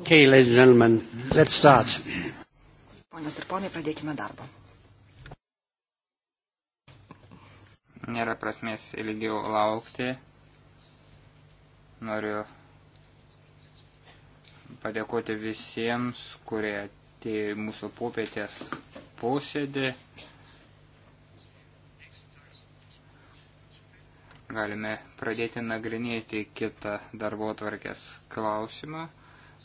Okay, ladies and gentlemen, let's start. Ponios ir ponai, pradėkime darbą. Nėra prasmės ilgiau laukti. Noriu padėkoti visiems, kurie atėjo į mūsų popietės posėdį. Galime pradėti nagrinėti kitą darbo tvarkės klausimą.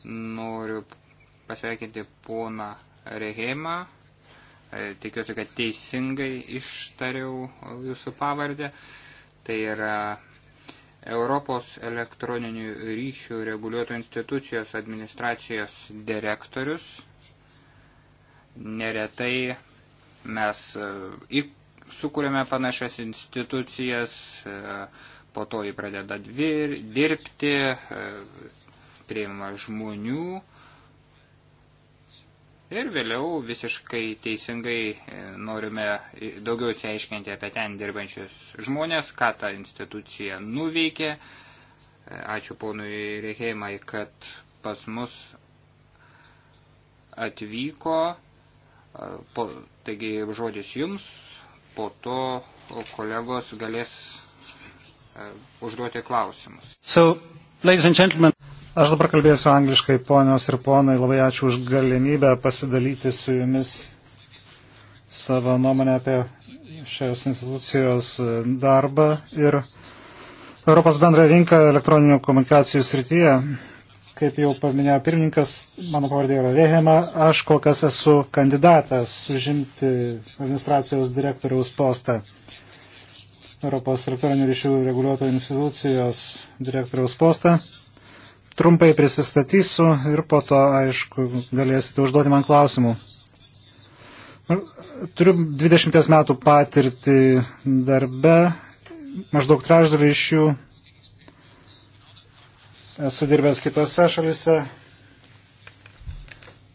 Noriu pasveikinti poną Rehemą. E, tikiuosi, kad teisingai ištariau jūsų pavardę. Tai yra Europos elektroninių ryšių reguliuotų institucijos administracijos direktorius. Neretai mes e, sukūrėme panašias institucijas, e, po to jį pradeda dirbti, priimama žmonių ir vėliau visiškai teisingai e, norime daugiau įsiaiškinti apie ten dirbančius žmonės, ką ta institucija nuveikė. E, ačiū ponui Reheimai, kad pas mus atvyko, e, po, taigi žodis jums, po to kolegos galės užduoti klausimus. So, Aš dabar kalbėsiu angliškai, ponios ir ponai, labai ačiū už galimybę pasidalyti su jumis savo nuomonę apie šios institucijos darbą ir Europos bendrą rinką elektroninių komunikacijų srityje. Kaip jau paminėjo pirmininkas, mano pavardė yra Rehema, aš kol kas esu kandidatas užimti administracijos direktoriaus postą. Europos elektroninių ryšių reguliuotojų institucijos direktoriaus postą. Trumpai prisistatysiu ir po to, aišku, galėsite užduoti man klausimų. Nu, turiu 20 metų patirtį darbe, maždaug trečdalį iš jų esu dirbęs kitose šalise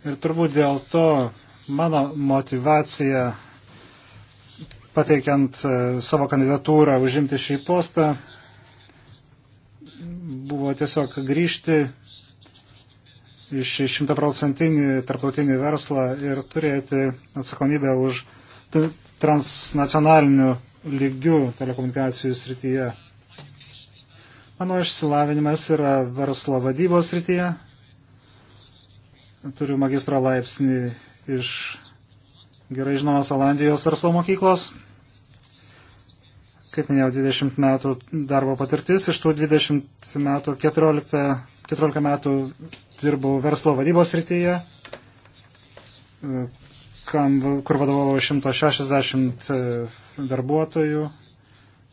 ir turbūt dėl to mano motivacija pateikiant e, savo kandidatūrą užimti šį postą buvo tiesiog grįžti iš šimtaprocentinį tarptautinį verslą ir turėti atsakomybę už transnacionalinių lygių telekomunikacijų srityje. Mano išsilavinimas yra verslo vadybos srityje. Turiu magistro laipsnį iš gerai žinomos Olandijos verslo mokyklos kaip minėjau, 20 metų darbo patirtis, iš tų 20 metų 14, 14 metų dirbau verslo vadybos rytyje, kam, kur vadovavau 160 e, darbuotojų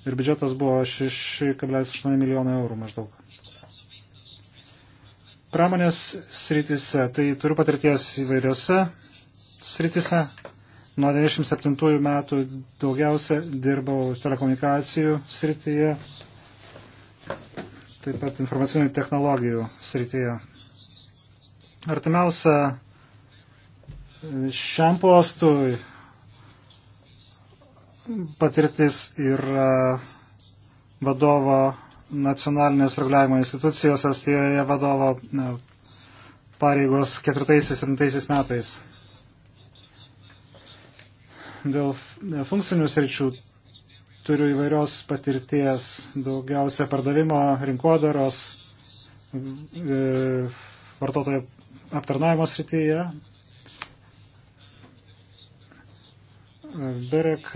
ir biudžetas buvo 6,8 milijono eurų maždaug. Pramonės srityse, tai turiu patirties įvairiose srityse, Nuo 97 metų daugiausia dirbau telekomunikacijų srityje, taip pat informacinių technologijų srityje. Artimiausia šiam postui patirtis yra vadovo nacionalinės reguliavimo institucijos, Estijoje vadovo pareigos ketvirtaisiais, septintaisiais metais dėl funkcinių sričių turiu įvairios patirties, daugiausia pardavimo, rinkodaros, e, vartotojo aptarnavimo srityje. Berek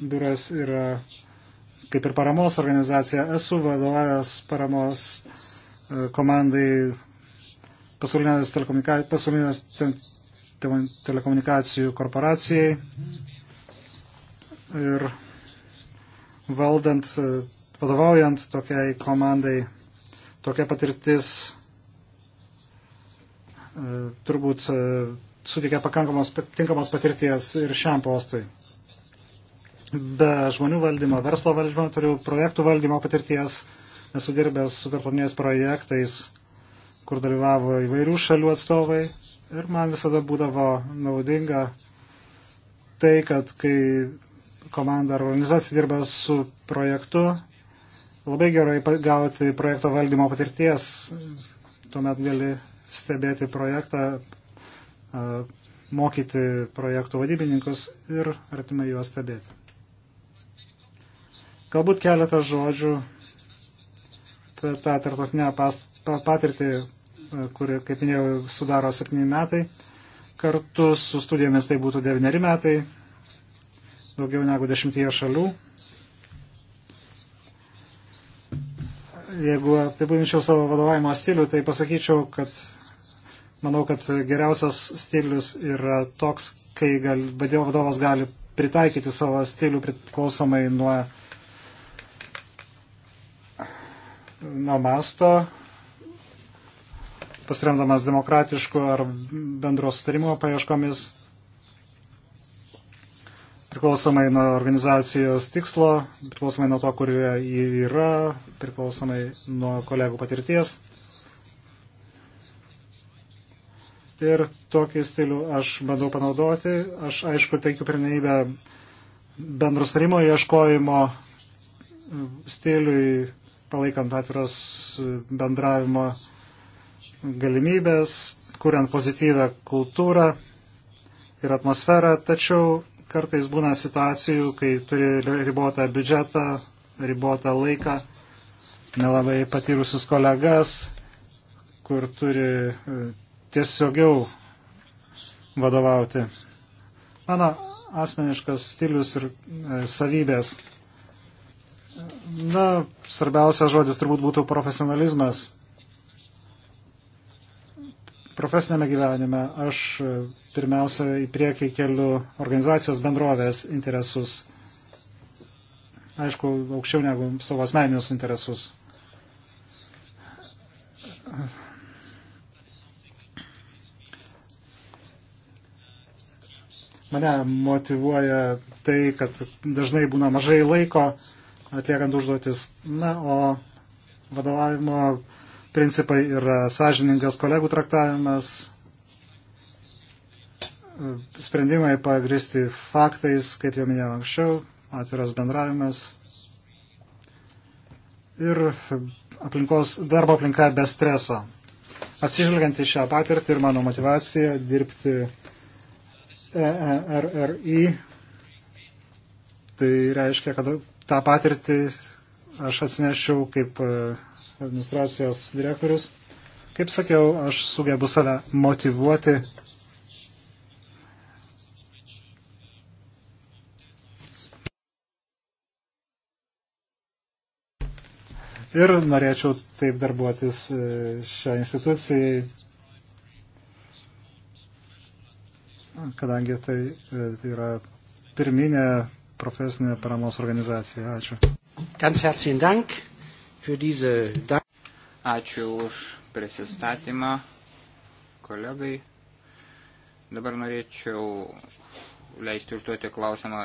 biuras yra kaip ir paramos organizacija. Esu vadovavęs paramos e, komandai pasaulinės, pasaulinės telekomunikacijų korporacijai ir valdant, vadovaujant tokiai komandai, tokia patirtis e, turbūt e, suteikia pakankamos tinkamos patirties ir šiam postui. Be žmonių valdymo, verslo valdymo turiu projektų valdymo patirties, esu dirbęs su tarptautiniais projektais, kur dalyvavo įvairių šalių atstovai, Ir man visada būdavo naudinga tai, kad kai komanda ar organizacija dirba su projektu, labai gerai gauti projekto valdymo patirties, tuomet gali stebėti projektą, mokyti projektų vadybininkus ir artimai juos stebėti. Galbūt keletą žodžių apie tą tarptautinę patirtį, kuri, kaip minėjau, sudaro 7 metai. Kartu su studijomis tai būtų 9 metai, daugiau negu 10 šalių. Jeigu apibūdinčiau savo vadovavimo stilių, tai pasakyčiau, kad manau, kad geriausias stilius yra toks, kai gal, vadovas gali pritaikyti savo stilių priklausomai nuo, nuo masto pasiremdamas demokratiško ar bendro sutarimo paieškomis, priklausomai nuo organizacijos tikslo, priklausomai nuo to, kur jie yra, priklausomai nuo kolegų patirties. Ir tokį stilių aš bandau panaudoti. Aš, aišku, teikiu pirmenybę bendrus tarimo ieškojimo stiliui, palaikant atviras bendravimo galimybės, kuriant pozityvę kultūrą ir atmosferą, tačiau kartais būna situacijų, kai turi ribotą biudžetą, ribotą laiką, nelabai patyrusius kolegas, kur turi e, tiesiogiau vadovauti. Mano asmeniškas stilius ir e, savybės. Na, svarbiausias žodis turbūt būtų profesionalizmas profesinėme gyvenime aš e, pirmiausia į priekį keliu organizacijos bendrovės interesus. Aišku, aukščiau negu savo asmeninius interesus. Mane motivuoja tai, kad dažnai būna mažai laiko atliekant užduotis. Na, o vadovavimo principai yra sąžiningas kolegų traktavimas, sprendimai pagristi faktais, kaip jau minėjau anksčiau, atviras bendravimas ir aplinkos, darbo aplinka be streso. Atsižvelgiant į šią patirtį ir mano motivaciją dirbti EERRI, tai reiškia, kad tą patirtį aš atsinešiau kaip administracijos direktorius. Kaip sakiau, aš sugebu save motivuoti ir norėčiau taip darbuotis e, šią instituciją, kadangi tai, e, tai yra pirminė profesinė paramos organizacija. Ačiū. Ganz herzlichen Dank. Ačiū už prisistatymą kolegai. Dabar norėčiau leisti užduoti klausimą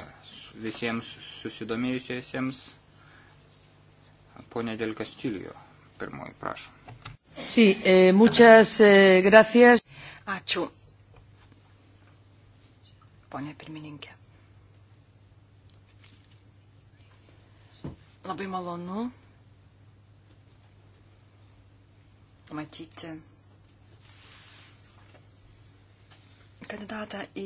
visiems susidomėjusiesiems. Pone Del Castillo, pirmoji, prašom. Sí, eh, muchas eh, gracias. Ačiū. Pone pirmininkė. Labai malonu matyti kandidatą į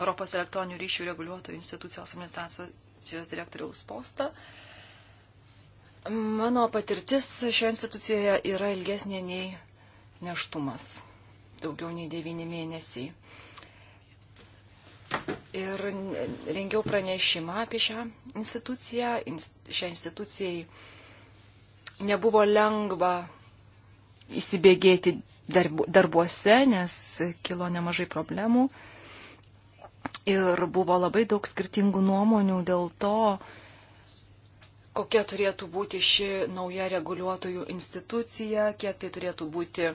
Europos elektroninių ryšių reguliuotojų institucijos administracijos direktoriaus postą. Mano patirtis šioje institucijoje yra ilgesnė nei neštumas, daugiau nei devyni mėnesiai. Ir rengiau pranešimą apie šią instituciją. Šią institucijai nebuvo lengva įsibėgėti darbu, darbuose, nes kilo nemažai problemų. Ir buvo labai daug skirtingų nuomonių dėl to, kokia turėtų būti ši nauja reguliuotojų institucija, kiek tai turėtų būti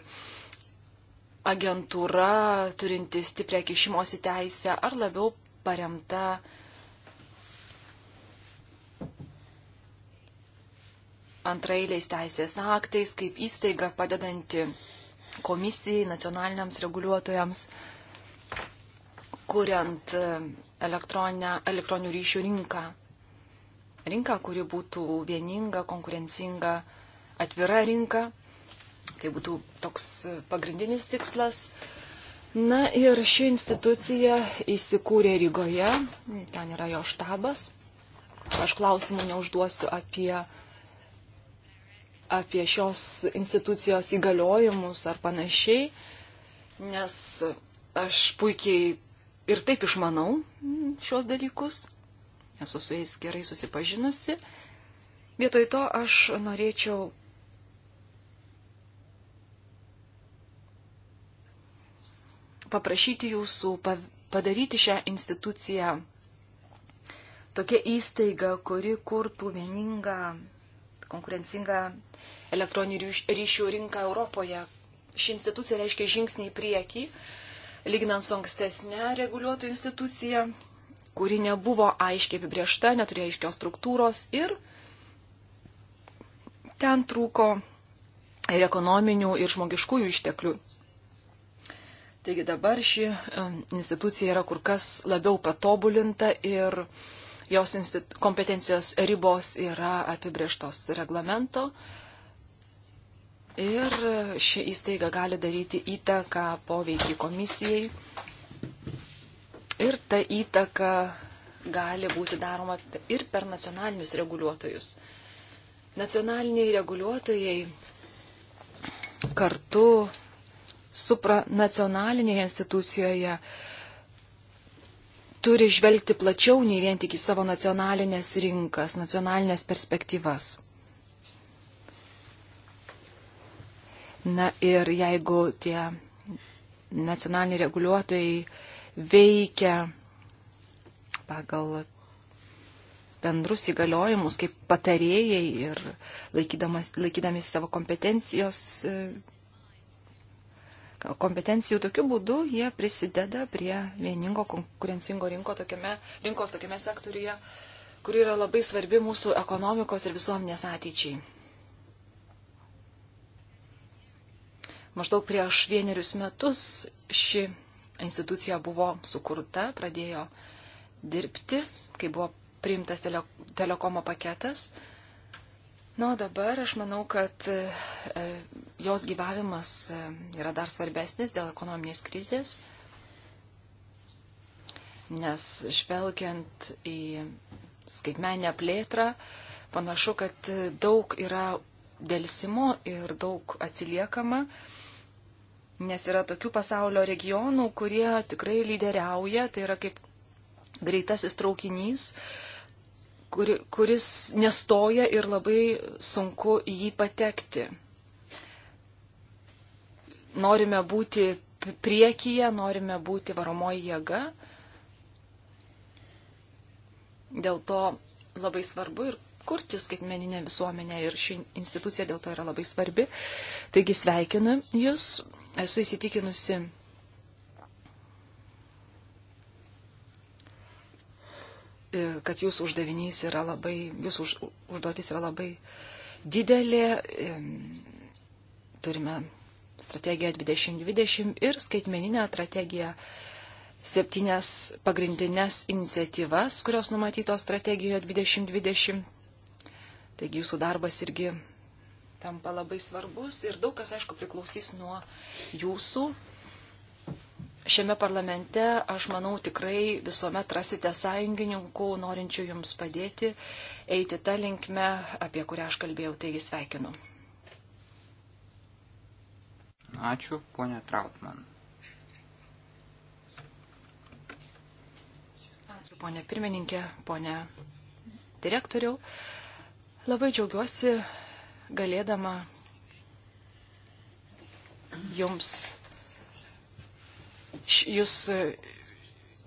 agentūra, turinti stiprią kišimosi teisę, ar labiau paremta antrailiais teisės aktais, kaip įstaiga padedanti komisijai, nacionaliniams reguliuotojams, kuriant e, elektroninių ryšių rinką. Rinka, kuri būtų vieninga, konkurencinga, atvira rinka. Tai būtų toks pagrindinis tikslas. Na ir ši institucija įsikūrė Rygoje, ten yra jo štabas. Aš klausimų neužduosiu apie apie šios institucijos įgaliojimus ar panašiai, nes aš puikiai ir taip išmanau šios dalykus, esu su jais gerai susipažinusi. Vietoj to aš norėčiau paprašyti jūsų padaryti šią instituciją tokia įstaiga, kuri kurtų vieningą konkurencingą elektroninių ryšių rinką Europoje. Ši institucija reiškia žingsnį į priekį, lyginant su ankstesnė reguliuotojų institucija, kuri nebuvo aiškiai apibriešta, neturėjo aiškios struktūros ir ten trūko ir ekonominių, ir žmogiškųjų išteklių. Taigi dabar ši e, institucija yra kur kas labiau patobulinta ir uh, jos kompetencijos ribos yra apibrieštos reglamento. Ir ši įstaiga gali daryti įtaką poveikį komisijai. Ir ta įtaka gali būti daroma ir per nacionalinius reguliuotojus. Nacionaliniai reguliuotojai kartu supranacionalinėje institucijoje uh, turi žvelgti plačiau nei vien tik į savo nacionalinės rinkas, nacionalinės perspektyvas. Na ir jeigu tie nacionaliniai reguliuotojai veikia pagal bendrus įgaliojimus kaip patarėjai ir laikydami savo kompetencijos kompetencijų. Tokiu būdu jie prisideda prie vieningo konkurencingo rinko tokiame, rinkos tokiame sektoriuje, kuri yra labai svarbi mūsų ekonomikos ir visuomenės ateičiai. Maždaug prieš vienerius metus ši institucija buvo sukurta, pradėjo dirbti, kai buvo priimtas tele, telekomo paketas Na, nu, dabar aš manau, kad e, e, jos gyvavimas e, yra dar svarbesnis dėl ekonominės krizės, nes žvelgiant į skaitmenę plėtrą, panašu, kad daug yra dėlsimo ir daug atsiliekama, nes yra tokių pasaulio regionų, kurie tikrai lyderiauja, tai yra kaip greitasis traukinys, uh, kur, kuris nestoja ir labai sunku į jį patekti. Norime būti priekyje, norime būti varomoji jėga. Dėl to labai svarbu ir kurti skaitmeninę visuomenę ir ši institucija dėl to yra labai svarbi. Taigi sveikinu Jūs, esu įsitikinusi, E, kad jūsų uždavinys yra labai, jūsų už, užduotis yra labai didelė. E, turime strategiją 2020 ir skaitmeninę strategiją septynias pagrindinės iniciatyvas, kurios numatytos strategijoje 2020. Taigi jūsų darbas irgi tampa labai svarbus ir daug kas, aišku, priklausys nuo jūsų šiame parlamente, aš manau, tikrai visuomet rasite sąjungininkų, norinčių jums padėti eiti tą linkmę, apie kurią aš kalbėjau, taigi sveikinu. Ačiū, ponė Trautman. Ačiū, ponė pirmininkė, ponė direktoriau. Labai džiaugiuosi galėdama jums jūs e,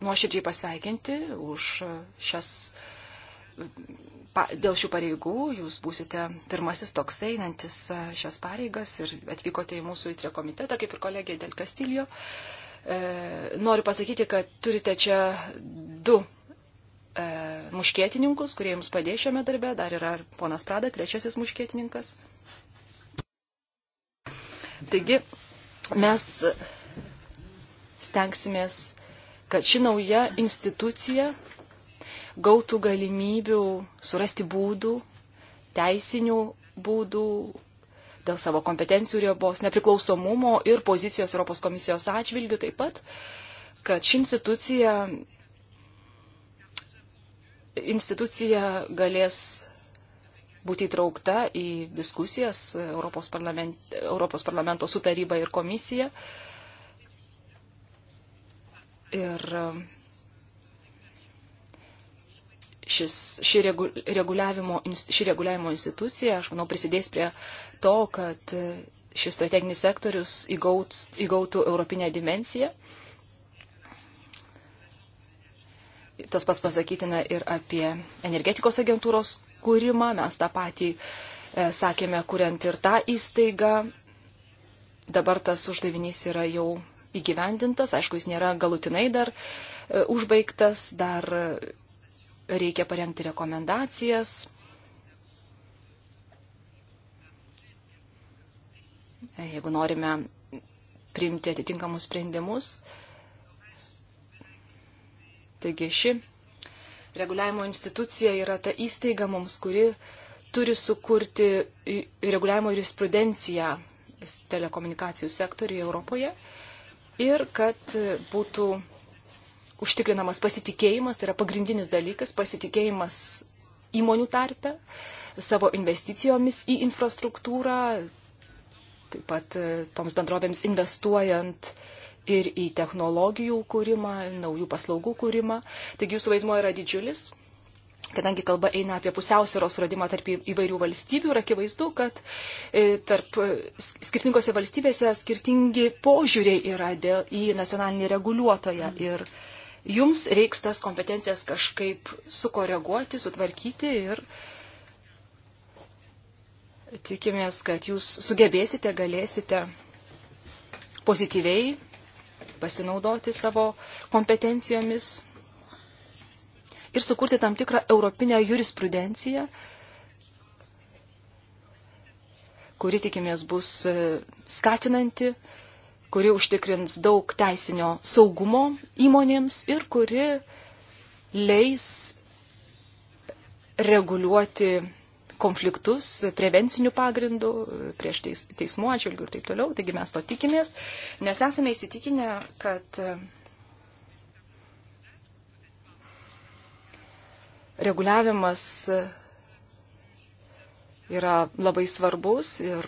nuoširdžiai pasveikinti už e, šias, pa, dėl šių pareigų. Jūs būsite pirmasis toks einantis e, šias pareigas ir atvykote į mūsų įtrio komitetą, kaip ir kolegija Del Castillo. E, noriu pasakyti, kad turite čia du e, muškietininkus, kurie jums padės šiame darbe. Dar yra ponas Prada, trečiasis muškietininkas. Taigi, mes stengsimės, kad ši nauja institucija gautų galimybių surasti būdų, teisinių būdų dėl savo kompetencijų ribos, nepriklausomumo ir pozicijos Europos komisijos atžvilgių taip pat, kad ši institucija, institucija galės būti įtraukta į diskusijas Europos, parlament, Europos parlamento su taryba ir komisija. Uh, Ir e, šis, ši, regu, reguliavimo, ši reguliavimo institucija, aš manau, prisidės prie to, kad e, šis strateginis sektorius įgaut, įgautų europinę dimensiją. Tas pats pasakytina ir apie energetikos agentūros kūrimą. Mes tą patį e, sakėme, kuriant ir tą įstaigą. Dabar tas uždavinys yra jau įgyvendintas, aišku, jis nėra galutinai dar e, užbaigtas, dar e, reikia parengti rekomendacijas. E, jeigu norime priimti atitinkamus sprendimus. Taigi ši reguliavimo institucija yra ta įstaiga mums, kuri turi sukurti reguliavimo jurisprudenciją telekomunikacijų sektoriuje Europoje ir kad būtų užtikrinamas pasitikėjimas, tai yra pagrindinis dalykas, pasitikėjimas įmonių tarpe, savo investicijomis į infrastruktūrą, taip pat e, toms bendrovėms investuojant ir į technologijų kūrimą, naujų paslaugų kūrimą. Taigi jūsų vaidmo yra didžiulis Kadangi kalba eina apie pusiausvėros suradimą tarp įvairių valstybių ir akivaizdu, kad e, tarp e, skirtingose valstybėse skirtingi požiūriai yra dėl, į nacionalinį reguliuotoją. Ir jums reiks tas kompetencijas kažkaip sukoreguoti, sutvarkyti ir tikimės, kad jūs sugebėsite, galėsite pozityviai pasinaudoti savo kompetencijomis ir sukurti tam tikrą europinę jurisprudenciją, kuri tikimės bus e, skatinanti, kuri užtikrins daug teisinio saugumo įmonėms ir kuri leis reguliuoti konfliktus prevencinių pagrindų e, prieš teis, teismų atžvilgių ir taip toliau. Taigi mes to tikimės, nes esame įsitikinę, kad reguliavimas yra labai svarbus ir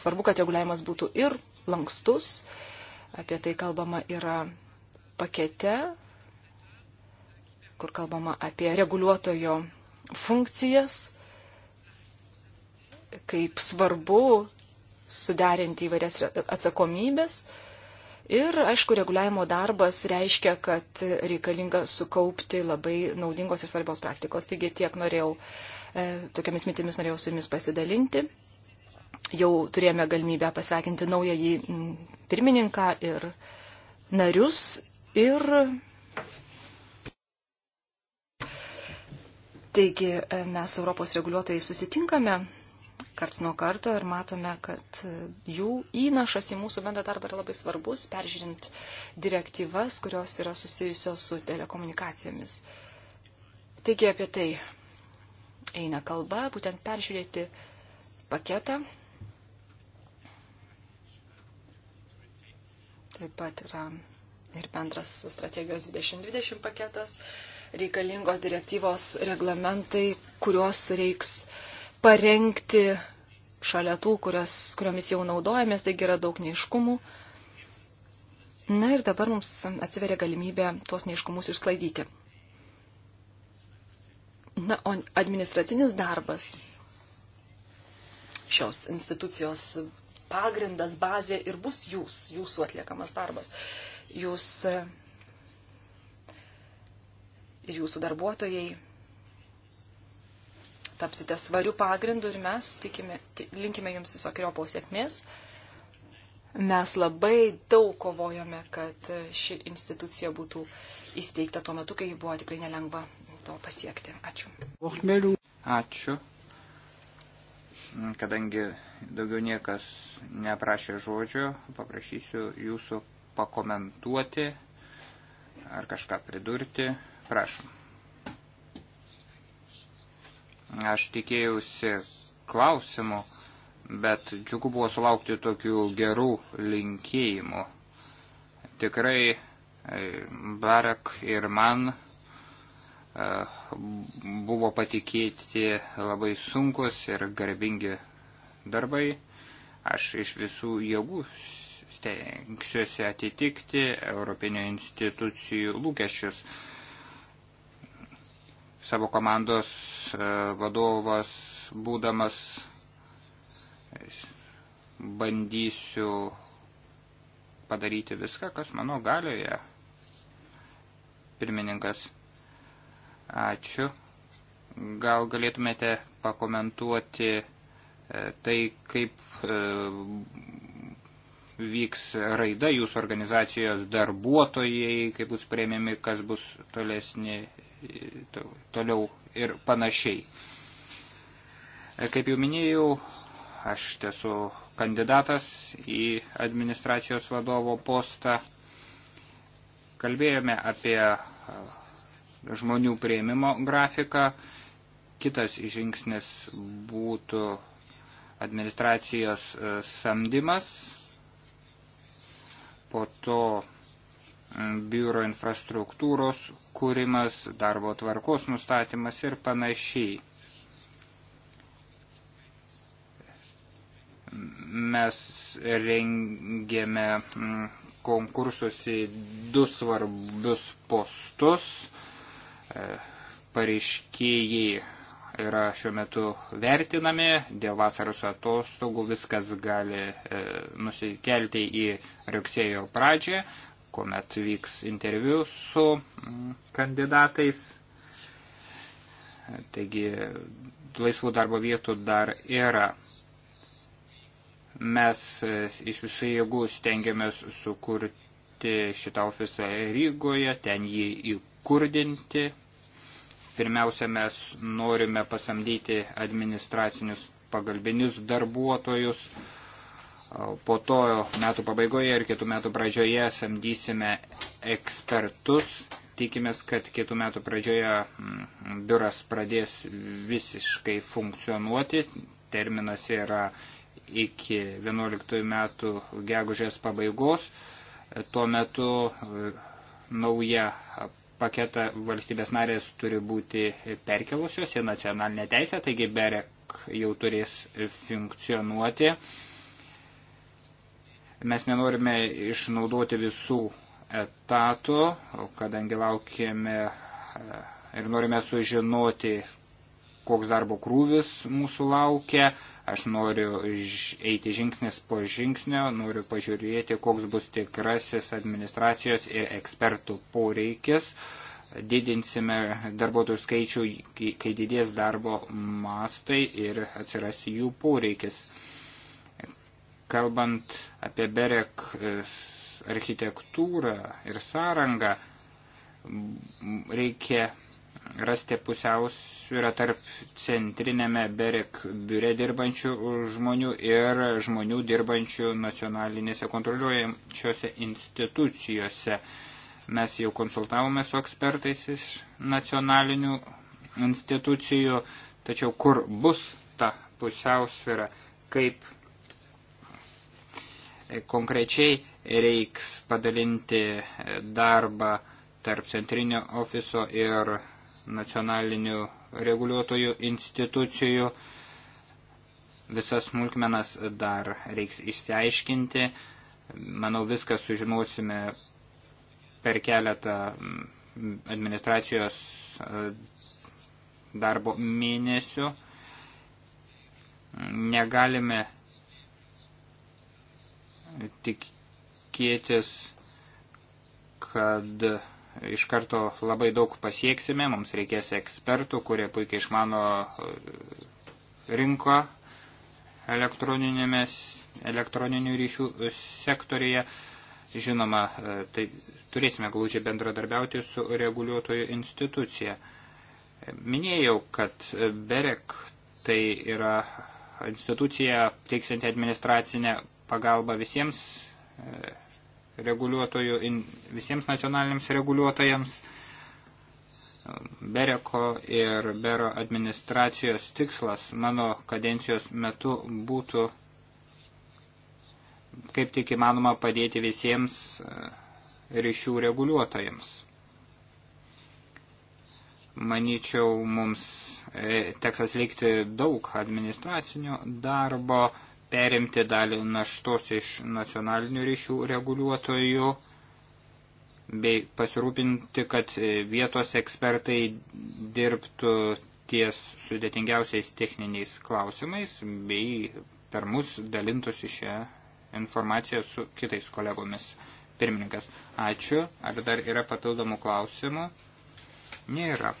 svarbu, kad reguliavimas būtų ir lankstus. Apie tai kalbama yra pakete, kur kalbama apie reguliuotojo funkcijas, kaip svarbu suderinti įvairias atsakomybės Ir, aišku, reguliavimo darbas reiškia, kad reikalinga sukaupti labai naudingos ir svarbios praktikos. Taigi tiek norėjau, e, tokiamis mintimis norėjau su jumis pasidalinti. Jau turėjome galimybę pasveikinti naująjį pirmininką ir narius. Ir taigi e, mes Europos reguliuotojai susitinkame karts nuo karto ir matome, kad jų įnašas į mūsų bendrą darbą yra labai svarbus, peržiūrint direktyvas, kurios yra susijusios su telekomunikacijomis. Taigi apie tai eina kalba, būtent peržiūrėti paketą. Taip pat yra ir bendras strategijos 2020 paketas, reikalingos direktyvos reglamentai, kuriuos reiks uh, parengti šalia tų, kurias, kuriomis jau naudojamės, taigi yra daug neiškumų. Na ir dabar mums atsiveria galimybė tuos neiškumus išsklaidyti. Na, o administracinis darbas šios institucijos pagrindas, bazė ir bus jūs, jūsų atliekamas darbas. Jūs ir jūsų darbuotojai tapsite svarių pagrindų ir mes tikime, linkime jums visokiojo sėkmės. Mes labai daug kovojome, kad ši institucija būtų įsteigta tuo metu, kai buvo tikrai nelengva to pasiekti. Ačiū. Ačiū. Kadangi daugiau niekas neprašė žodžio, paprašysiu jūsų pakomentuoti ar kažką pridurti. Prašom. Aš tikėjausi klausimų, bet džiugu buvo sulaukti tokių gerų linkėjimų. Tikrai e, Barak ir man e, buvo patikėti labai sunkus ir garbingi darbai. Aš iš visų jėgų stengsiuosi atitikti Europinio institucijų lūkesčius savo komandos e, vadovas būdamas bandysiu padaryti viską, kas mano galioje. Pirmininkas, ačiū. Gal galėtumėte pakomentuoti e, tai, kaip e, vyks raida jūsų organizacijos darbuotojai, kaip bus prieimiami, kas bus tolesni toliau ir panašiai. Kaip jau minėjau, aš esu kandidatas į administracijos vadovo postą. Kalbėjome apie e, žmonių prieimimo grafiką. Kitas žingsnis būtų administracijos e, samdymas. Po to biuro infrastruktūros kūrimas, darbo tvarkos nustatymas ir panašiai. Mes rengėme mm, konkursus į du svarbius postus. E, pareiškėjai yra šiuo metu vertinami, dėl vasaros atostogų viskas gali e, nusikelti į rugsėjo pradžią, kuomet vyks interviu su mm, kandidatais. Taigi laisvų darbo vietų dar yra. Mes e, iš visų jėgų stengiamės sukurti šitą ofisą Rygoje, ten jį įkurdinti. Pirmiausia, mes norime pasamdyti administracinius pagalbinius darbuotojus Po to metų pabaigoje ir kitų metų pradžioje samdysime ekspertus. Tikimės, kad kitų metų pradžioje mm, biuras pradės visiškai funkcionuoti. Terminas yra iki 11 metų gegužės pabaigos. Tuo metu e, nauja paketą valstybės narės turi būti perkelusios į nacionalinę teisę, taigi BEREK jau turės funkcionuoti. Mes nenorime išnaudoti visų etatų, kadangi laukėme e, ir norime sužinoti, koks darbo krūvis mūsų laukia. Aš noriu eiti žingsnis po žingsnio, noriu pažiūrėti, koks bus tikrasis administracijos ir ekspertų poreikis. Didinsime darbuotojų skaičių, kai didės darbo mastai ir atsiras jų poreikis. Kalbant apie Berek e, architektūrą ir sąrangą, reikia rasti pusiausvyrą tarp centrinėme BEREK biure dirbančių žmonių ir žmonių dirbančių nacionalinėse kontroliuojančiose institucijose. Mes jau konsultavome su ekspertais iš nacionalinių institucijų, tačiau kur bus ta pusiausvyrą, kaip Konkrečiai reiks padalinti e, darbą tarp centrinio ofiso ir nacionalinių reguliuotojų institucijų. Visas smulkmenas dar reiks išsiaiškinti. Manau, viską sužinosime per keletą mm, administracijos e, darbo mėnesių. Negalime tikėtis, kad iš karto labai daug pasieksime, mums reikės ekspertų, kurie puikiai išmano e, rinką elektroninių ryšių e, sektorėje. Žinoma, e, tai turėsime glaudžiai bendradarbiauti su reguliuotojų institucija. Minėjau, kad BEREK tai yra institucija teiksianti administracinę pagalba visiems e, reguliuotojų, visiems nacionaliniams reguliuotojams. Bereko ir Bero administracijos tikslas mano kadencijos metu būtų kaip tik įmanoma padėti visiems e, ryšių reguliuotojams. Manyčiau, mums e, teks atlikti daug administracinio darbo, perimti dalį naštos iš nacionalinių ryšių reguliuotojų bei pasirūpinti, kad e, vietos ekspertai dirbtų ties sudėtingiausiais techniniais klausimais bei per mus dalintųsi šią informaciją su kitais kolegomis. Pirmininkas, ačiū. Ar dar yra papildomų klausimų? Nėra.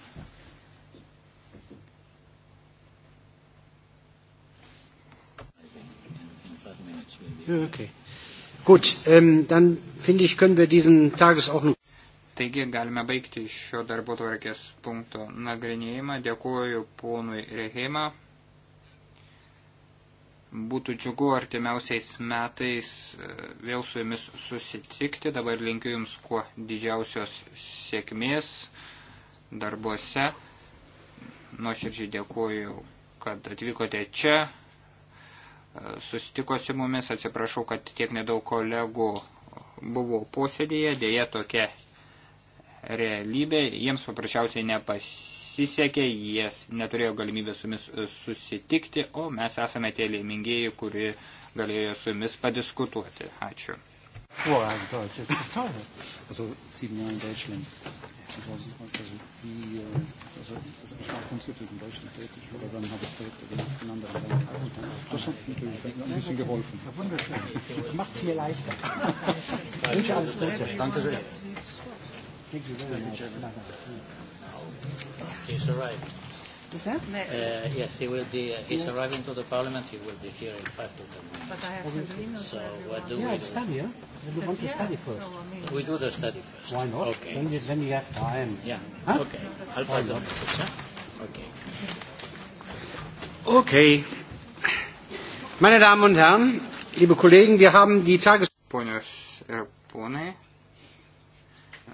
Okay. Gut, ähm, dann finde ich, können wir diesen Tagesordnung. Taigi galime baigti šio darbo tvarkės punkto nagrinėjimą. Dėkuoju ponui Rehema. Būtų džiugu artimiausiais metais e, vėl su jumis susitikti. Dabar linkiu jums kuo didžiausios sėkmės darbuose. Nuoširdžiai dėkuoju, kad atvykote čia susitiko su mumis. Atsiprašau, kad tiek nedaug kolegų buvo posėdėje, dėja tokia realybė. Jiems paprasčiausiai nepasisekė, jie neturėjo galimybę su mumis susitikti, o mes esame tie laimingieji, kuri galėjo su jumis padiskutuoti. Ačiū. Also 7 Jahre in Deutschland. Ich glaube, das war also die äh Also das, ich war grundsätzlich in Deutschland tätig, aber dann habe ich Projekte gemacht in anderen Ländern. Und dann, das hat natürlich ein bisschen geholfen. Ja, wunderschön. Macht es mir leichter. Ich wünsche alles Gute. Danke sehr. Thank you very much. He's arrived. Is that? Uh, yes, he will be. Uh, he's yeah. arriving to the parliament. He will be here in five to ten minutes. But I have well, some emails. So what do yeah, we do? study. Huh? We want to yeah, study first. So, I mean, we do the uh, study first. Why not? Okay. Then you, then you have time. Yeah. Huh? Okay. I'll pass the message. Huh? Okay. Okay. Meine Damen und Herren, liebe Kollegen, wir haben die Tages... Ponios ir ponai,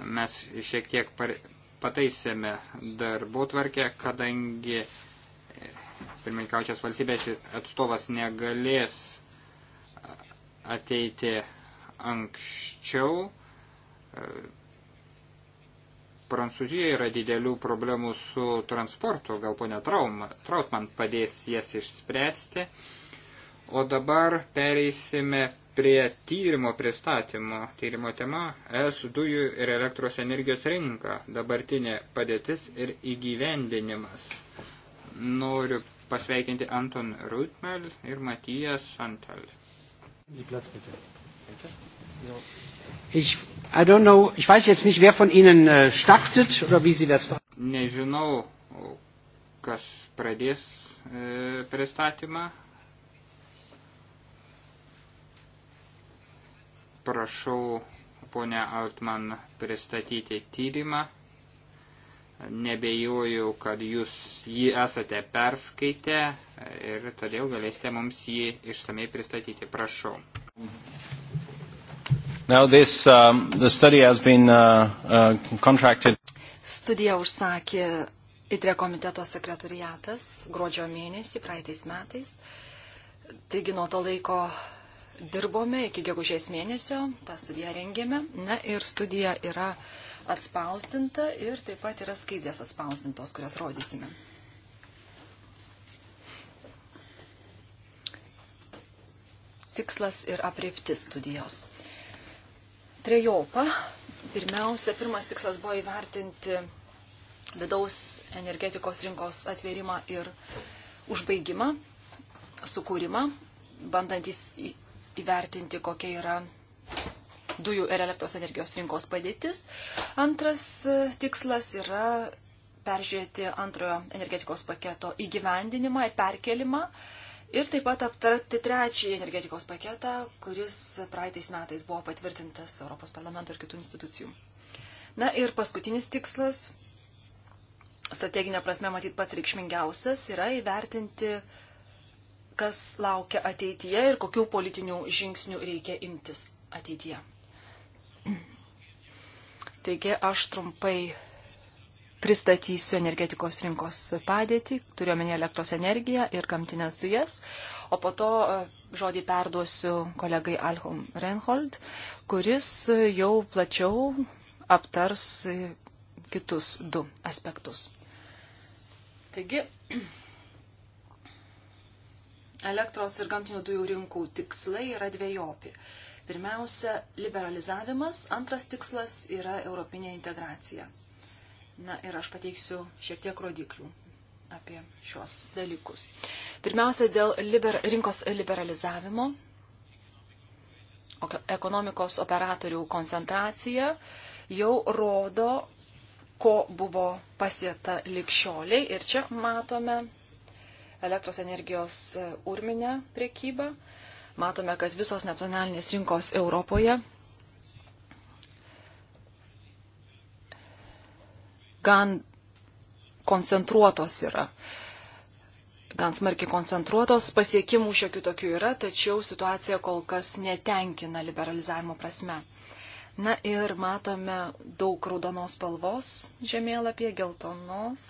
mes šiek tiek par pataisėme darbų tvarkę, kadangi e, pirmininkaučias valstybės atstovas negalės ateiti anksčiau. E, Prancūzijoje yra didelių problemų su transportu, gal ponia Trautman padės jas išspręsti. O dabar pereisime prie tyrimo pristatymo. Tyrimo tema - ES dujų ir elektros energijos rinka, dabartinė padėtis ir įgyvendinimas. Noriu pasveikinti Anton Rutmel ir Matijas Santal. Ich, I don't know, ich weiß jetzt nicht, wer von Ihnen äh, startet oder wie Sie das Nežinau, kas pradės e, pristatymą. prašau ponę Altman pristatyti tyrimą. Nebejoju, kad jūs jį esate perskaitę ir todėl galėsite mums jį išsamei pristatyti. Prašau. Now this, um, the study has been uh, uh, contracted. Studiją užsakė ITRE komiteto sekretariatas gruodžio mėnesį praeitais metais. Taigi nuo to laiko dirbome iki gegužės mėnesio, tą studiją rengėme. Na ir studija yra atspausdinta ir taip pat yra skaidrės atspausdintos, kurias rodysime. Tikslas ir apriepti studijos. Trejopa. Pirmiausia, pirmas tikslas buvo įvertinti vidaus energetikos rinkos atvėrimą ir užbaigimą, sukūrimą, bandantys įvertinti, kokia yra dujų ir elektros energijos rinkos padėtis. Antras e, tikslas yra peržiūrėti antrojo energetikos paketo įgyvendinimą ir perkelimą. Ir taip pat aptarti trečiąjį energetikos paketą, kuris praeitais metais buvo patvirtintas Europos parlamento ir kitų institucijų. Na ir paskutinis tikslas, strateginė prasme matyt pats reikšmingiausias, yra įvertinti uh, kas laukia ateityje ir kokių politinių žingsnių reikia imtis ateityje. Taigi aš trumpai pristatysiu energetikos rinkos padėtį, turiuomenį elektros energiją ir gamtinės dujas, o po to e, žodį perduosiu kolegai Alhom Renhold, kuris jau plačiau aptars kitus du aspektus. Taigi, elektros ir gamtinių dujų rinkų tikslai yra dviejopi. Pirmiausia, liberalizavimas, antras tikslas yra europinė integracija. Na ir aš pateiksiu šiek tiek rodiklių apie šios dalykus. Pirmiausia, dėl liber, rinkos liberalizavimo, ekonomikos operatorių koncentracija jau rodo, ko buvo pasiekta likščioliai. Ir čia matome elektros energijos e, urminę priekybą. Matome, kad visos nacionalinės rinkos Europoje gan koncentruotos yra. Gan smarkiai koncentruotos, pasiekimų šiokių tokių yra, tačiau situacija kol kas netenkina liberalizavimo prasme. Na ir matome daug raudonos spalvos žemėlapyje, geltonos,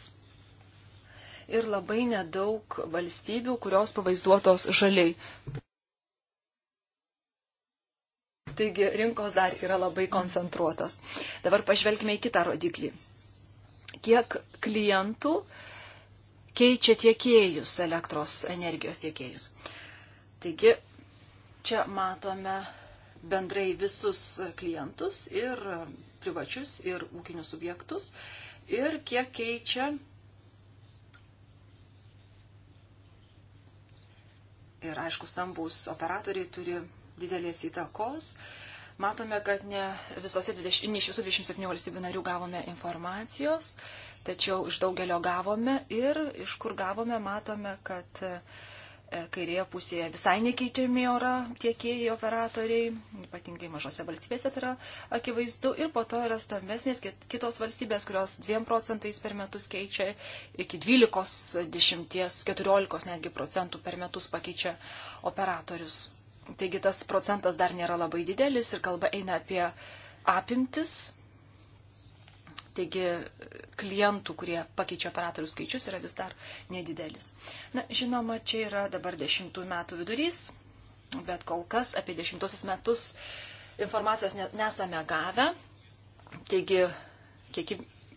ir labai nedaug valstybių, kurios pavaizduotos žaliai. Taigi rinkos dar yra labai koncentruotos. Dabar pažvelgime į kitą rodiklį. Kiek klientų keičia tiekėjus, elektros energijos tiekėjus. Taigi čia matome bendrai visus klientus ir privačius ir ūkinius subjektus ir kiek keičia ir aišku, stambus operatoriai turi didelės įtakos. Matome, kad ne, 20, ne iš visų 27 valstybių narių gavome informacijos, tačiau iš daugelio gavome ir iš kur gavome, matome, kad uh, E, kairėje pusėje visai nekeitėmi yra tiekėjai, operatoriai, ypatingai mažose valstybėse tai yra akivaizdu. Ir po to yra stambesnės kitos valstybės, kurios 2 procentais per metus keičia, iki 12, 10, 14 netgi procentų per metus pakeičia operatorius. Taigi tas procentas dar nėra labai didelis ir kalba eina apie apimtis. Taigi klientų, kurie pakeičia operatorių skaičius, yra vis dar nedidelis. Na, žinoma, čia yra dabar dešimtų metų vidurys, bet kol kas apie dešimtosius metus informacijos nesame gavę. Taigi,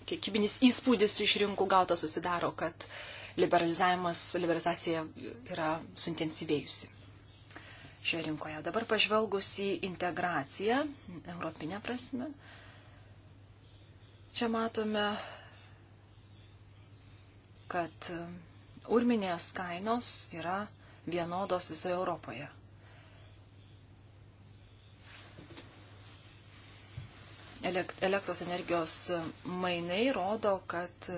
kiekybinis įspūdis iš rinkų gautas susidaro, kad liberalizavimas, liberalizacija yra suintensyvėjusi šioje rinkoje. Dabar pažvelgus į integraciją, europinę prasme, Čia matome, kad urminės kainos yra vienodos visoje Europoje. Elektros energijos mainai rodo, kad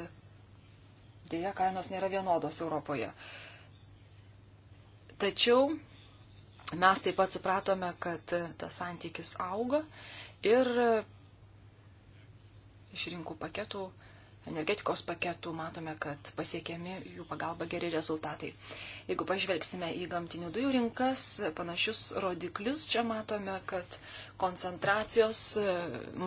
dėja kainos nėra vienodos Europoje. Tačiau mes taip pat supratome, kad tas santykis auga ir iš rinkų paketų, energetikos paketų, matome, kad pasiekiami jų pagalba geri rezultatai. Jeigu pažvelgsime į gamtinių dujų rinkas, panašius rodiklius čia matome, kad koncentracijos,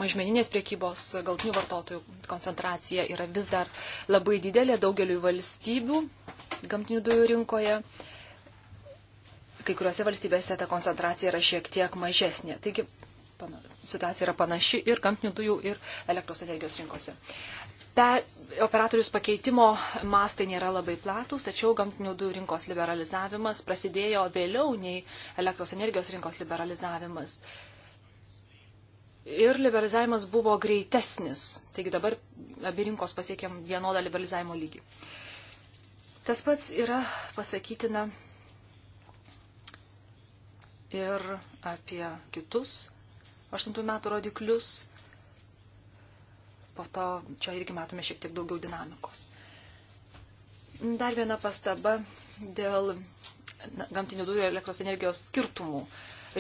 mažmeninės priekybos galtinių vartotojų koncentracija yra vis dar labai didelė daugeliu valstybių gamtinių dujų rinkoje. Kai kuriuose valstybėse ta koncentracija yra šiek tiek mažesnė. Taigi pana, situacija yra panaši ir gamtinių dujų, ir elektros energijos rinkose. Pe, operatorius pakeitimo mastai nėra labai platūs, tačiau gamtinių dujų rinkos liberalizavimas prasidėjo vėliau nei elektros energijos rinkos liberalizavimas. Ir liberalizavimas buvo greitesnis, taigi dabar abi rinkos pasiekėm vienodą liberalizavimo lygį. Tas pats yra pasakytina ir apie kitus 2008 metų rodiklius. Po to čia irgi matome šiek tiek daugiau dinamikos. Dar viena pastaba dėl gamtinių dujų elektros energijos skirtumų,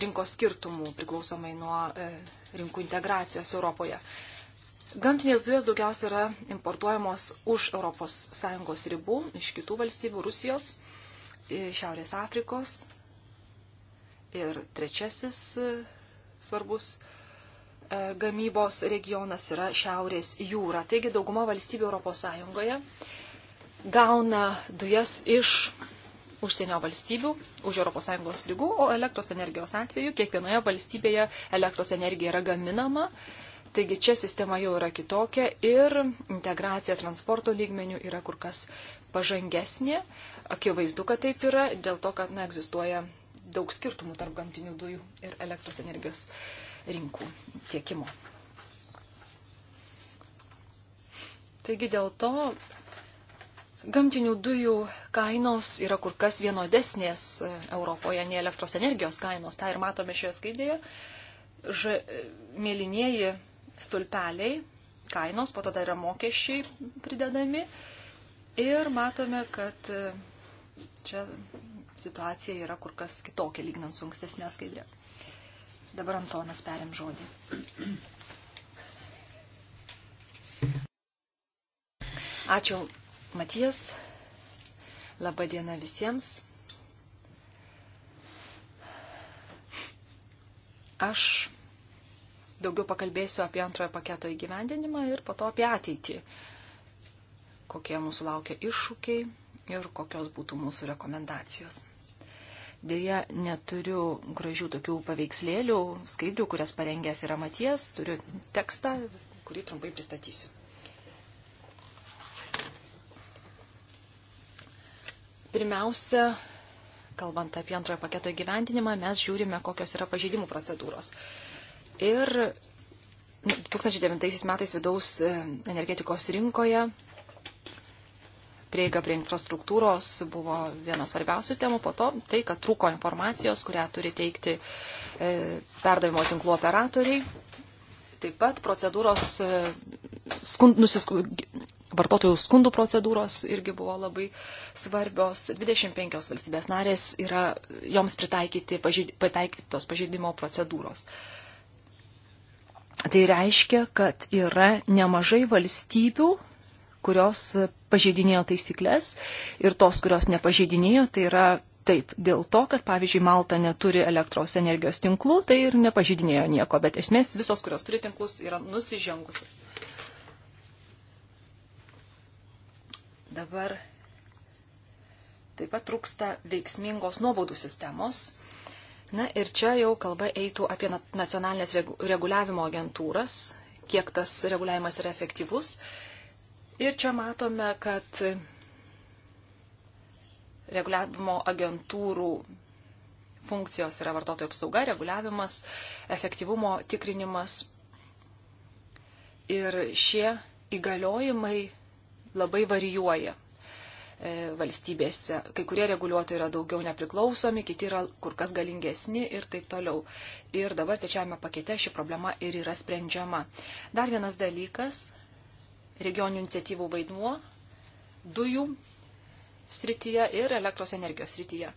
rinkos skirtumų priklausomai nuo e, rinkų integracijos Europoje. Gamtinės dujos daugiausia yra importuojamos už ES ribų, iš kitų valstybių - Rusijos, Šiaurės Afrikos. Ir trečiasis svarbus e, gamybos regionas yra Šiaurės jūra. Taigi dauguma valstybių ES gauna dujas iš užsienio valstybių už ES lygų, o elektros energijos atveju kiekvienoje valstybėje elektros energija yra gaminama. Taigi čia sistema jau yra kitokia ir integracija transporto lygmenių yra kur kas pažangesnė. Akivaizdu, kad taip yra, dėl to, kad na, egzistuoja daug skirtumų tarp gamtinių dujų ir elektros energijos rinkų tiekimo. Taigi dėl to gamtinių dujų kainos yra kur kas vienodesnės e, Europoje nei elektros energijos kainos. Ta ir matome šioje skaidėje. Ž, e, mėlynieji stulpeliai kainos, po to dar yra mokesčiai pridedami. Ir matome, kad e, čia situacija yra kur kas kitokia, lygnant su ankstesnė skaidrė. Dabar Antonas perėm žodį. Ačiū, Matijas. Labadiena visiems. Aš daugiau pakalbėsiu apie antrojo paketo įgyvendinimą ir po to apie ateitį, kokie mūsų laukia iššūkiai ir kokios būtų mūsų rekomendacijos. Deja, neturiu gražių tokių paveikslėlių, skaidrių, kurias parengęs yra Maties, turiu tekstą, kurį trumpai pristatysiu. Pirmiausia, kalbant apie antrojo paketo įgyvendinimą, mes žiūrime, kokios yra pažeidimų procedūros. Ir 2009 metais vidaus e, energetikos rinkoje prieiga prie infrastruktūros buvo viena svarbiausių temų, po to tai, kad trūko informacijos, kurią turi teikti e, perdavimo tinklų operatoriai. Taip pat procedūros, e, skund, nusisku, vartotojų skundų procedūros irgi buvo labai svarbios. 25 valstybės narės yra joms pažyd, pritaikytos pažeidimo procedūros. Tai reiškia, kad yra nemažai valstybių, kurios pažeidinėjo taisyklės ir tos, kurios nepažeidinėjo, tai yra taip, dėl to, kad pavyzdžiui Malta neturi elektros energijos tinklų, tai ir nepažeidinėjo nieko, bet esmės visos, kurios turi tinklus, yra nusižengusios. Dabar taip pat trūksta veiksmingos nuobaudų sistemos. Na ir čia jau kalba eitų apie nacionalinės reguliavimo agentūras, kiek tas reguliavimas yra efektyvus. Ir čia matome, kad reguliavimo agentūrų funkcijos yra vartotojų apsauga, reguliavimas, efektyvumo tikrinimas. Ir šie įgaliojimai labai varijuoja e, valstybėse. Kai kurie reguliuotojai yra daugiau nepriklausomi, kiti yra kur kas galingesni ir taip toliau. Ir dabar trečiajame pakete ši problema ir yra sprendžiama. Dar vienas dalykas regioninių iniciatyvų vaidmuo dujų srityje ir elektros energijos srityje.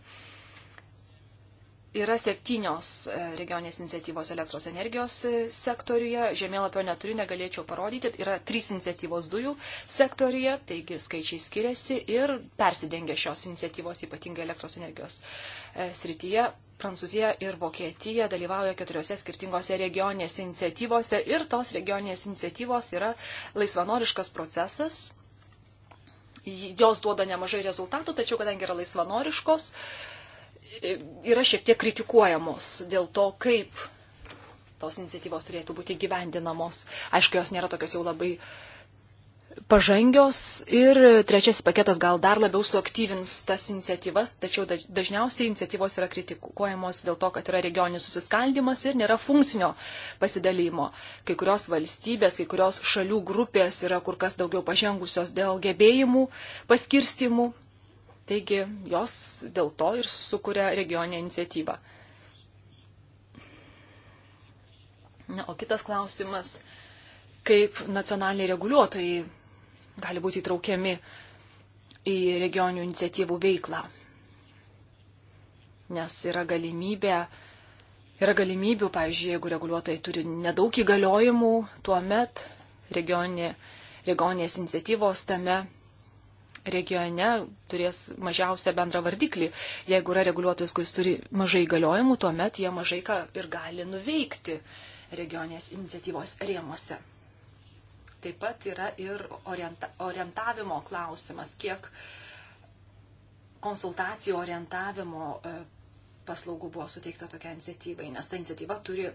Yra septynios e, regioninės iniciatyvos elektros energijos e, sektoriuje, žemėlapio neturiu, negalėčiau parodyti, yra trys iniciatyvos dujų sektoriuje, taigi skaičiai skiriasi ir persidengia šios iniciatyvos ypatingai elektros energijos e, srityje. Prancūzija ir Vokietija dalyvauja keturiose skirtingose regioninėse iniciatyvose ir tos regioninės iniciatyvos yra laisvanoriškas procesas. Jos duoda nemažai rezultatų, tačiau kadangi yra laisvanoriškos, uh, yra šiek tiek kritikuojamos dėl to, kaip tos iniciatyvos turėtų būti gyvendinamos. Aišku, jos nėra tokios jau labai pažangios ir trečiasis paketas gal dar labiau suaktyvins tas iniciatyvas, tačiau dažniausiai iniciatyvos yra kritikuojamos dėl to, kad yra regioninis susiskaldimas ir nėra funkcinio pasidalymo. Kai kurios valstybės, kai kurios šalių grupės yra kur kas daugiau pažengusios dėl gebėjimų paskirstimų Taigi jos dėl to ir sukuria regioninę iniciatyvą. Na, o kitas klausimas, kaip nacionaliniai reguliuotojai gali būti įtraukiami į regioninių iniciatyvų veiklą. Nes yra galimybė, yra galimybių, pavyzdžiui, jeigu reguliuotojai turi nedaug įgaliojimų, tuomet regioninė, regioninės iniciatyvos tame regione turės mažiausią bendrą vardiklį. Jeigu yra reguliuotojas, kuris turi mažai galiojimų, tuomet jie mažai ką ir gali nuveikti regionės iniciatyvos rėmose. Taip pat yra ir orienta, orientavimo klausimas, kiek konsultacijų orientavimo e, paslaugų buvo suteikta tokia iniciatyvai, nes ta iniciatyva turi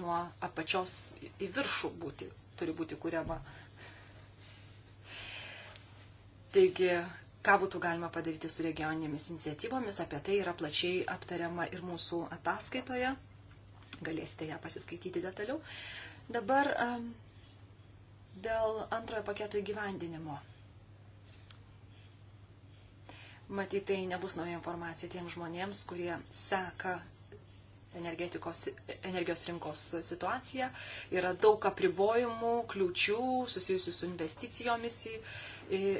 nuo apačios į viršų būti, turi būti kuriama Taigi, ką būtų galima padaryti su regioninėmis iniciatyvomis, apie tai yra plačiai aptariama ir mūsų ataskaitoje. Galėsite ją pasiskaityti detaliau. Dabar dėl antrojo paketo įgyvendinimo. Matyt, tai nebus nauja informacija tiems žmonėms, kurie seka energijos rinkos situacija. Yra daug apribojimų, kliūčių susijusių su investicijomis į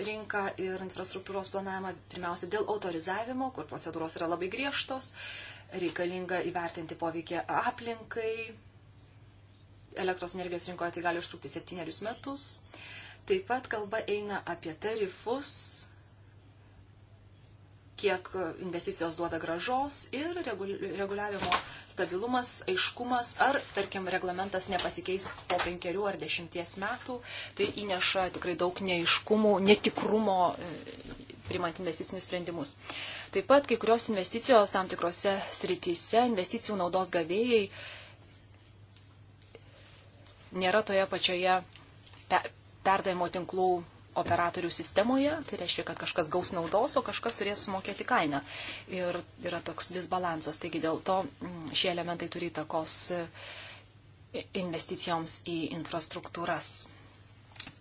rinką ir infrastruktūros planavimą. Pirmiausia, dėl autorizavimo, kur procedūros yra labai griežtos, reikalinga įvertinti poveikį aplinkai. Elektros energijos rinkoje tai gali užtrukti septynerius metus. Taip pat kalba eina apie tarifus, kiek investicijos duoda gražos ir reguliavimo stabilumas, aiškumas, ar, tarkim, reglamentas nepasikeis po penkerių ar dešimties metų, tai įneša tikrai daug neiškumų, netikrumo e, primant investicinius sprendimus. Taip pat kai kurios investicijos tam tikrose srityse, investicijų naudos gavėjai nėra toje pačioje perdavimo tinklų operatorių sistemoje, tai reiškia, kad kažkas gaus naudos, o kažkas turės sumokėti kainą. Ir yra toks disbalansas, taigi dėl to mm, šie elementai turi įtakos e, investicijoms į infrastruktūras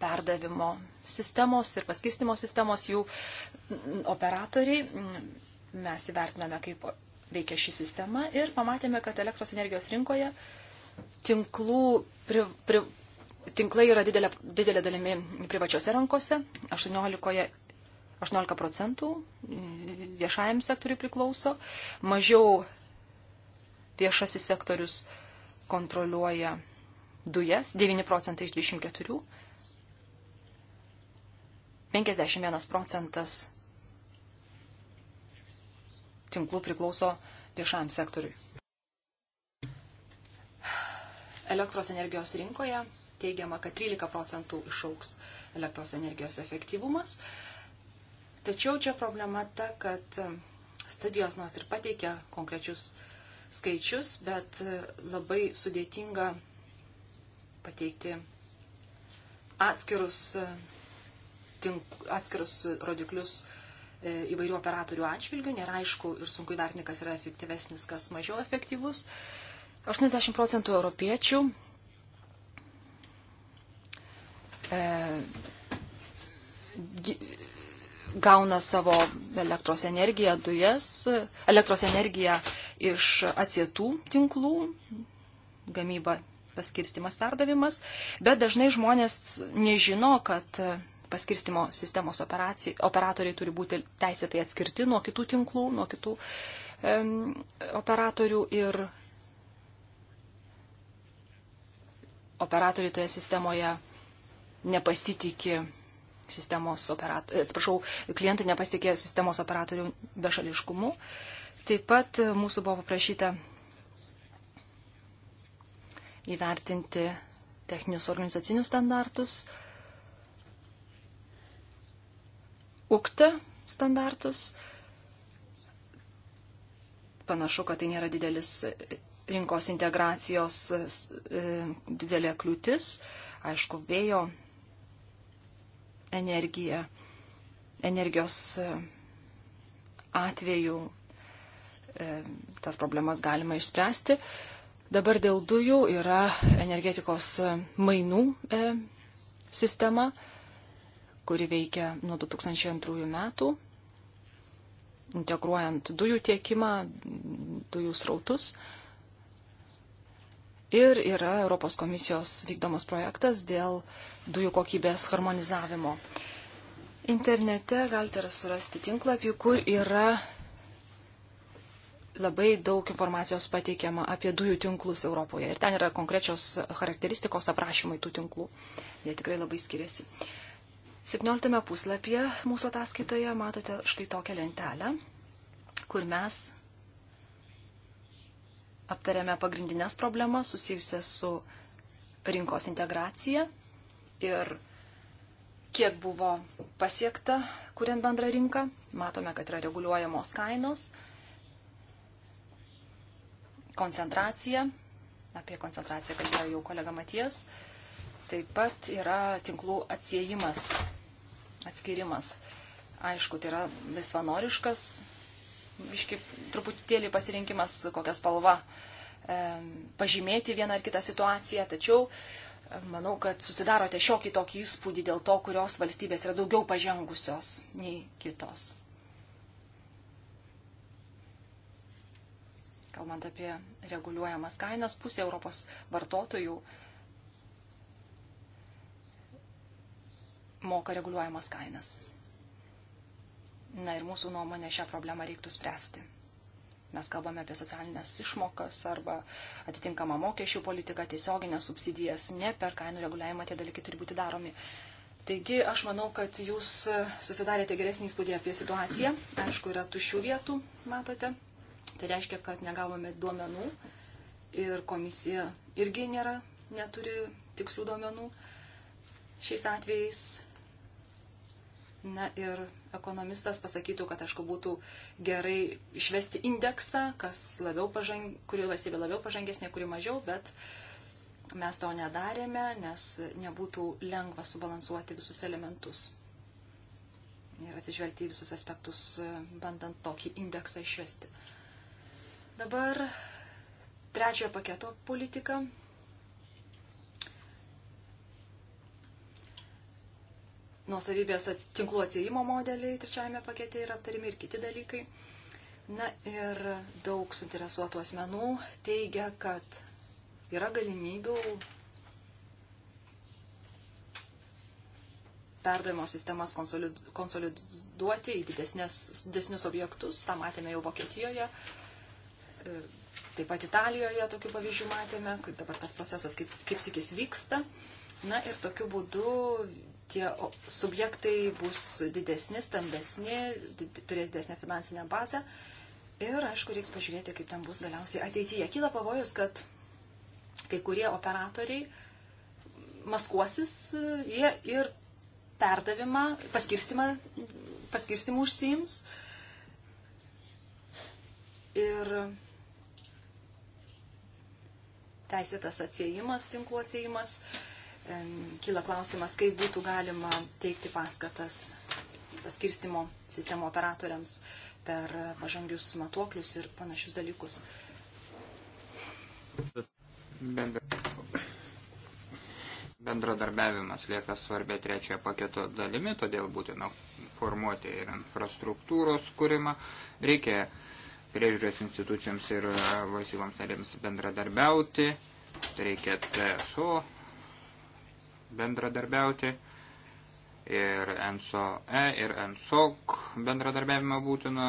perdavimo sistemos ir paskirstimo sistemos jų mm, operatoriai. Mm, mes įvertiname, kaip veikia ši sistema ir pamatėme, kad elektros energijos rinkoje tinklų pri, pri, tinklai yra didelė, didelė dalimi privačiose rankose, 18, 18 procentų viešajam sektoriui priklauso, mažiau viešasis sektorius kontroliuoja dujas, 9 procentai iš 24, 51 procentas tinklų priklauso viešajam sektoriui. Elektros energijos rinkoje teigiama, kad 13 procentų išauks elektros energijos efektyvumas. Tačiau čia problema ta, kad e, studijos nors ir pateikia konkrečius skaičius, bet e, labai sudėtinga pateikti atskirus, e, tink, atskirus rodiklius įvairių operatorių atžvilgių, nėra aišku ir sunku įvertinti, kas yra efektyvesnis, kas mažiau efektyvus. 80 procentų europiečių E, gauna savo elektros energiją, dujas, elektros energiją iš atsietų tinklų, gamyba, paskirstimas, perdavimas, bet dažnai žmonės nežino, kad paskirstimo sistemos operatoriai turi būti teisėtai atskirti nuo kitų tinklų, nuo kitų um, operatorių ir operatoriai toje sistemoje nepasitikė sistemos operatorių, e, atsiprašau, klientai nepasitikė sistemos operatorių bešališkumu. Taip pat mūsų buvo paprašyta įvertinti techninius organizacinius standartus, UKTA standartus. Panašu, kad tai nėra didelis rinkos integracijos e, didelė kliūtis. Aišku, vėjo energiją, energijos e, atveju e, tas problemas galima išspręsti. Dabar dėl dujų yra energetikos e, mainų sistema, kuri veikia nuo 2002 metų, integruojant dujų tiekimą, dujų srautus ir yra Europos komisijos vykdomas projektas dėl dujų kokybės harmonizavimo. Internete galite surasti tinklapį, kur yra labai daug informacijos pateikiama apie dujų tinklus Europoje. Ir ten yra konkrečios charakteristikos aprašymai tų tinklų. Jie tikrai labai skiriasi. 17 puslapyje mūsų ataskaitoje matote štai tokią lentelę, kur mes aptarėme pagrindinės problemas susijusias su rinkos integracija ir kiek buvo pasiekta, kuriant bendrą rinką. Matome, kad yra reguliuojamos kainos, koncentracija, apie koncentraciją kalbėjo jau kolega Maties, taip pat yra tinklų atsiejimas, atskirimas. Aišku, tai yra laisvanoriškas biški truputėlį pasirinkimas, kokias spalva e, pažymėti vieną ar kitą situaciją, tačiau e, manau, kad susidarote šiokį tokį įspūdį dėl to, kurios valstybės yra daugiau pažengusios nei kitos. Kalbant apie reguliuojamas kainas, pusė Europos vartotojų moka reguliuojamas kainas. Na ir mūsų nuomonė šią problemą reiktų spręsti. Mes kalbame apie socialinės išmokas arba atitinkamą mokesčių politiką, tiesioginės subsidijas, ne per kainų reguliavimą tie dalykai turi būti daromi. Taigi aš manau, kad jūs susidarėte geresnį įspūdį apie situaciją. Aišku, yra tuščių vietų, matote. Tai reiškia, kad negavome duomenų ir komisija irgi nėra, neturi tikslių duomenų šiais atvejais Na ir ekonomistas pasakytų, kad aišku būtų gerai išvesti indeksą, kas labiau pažang, kuri valstybė labiau pažangesnė, kuri mažiau, bet mes to nedarėme, nes nebūtų lengva subalansuoti visus elementus ir atsižvelgti į visus aspektus, bandant tokį indeksą išvesti. Dabar trečiojo paketo politika nuosavybės tinklų atsijimo modeliai trečiajame pakete yra aptarimi ir kiti dalykai. Na ir daug suinteresuotų asmenų teigia, kad yra galimybių perdavimo sistemas konsoliduoti į didesnės, didesnius objektus. Ta matėme jau Vokietijoje, e, taip pat Italijoje tokių pavyzdžių matėme, kaip dabar tas procesas kaip, kaip sikis vyksta. Na ir tokiu būdu tie subjektai bus didesni, stambesni, turės didesnę finansinę bazę. Ir, aišku, reiks pažiūrėti, kaip ten bus galiausiai ateityje. Kyla pavojus, kad kai kurie operatoriai maskuosis jie ir perdavimą, paskirstimą, paskirstimą užsiims. Ir teisėtas atsiejimas, tinklų atsiejimas kyla klausimas, kaip būtų galima teikti paskatas paskirstimo sistemo operatoriams per pažangius matuoklius ir panašius dalykus. Bendradarbiavimas lieka svarbia trečiojo paketo dalimi, todėl būtina formuoti ir infrastruktūros kūrimą. Reikia priežiūros institucijams ir valstybėms narėms bendradarbiauti, reikia TSO bendradarbiauti ir NSOE ir NSOC bendradarbiavimą būtina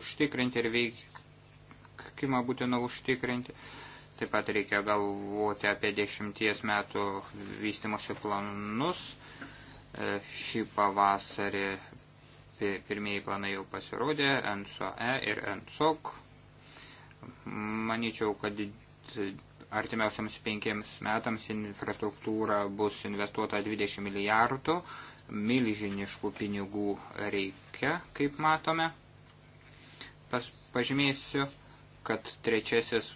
užtikrinti ir veikimą būtina užtikrinti. Taip pat reikia galvoti apie dešimties metų vystimosi planus. E, šį pavasarį pirmieji planai jau pasirodė, NSOE ir NSOC. Manyčiau, kad artimiausiams penkiems metams infrastruktūrą bus investuota 20 milijardų, milžiniškų pinigų reikia, kaip matome. Pas, pažymėsiu, kad trečiasis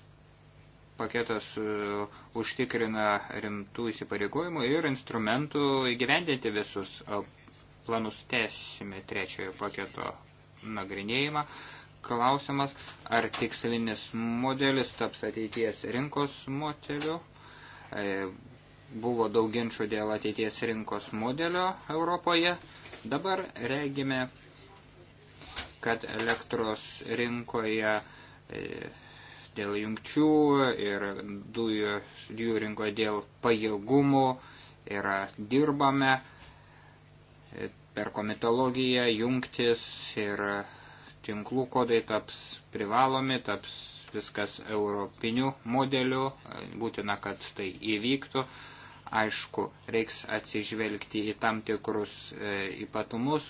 paketas uh, užtikrina rimtų įsipareigojimų ir instrumentų įgyvendinti visus uh, planus tęsime trečiojo paketo nagrinėjimą klausimas, ar tikslinis modelis taps ateities rinkos modeliu. E, buvo daug ginčių dėl ateities rinkos modelio Europoje. Dabar regime, kad elektros rinkoje e, dėl jungčių ir dujų, dujų rinkoje dėl pajėgumų yra dirbame e, per komitologiją, jungtis ir tinklų kodai taps privalomi, taps viskas europiniu modeliu, būtina, kad tai įvyktų. Aišku, reiks atsižvelgti į tam tikrus e, ypatumus,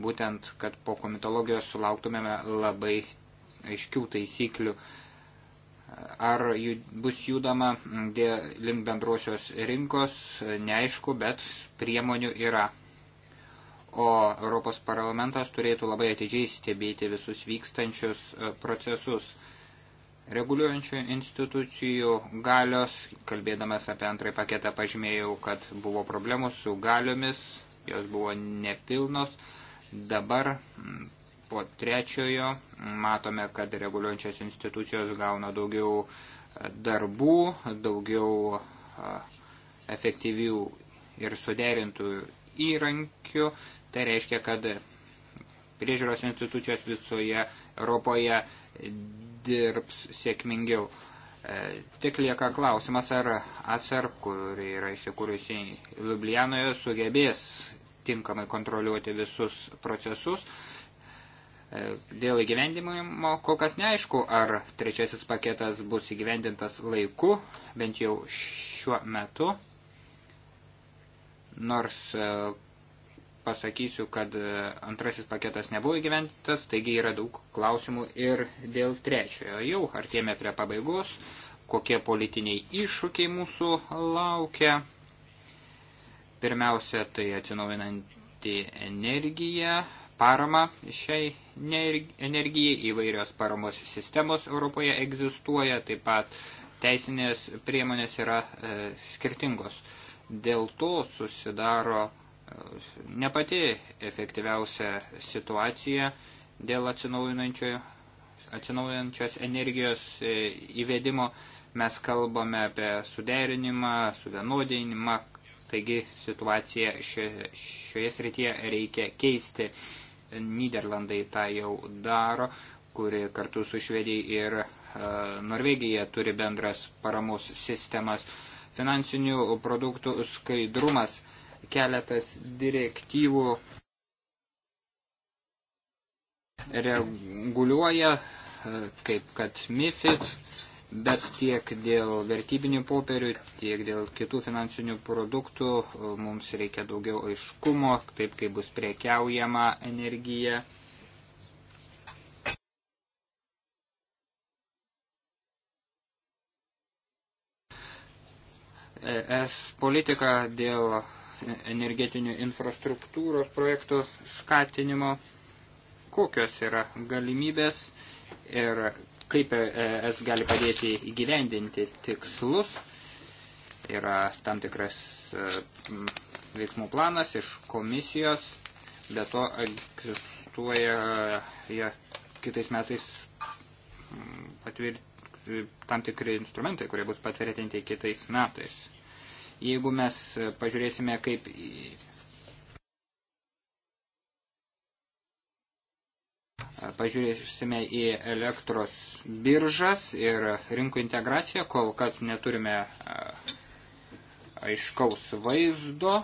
būtent, kad po komitologijos sulauktumėme labai aiškių taisyklių, ar jų, bus judama dėl, link bendrosios rinkos, neaišku, bet priemonių yra o Europos parlamentas turėtų labai atidžiai stebėti visus vykstančius e, procesus. Reguliuojančių institucijų galios, kalbėdamas apie antrąjį paketą, pažymėjau, kad buvo problemų su galiomis, jos buvo nepilnos. Dabar po trečiojo matome, kad reguliuojančios institucijos gauna daugiau e, darbų, daugiau e, efektyvių ir suderintų įrankių, Tai reiškia, kad priežiūros institucijos visoje Europoje dirbs sėkmingiau. E, tik lieka klausimas, ar ACER, kuri yra įsikūrusi Ljubljanoje, sugebės tinkamai kontroliuoti visus procesus. E, dėl įgyvendimo kol kas neaišku, ar trečiasis paketas bus įgyvendintas laiku, bent jau šiuo metu, nors e, pasakysiu, kad e, antrasis paketas nebuvo įgyventas, taigi yra daug klausimų ir dėl trečiojo. Jau artėme prie pabaigos, kokie politiniai iššūkiai mūsų laukia. Pirmiausia, tai atsinaujinanti energija, parama šiai energijai, įvairios paramos sistemos Europoje egzistuoja, taip pat teisinės priemonės yra e, skirtingos. Dėl to susidaro ne pati efektyviausia situacija dėl atsinaujinančios energijos e, įvedimo. Mes kalbame apie suderinimą, suvienodinimą, taigi situaciją šioje srityje reikia keisti. Niderlandai tą jau daro, kuri kartu su Švedija ir e, Norvegija turi bendras paramos sistemas. Finansinių produktų skaidrumas keletas direktyvų reguliuoja, kaip kad MIFID, bet tiek dėl vertybinių popierių, tiek dėl kitų finansinių produktų mums reikia daugiau aiškumo, taip kaip bus prekiaujama energija. ES politika dėl energetinių infrastruktūros projektų skatinimo, kokios yra galimybės ir kaip es gali padėti įgyvendinti tikslus. Yra tam tikras e, veiksmų planas iš komisijos, be to egzistuoja ja, kitais metais patvirt, tam tikri instrumentai, kurie bus patvirtinti kitais metais. Jeigu mes e, pažiūrėsime, kaip e, pažiūrėsime į elektros biržas ir rinkų integraciją, kol kas neturime e, aiškaus vaizdo.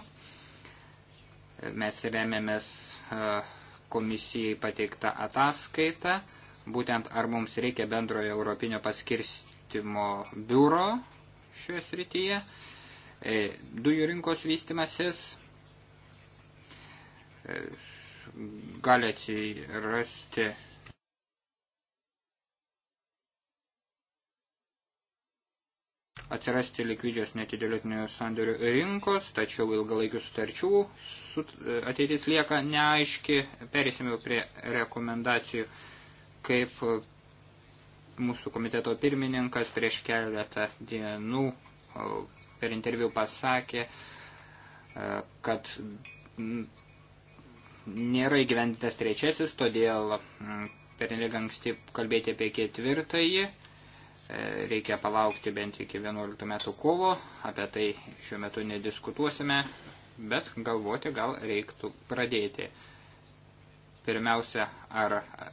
Mes remiamės komisijai pateiktą ataskaitą, būtent ar mums reikia bendrojo europinio paskirstimo biuro šioje srityje. E, dujų rinkos vystimasis e, gali atsirasti atsirasti likvidžios netidėliotinių sandorių rinkos, tačiau ilgalaikių sutarčių sut, e, ateitis lieka neaiški. Perėsime prie rekomendacijų, kaip mūsų komiteto pirmininkas prieš keletą dienų per interviu pasakė, e, kad nėra įgyventintas trečiasis, todėl per nelik anksti kalbėti apie ketvirtąjį. E, reikia palaukti bent iki 11 metų kovo, apie tai šiuo metu nediskutuosime, bet galvoti gal reiktų pradėti. Pirmiausia, ar e,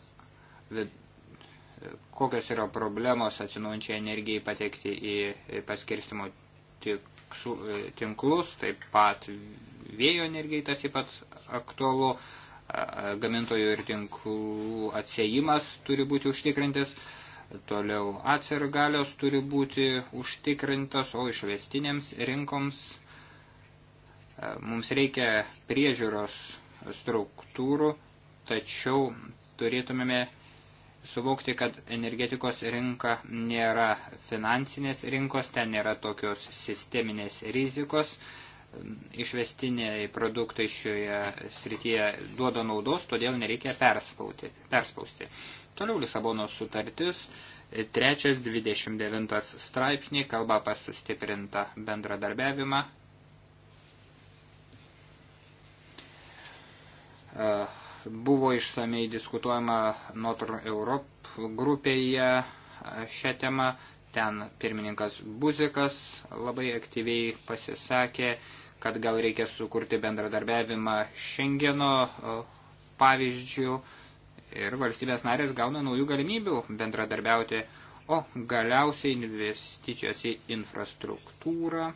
vid, kokios yra problemos atsinaujančiai energijai patekti į paskirstimo E, tinklus, taip pat vėjo energijai tas taip pat aktualu, gamintojų ir tinklų atsiejimas turi būti užtikrintis, toliau atsargalios turi būti užtikrintas, o išvestinėms rinkoms mums reikia priežiūros struktūrų, tačiau turėtumėme suvokti, kad energetikos rinka nėra finansinės rinkos, ten nėra tokios sisteminės rizikos. Išvestiniai produktai šioje srityje duoda naudos, todėl nereikia perspausti. perspausti. Toliau Lisabono sutartis, trečias 29 straipsnį, kalba apie sustiprintą bendradarbiavimą. Uh Buvo išsamei diskutuojama Notre Europe grupėje šią temą. Ten pirmininkas Buzikas labai aktyviai pasisakė, kad gal reikia sukurti bendradarbiavimą Šengeno e, pavyzdžių ir valstybės narės gauna naujų galimybių bendradarbiauti, o galiausiai investicijos į infrastruktūrą.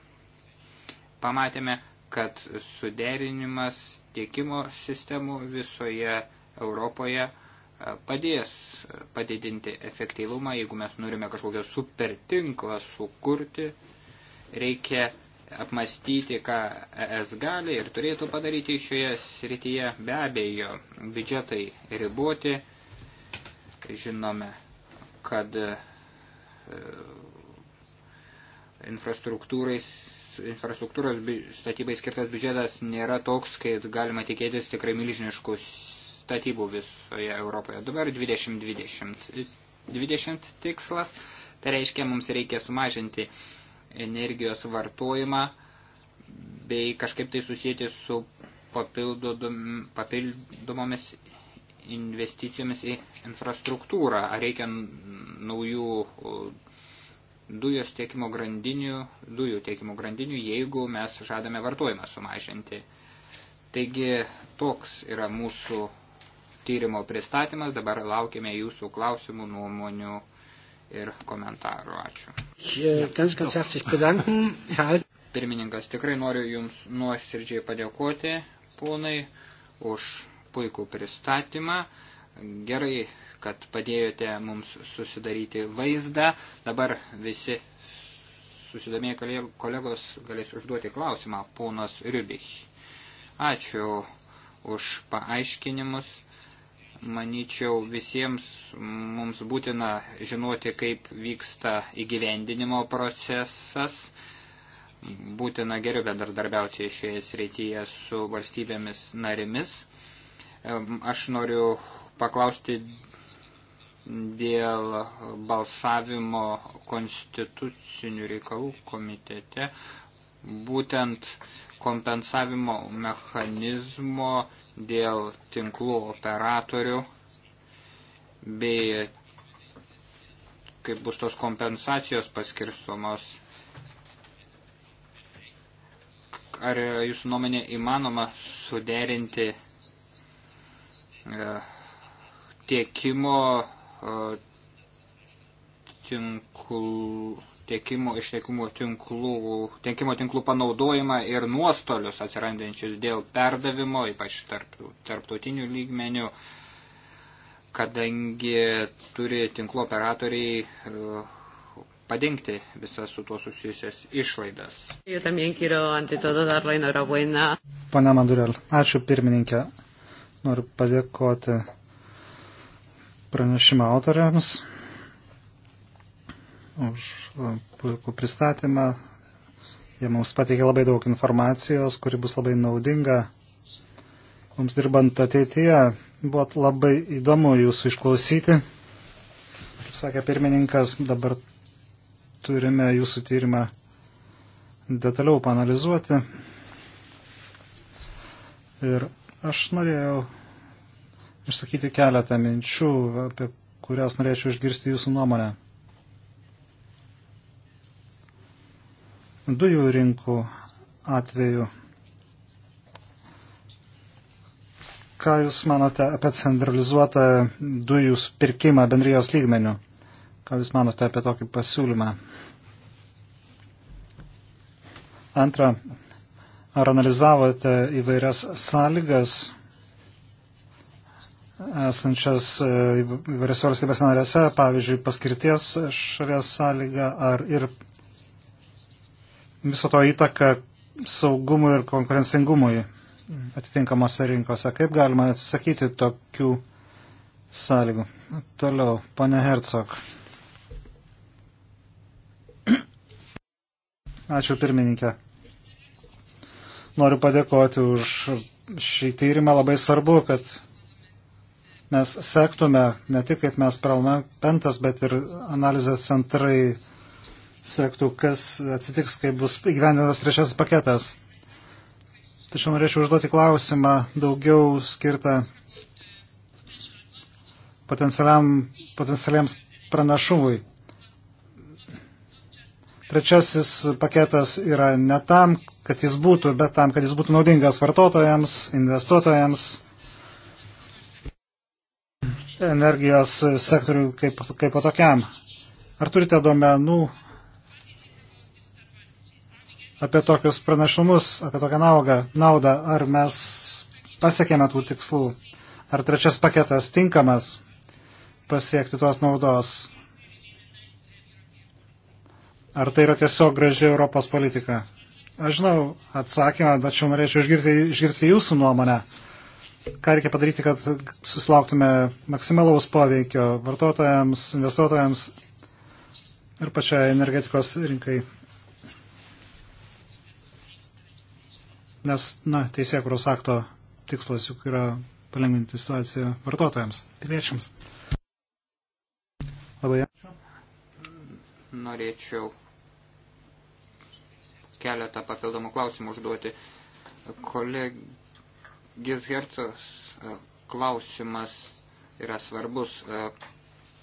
Pamatėme, kad suderinimas tiekimo sistemų visoje Europoje e, padės e, padidinti efektyvumą, jeigu mes norime kažkokią super tinklą sukurti, reikia apmastyti, ką ES gali ir turėtų padaryti šioje srityje. Be abejo, biudžetai riboti, žinome, kad e, infrastruktūrais infrastruktūros statybai skirtas biudžetas nėra toks, kai galima tikėtis tikrai milžiniškų statybų visoje Europoje. Dabar 2020 20 tikslas, tai reiškia mums reikia sumažinti energijos vartojimą bei kažkaip tai susijęti su papildomomis investicijomis į infrastruktūrą. Ar reikia naujų dujos tiekimo grandinių, dujų tiekimo grandinių, jeigu mes žadame vartojimą sumažinti. Taigi toks yra mūsų tyrimo pristatymas. Dabar laukime jūsų klausimų, nuomonių ir komentarų. Ačiū. Pirmininkas, tikrai noriu Jums nuoširdžiai padėkoti, ponai, už puikų pristatymą. Gerai kad padėjote mums susidaryti vaizdą. Dabar visi susidomėję kolegos galės užduoti klausimą ponas Rybich. Ačiū už paaiškinimus. Maničiau, visiems mums būtina žinoti, kaip vyksta įgyvendinimo procesas. Būtina geriau bendradarbiauti šioje srityje su valstybėmis narimis. Aš noriu paklausti dėl balsavimo konstitucinių reikalų komitete, būtent kompensavimo mechanizmo dėl tinklų operatorių bei kaip bus tos kompensacijos paskirstomos. Ar jūsų nuomonė įmanoma suderinti e, tiekimo tinklų, tiekimo ištekimo tinklų, tiekimo tinklų panaudojimą ir nuostolius atsirandančius dėl perdavimo, ypač tarp, tarptautinių lygmenių, kadangi turi tinklo operatoriai padengti visas su tuo susijusias išlaidas. Pane Madurel, ačiū pirmininkė. Noriu padėkoti pranešimą autoriams už e, puikų pristatymą. Jie mums pateikė labai daug informacijos, kuri bus labai naudinga mums dirbant ateityje. Buvo labai įdomu jūsų išklausyti. Kaip sakė pirmininkas, dabar turime jūsų tyrimą detaliau panalizuoti. Ir aš norėjau išsakyti keletą minčių, apie kurias norėčiau išgirsti jūsų nuomonę. Dujų rinkų atveju. Ką Jūs manote apie centralizuotą dujų pirkimą bendrijos lygmenių? Ką Jūs manote apie tokį pasiūlymą? Antra, ar analizavote įvairias sąlygas esančias e, įvairiose valstybės narėse, pavyzdžiui, paskirties šalies sąlyga ar ir viso to įtaka saugumui ir konkurencingumui atitinkamose rinkose. Kaip galima atsisakyti tokių sąlygų? Toliau, pane Hercog. Ačiū pirmininkė. Noriu padėkoti už šį tyrimą. Labai svarbu, kad mes sektume ne tik kaip mes prauna pentas, bet ir analizės centrai sektų, kas atsitiks, kai bus įgyvendintas trečiasis paketas. Tačiau norėčiau užduoti klausimą daugiau skirtą potencialiams pranašumui. Trečiasis paketas yra ne tam, kad jis būtų, bet tam, kad jis būtų naudingas vartotojams, investuotojams energijos sektoriui kaip, kaip o tokiam. Ar turite duomenų apie tokius pranašumus, apie tokią naugą, naudą, ar mes pasiekėme tų tikslų, ar trečias paketas tinkamas pasiekti tos naudos, ar tai yra tiesiog graži Europos politika. Aš žinau atsakymą, tačiau norėčiau išgirti, išgirti jūsų nuomonę ką reikia padaryti, kad susilauktume maksimalaus poveikio vartotojams, investuotojams ir pačiai energetikos rinkai. Nes, na, teisėkuros akto tikslas juk yra palengvinti situaciją vartotojams, piliečiams. Labai ačiū. Norėčiau keletą papildomų klausimų užduoti. Koleg Gilshercos e, klausimas yra svarbus. E,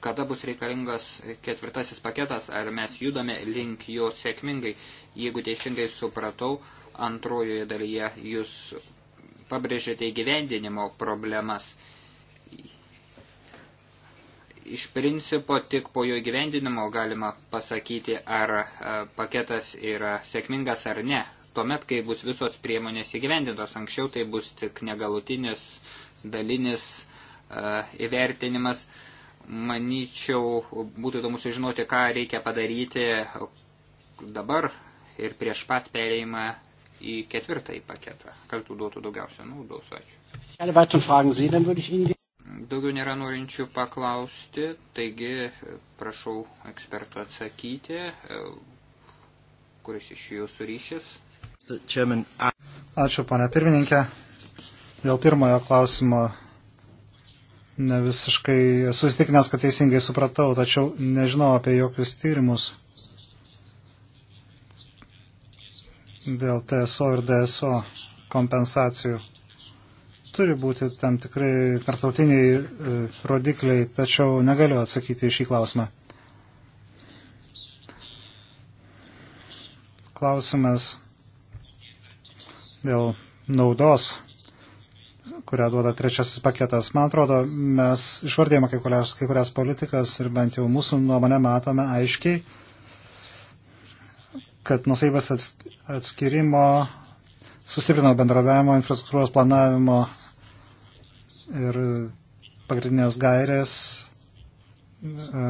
kada bus reikalingas ketvirtasis paketas, ar mes judame link jo sėkmingai? Jeigu teisingai supratau, antrojoje dalyje jūs pabrėžėte įgyvendinimo problemas. Iš principo tik po jo įgyvendinimo galima pasakyti, ar e, paketas yra sėkmingas ar ne tuomet, kai bus visos priemonės įgyvendintos. Anksčiau tai bus tik negalutinis, dalinis uh, įvertinimas. Manyčiau, būtų įdomu sužinoti, ką reikia padaryti dabar ir prieš pat perėjimą į ketvirtąjį paketą. Kas duotų daugiausia naudos? Ačiū. Daugiau nėra norinčių paklausti, taigi e, prašau ekspertų atsakyti, e, kuris iš jų surišęs. Ačiū, ponia pirmininkė. Dėl pirmojo klausimo ne visiškai esu įstikinęs, kad teisingai supratau, tačiau nežinau apie jokius tyrimus dėl TSO ir DSO kompensacijų. Turi būti tam tikrai tartautiniai e, rodikliai, tačiau negaliu atsakyti į šį klausimą. Klausimas dėl naudos, kurią duoda trečiasis paketas. Man atrodo, mes išvardėjome kai kurias, kai kurias politikas ir bent jau mūsų nuomonę matome aiškiai, kad nusaivas atskirimo sustiprino bendravimo, infrastruktūros planavimo ir pagrindinės gairės, e,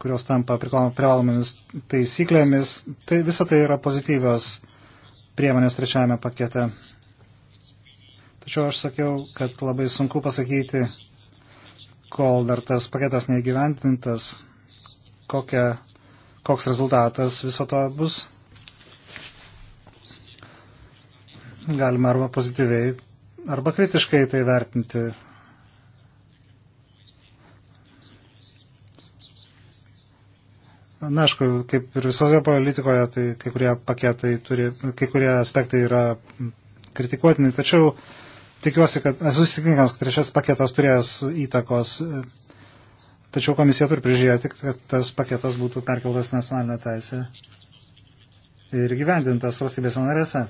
kurios tampa privalomomis taisyklėmis. Tai visa tai yra pozityvios priemonės trečiajame pakete. Tačiau aš sakiau, kad labai sunku pasakyti, kol dar tas paketas neįgyventintas, kokia, koks rezultatas viso to bus. Galima arba pozityviai, arba kritiškai tai vertinti. Na, aišku, kaip ir visoje politikoje, tai kai kurie paketai turi, kai kurie aspektai yra kritikuotini, tačiau tikiuosi, kad esu įsitikinęs, kad šis paketas turės įtakos, tačiau komisija turi prižiūrėti, kad tas paketas būtų perkeltas nacionalinę teisę ir gyvendintas valstybės narėse.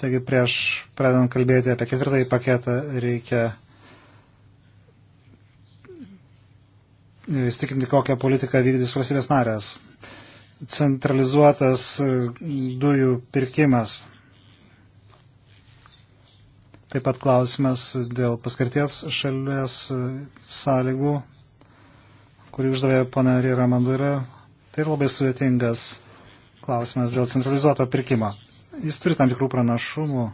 Taigi prieš pradedant kalbėti apie ketvirtąjį paketą reikia įstikinti, kokią politiką vykdys valstybės narės. Centralizuotas e, dujų pirkimas. Taip pat klausimas dėl paskirties šalies e, sąlygų, kurį uždavė pana Rira Mandura. Tai labai sudėtingas klausimas dėl centralizuoto pirkimo. Jis turi tam tikrų pranašumų.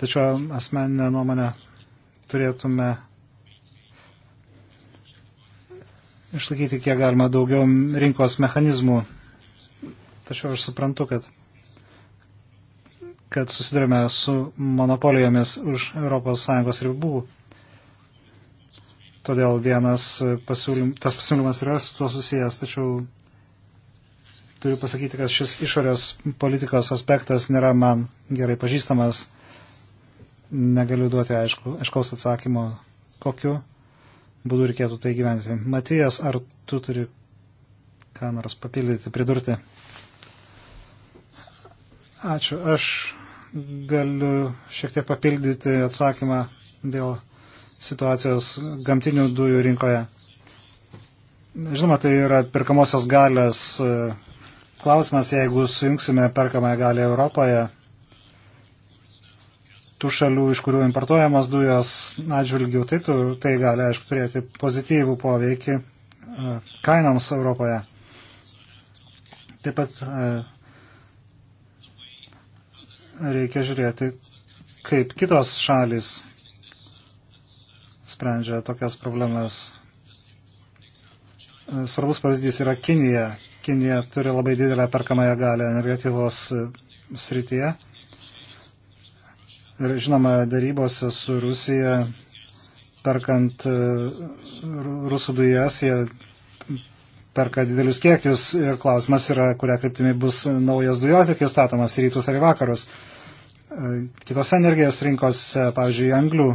Tačiau asmeninę nuomonę turėtume išlaikyti kiek galima daugiau rinkos mechanizmų. Tačiau aš suprantu, kad, kad susidurime su monopolijomis už ES ribų. Todėl vienas pasiūlym, tas pasiūlymas yra su tuo susijęs, tačiau turiu pasakyti, kad šis išorės politikos aspektas nėra man gerai pažįstamas. Negaliu duoti aišku, aiškaus atsakymo, kokiu būdų reikėtų tai gyventi. Matijas, ar tu turi ką nors papildyti, pridurti? Ačiū. Aš galiu šiek tiek papildyti atsakymą dėl situacijos gamtinių dujų rinkoje. Žinoma, tai yra pirkamosios galės e, klausimas, jeigu sujungsime perkamąją galę Europoje tų šalių, iš kurių importuojamos dujos atžvilgių, tai, tu, tai gali, aišku, turėti pozityvų poveikį e, kainoms Europoje. Taip pat e, reikia žiūrėti, kaip kitos šalis sprendžia tokias problemas. E, svarbus pavyzdys yra Kinija. Kinija turi labai didelę perkamąją galę energetikos srityje Ir žinoma, darybose su Rusija, perkant e, rusų dujas, jie perka didelius kiekius ir klausimas yra, kuria kryptimi bus naujas dujotikis statomas į rytus ar į vakarus. E, kitose energijos rinkose, pavyzdžiui, anglių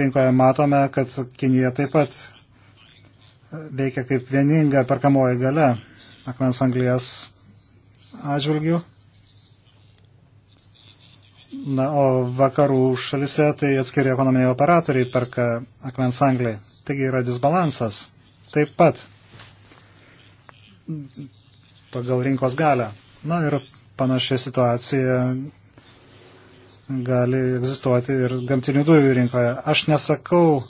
rinkoje matome, kad Kinija taip pat veikia kaip vieninga perkamoji gale akmens anglijas atžvilgių. Na, o vakarų šalise tai atskiri ekonominiai operatoriai perka akmens anglį. Taigi yra disbalansas. Taip pat pagal rinkos galę. Na ir panašia situacija gali egzistuoti ir gamtinių dujų rinkoje. Aš nesakau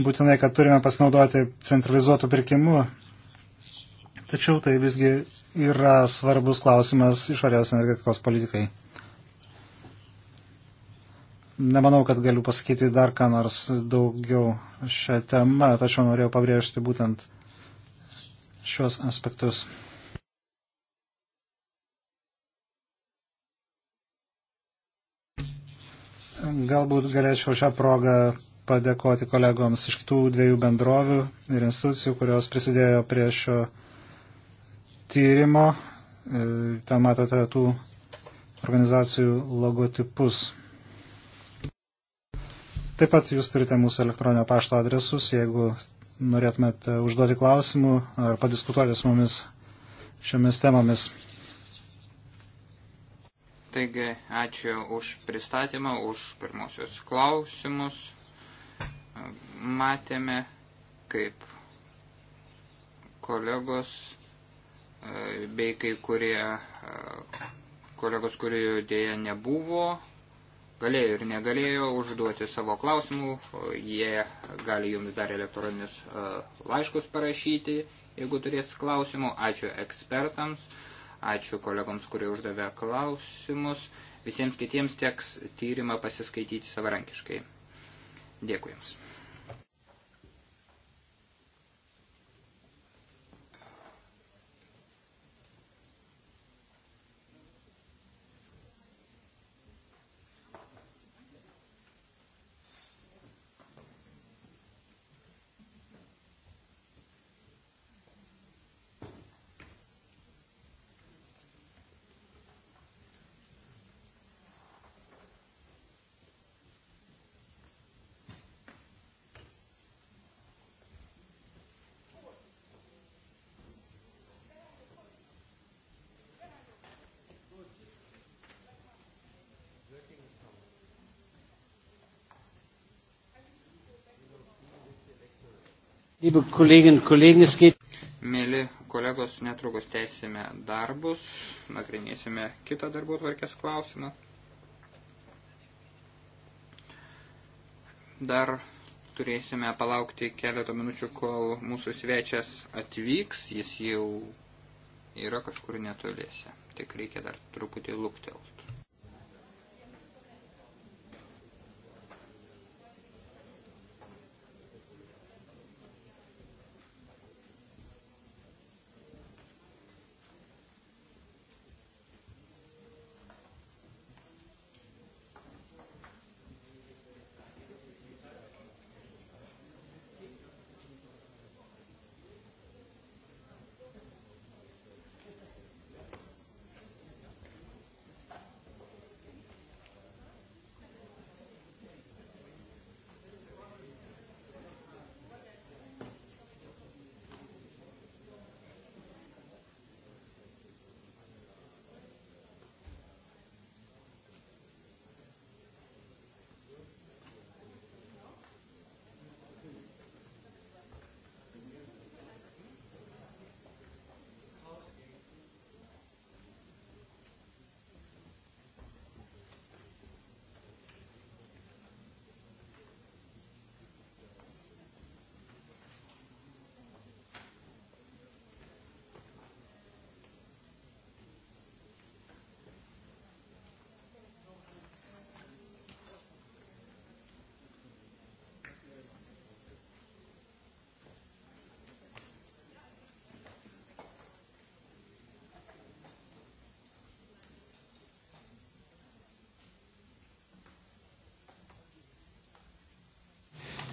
būtinai, kad turime pasinaudoti centralizuotų pirkimų, tačiau tai visgi yra svarbus klausimas išorės energetikos politikai nemanau, kad galiu pasakyti dar ką nors daugiau šią temą, tačiau norėjau pabrėžti būtent šios aspektus. Galbūt galėčiau šią progą padėkoti kolegoms iš kitų dviejų bendrovių ir institucijų, kurios prisidėjo prie šio tyrimo. Ten matote tų organizacijų logotipus. Taip pat jūs turite mūsų elektroninio pašto adresus, jeigu norėtumėte užduoti klausimų ar padiskutuoti su mumis šiomis temomis. Taigi, ačiū už pristatymą, už pirmosius klausimus. E, matėme, kaip kolegos e, bei kai kurie e, kolegos, kurių dėja nebuvo, galėjo ir negalėjo užduoti savo klausimų, jie gali jums dar elektroninius e, laiškus parašyti, jeigu turės klausimų. Ačiū ekspertams, ačiū kolegoms, kurie uždavė klausimus. Visiems kitiems teks tyrimą pasiskaityti savarankiškai. Dėkui Jums. Mėly kolegos, netrukus teisime darbus, nagrinėsime kitą darbų tvarkės klausimą. Dar turėsime palaukti keletą minučių, kol mūsų svečias atvyks, jis jau yra kažkur netoliese. Tik reikia dar truputį luktelti.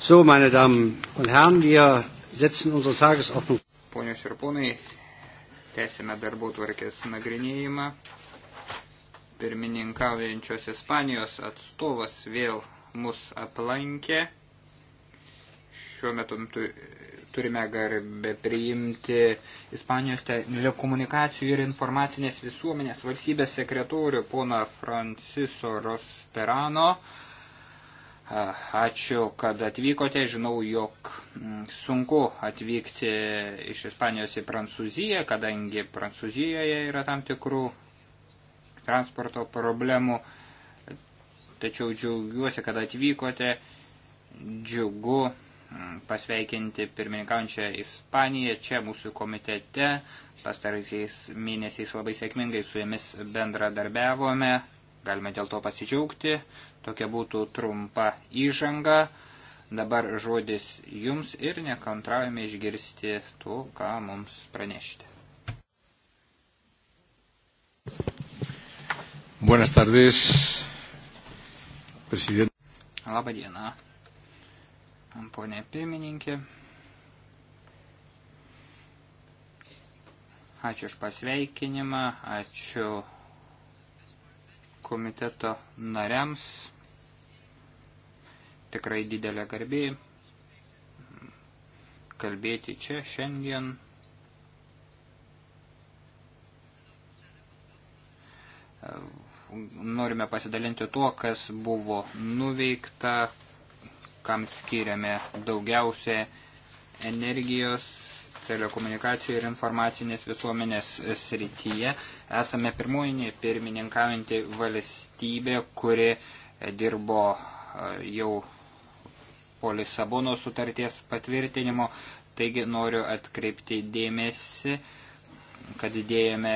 So, meine Damen und Herren, wir setzen unsere Tagesordnung. Ponios ir ponai, tęsime darbo tvarkės nagrinėjimą. Pirmininkaujančios Ispanijos atstovas vėl mus aplankė. Šiuo metu turime garbę priimti Ispanijos telekomunikacijų ir informacinės visuomenės valstybės sekretorių poną Franciso Rosterano. Perano Ačiū, kad atvykote. Žinau, jog mm, sunku atvykti iš Ispanijos į Prancūziją, kadangi Prancūzijoje yra tam tikrų transporto problemų. Tačiau džiaugiuosi, kad atvykote. Džiugu mm, pasveikinti pirmininkaujančią Ispaniją čia mūsų komitete. Pastaraisiais mėnesiais labai sėkmingai su jomis bendradarbiavome. Galime dėl to pasidžiaugti. Tokia būtų trumpa įžanga. Dabar žodis jums ir nekantraujame išgirsti to, ką mums pranešti. Buenas tardes, presidente. Labą dieną, ponė pirmininkė. Ačiū už pasveikinimą, ačiū komiteto nariams. Tikrai didelė garbė kalbėti čia šiandien. Norime pasidalinti tuo, kas buvo nuveikta, kam skiriame daugiausia energijos telekomunikacijų ir informacinės visuomenės srityje. Esame pirmoji pirmininkaujanti valstybė, kuri dirbo e, jau po Lisabono sutarties patvirtinimo, taigi noriu atkreipti dėmesį, kad dėjome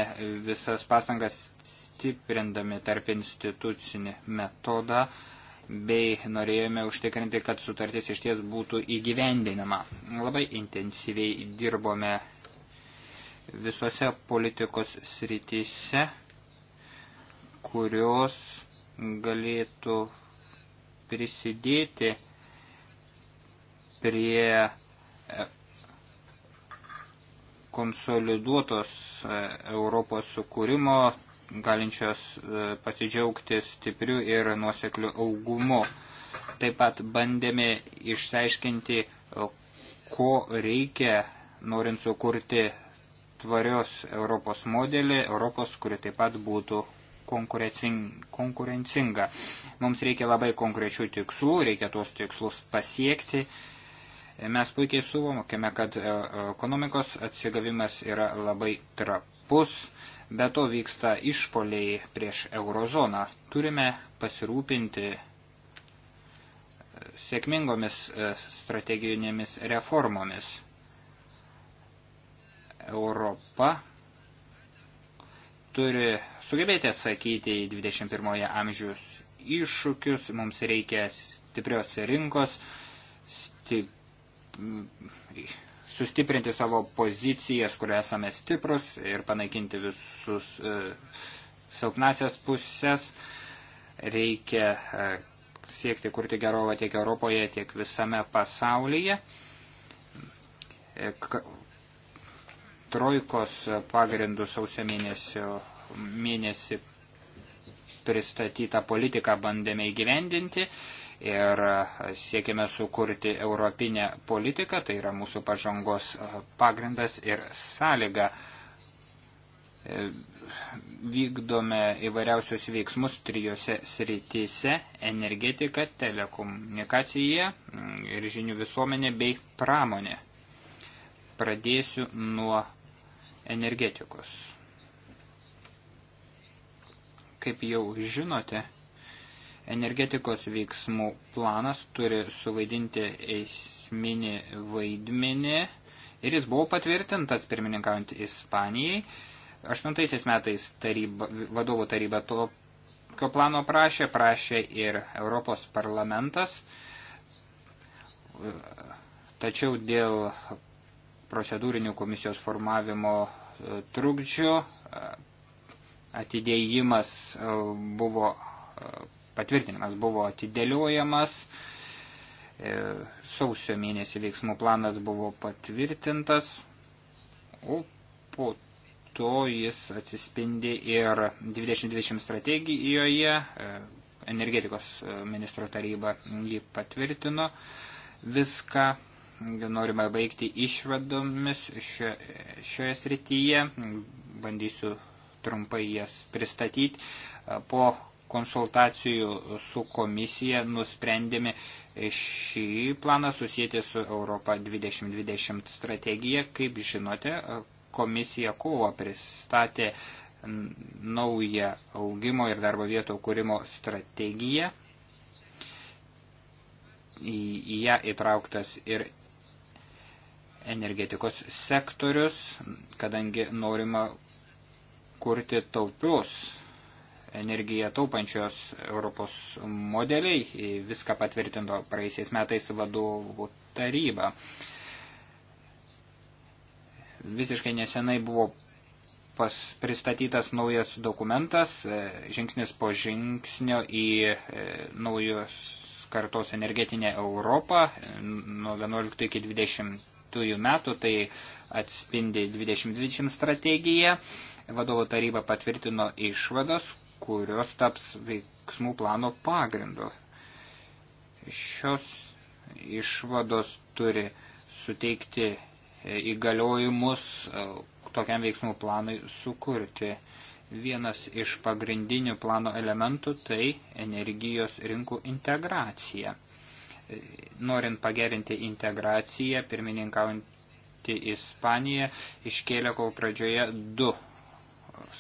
visas pastangas stiprindami tarp institucinį metodą bei norėjome užtikrinti, kad sutartis iš ties būtų įgyvendinama. Labai intensyviai dirbome visose politikos srityse, kurios galėtų prisidėti prie e, konsoliduotos e, Europos sukūrimo, galinčios e, pasidžiaugti stipriu ir nuosekliu augumu. Taip pat bandėme išsiaiškinti, ko reikia, norint sukurti tvarios Europos modelį, Europos, kuri taip pat būtų konkurencinga. Mums reikia labai konkrečių tikslų, reikia tuos tikslus pasiekti. Mes puikiai suvokime, kad e, ekonomikos atsigavimas yra labai trapus, be to vyksta išpoliai prieš eurozoną. Turime pasirūpinti e, sėkmingomis e, strateginėmis reformomis Europa turi sugebėti atsakyti į 21 amžiaus iššūkius, mums reikia stiprios rinkos, sti... sustiprinti savo pozicijas, kur esame stiprus ir panaikinti visus e, silpnasias pusės, reikia e, siekti kurti gerovą tiek Europoje, tiek visame pasaulyje. E, trojkos pagrindų sausio mėnesio, mėnesį pristatytą politiką bandėme įgyvendinti ir siekime sukurti europinę politiką, tai yra mūsų pažangos pagrindas ir sąlyga. Vykdome įvairiausius veiksmus trijose srityse - energetika, telekomunikacija ir žinių visuomenė bei pramonė. Pradėsiu nuo energetikos. Kaip jau žinote, energetikos veiksmų planas turi suvaidinti esminį vaidmenį ir jis buvo patvirtintas pirmininkaujant Ispanijai. Aštuntaisiais metais taryba, vadovų taryba to tokio plano prašė, prašė ir Europos parlamentas. Tačiau dėl procedūrinių komisijos formavimo e, trukdžių. E, atidėjimas e, buvo, patvirtinimas buvo atidėliojamas. Sausio mėnesį veiksmų planas buvo patvirtintas, o po to jis atsispindi ir 2020 strategijoje, energetikos ministro taryba jį patvirtino viską norime baigti išvadomis šio, šioje srityje. Bandysiu trumpai jas pristatyti. Po konsultacijų su komisija nusprendėme šį planą susijęti su Europa 2020 strategija. Kaip žinote, komisija kovo pristatė naują augimo ir darbo vietų kūrimo strategiją į ją įtrauktas ir energetikos sektorius, kadangi norima kurti taupius energiją taupančios Europos modeliai, viską patvirtino praeisiais metais vadovų taryba. Visiškai nesenai buvo pas, pristatytas naujas dokumentas, žingsnis po žingsnio į e, naujus kartos energetinę Europą nuo 11 iki 20 metų, tai atspindi 2020 strategiją. Vadovo taryba patvirtino išvadas, kurios taps veiksmų plano pagrindu. Šios išvados turi suteikti įgaliojimus e, tokiam veiksmų planui sukurti. Vienas iš pagrindinių plano elementų tai energijos rinkų integracija norint pagerinti integraciją, pirmininkaujantį Ispaniją iškėlė kovo pradžioje du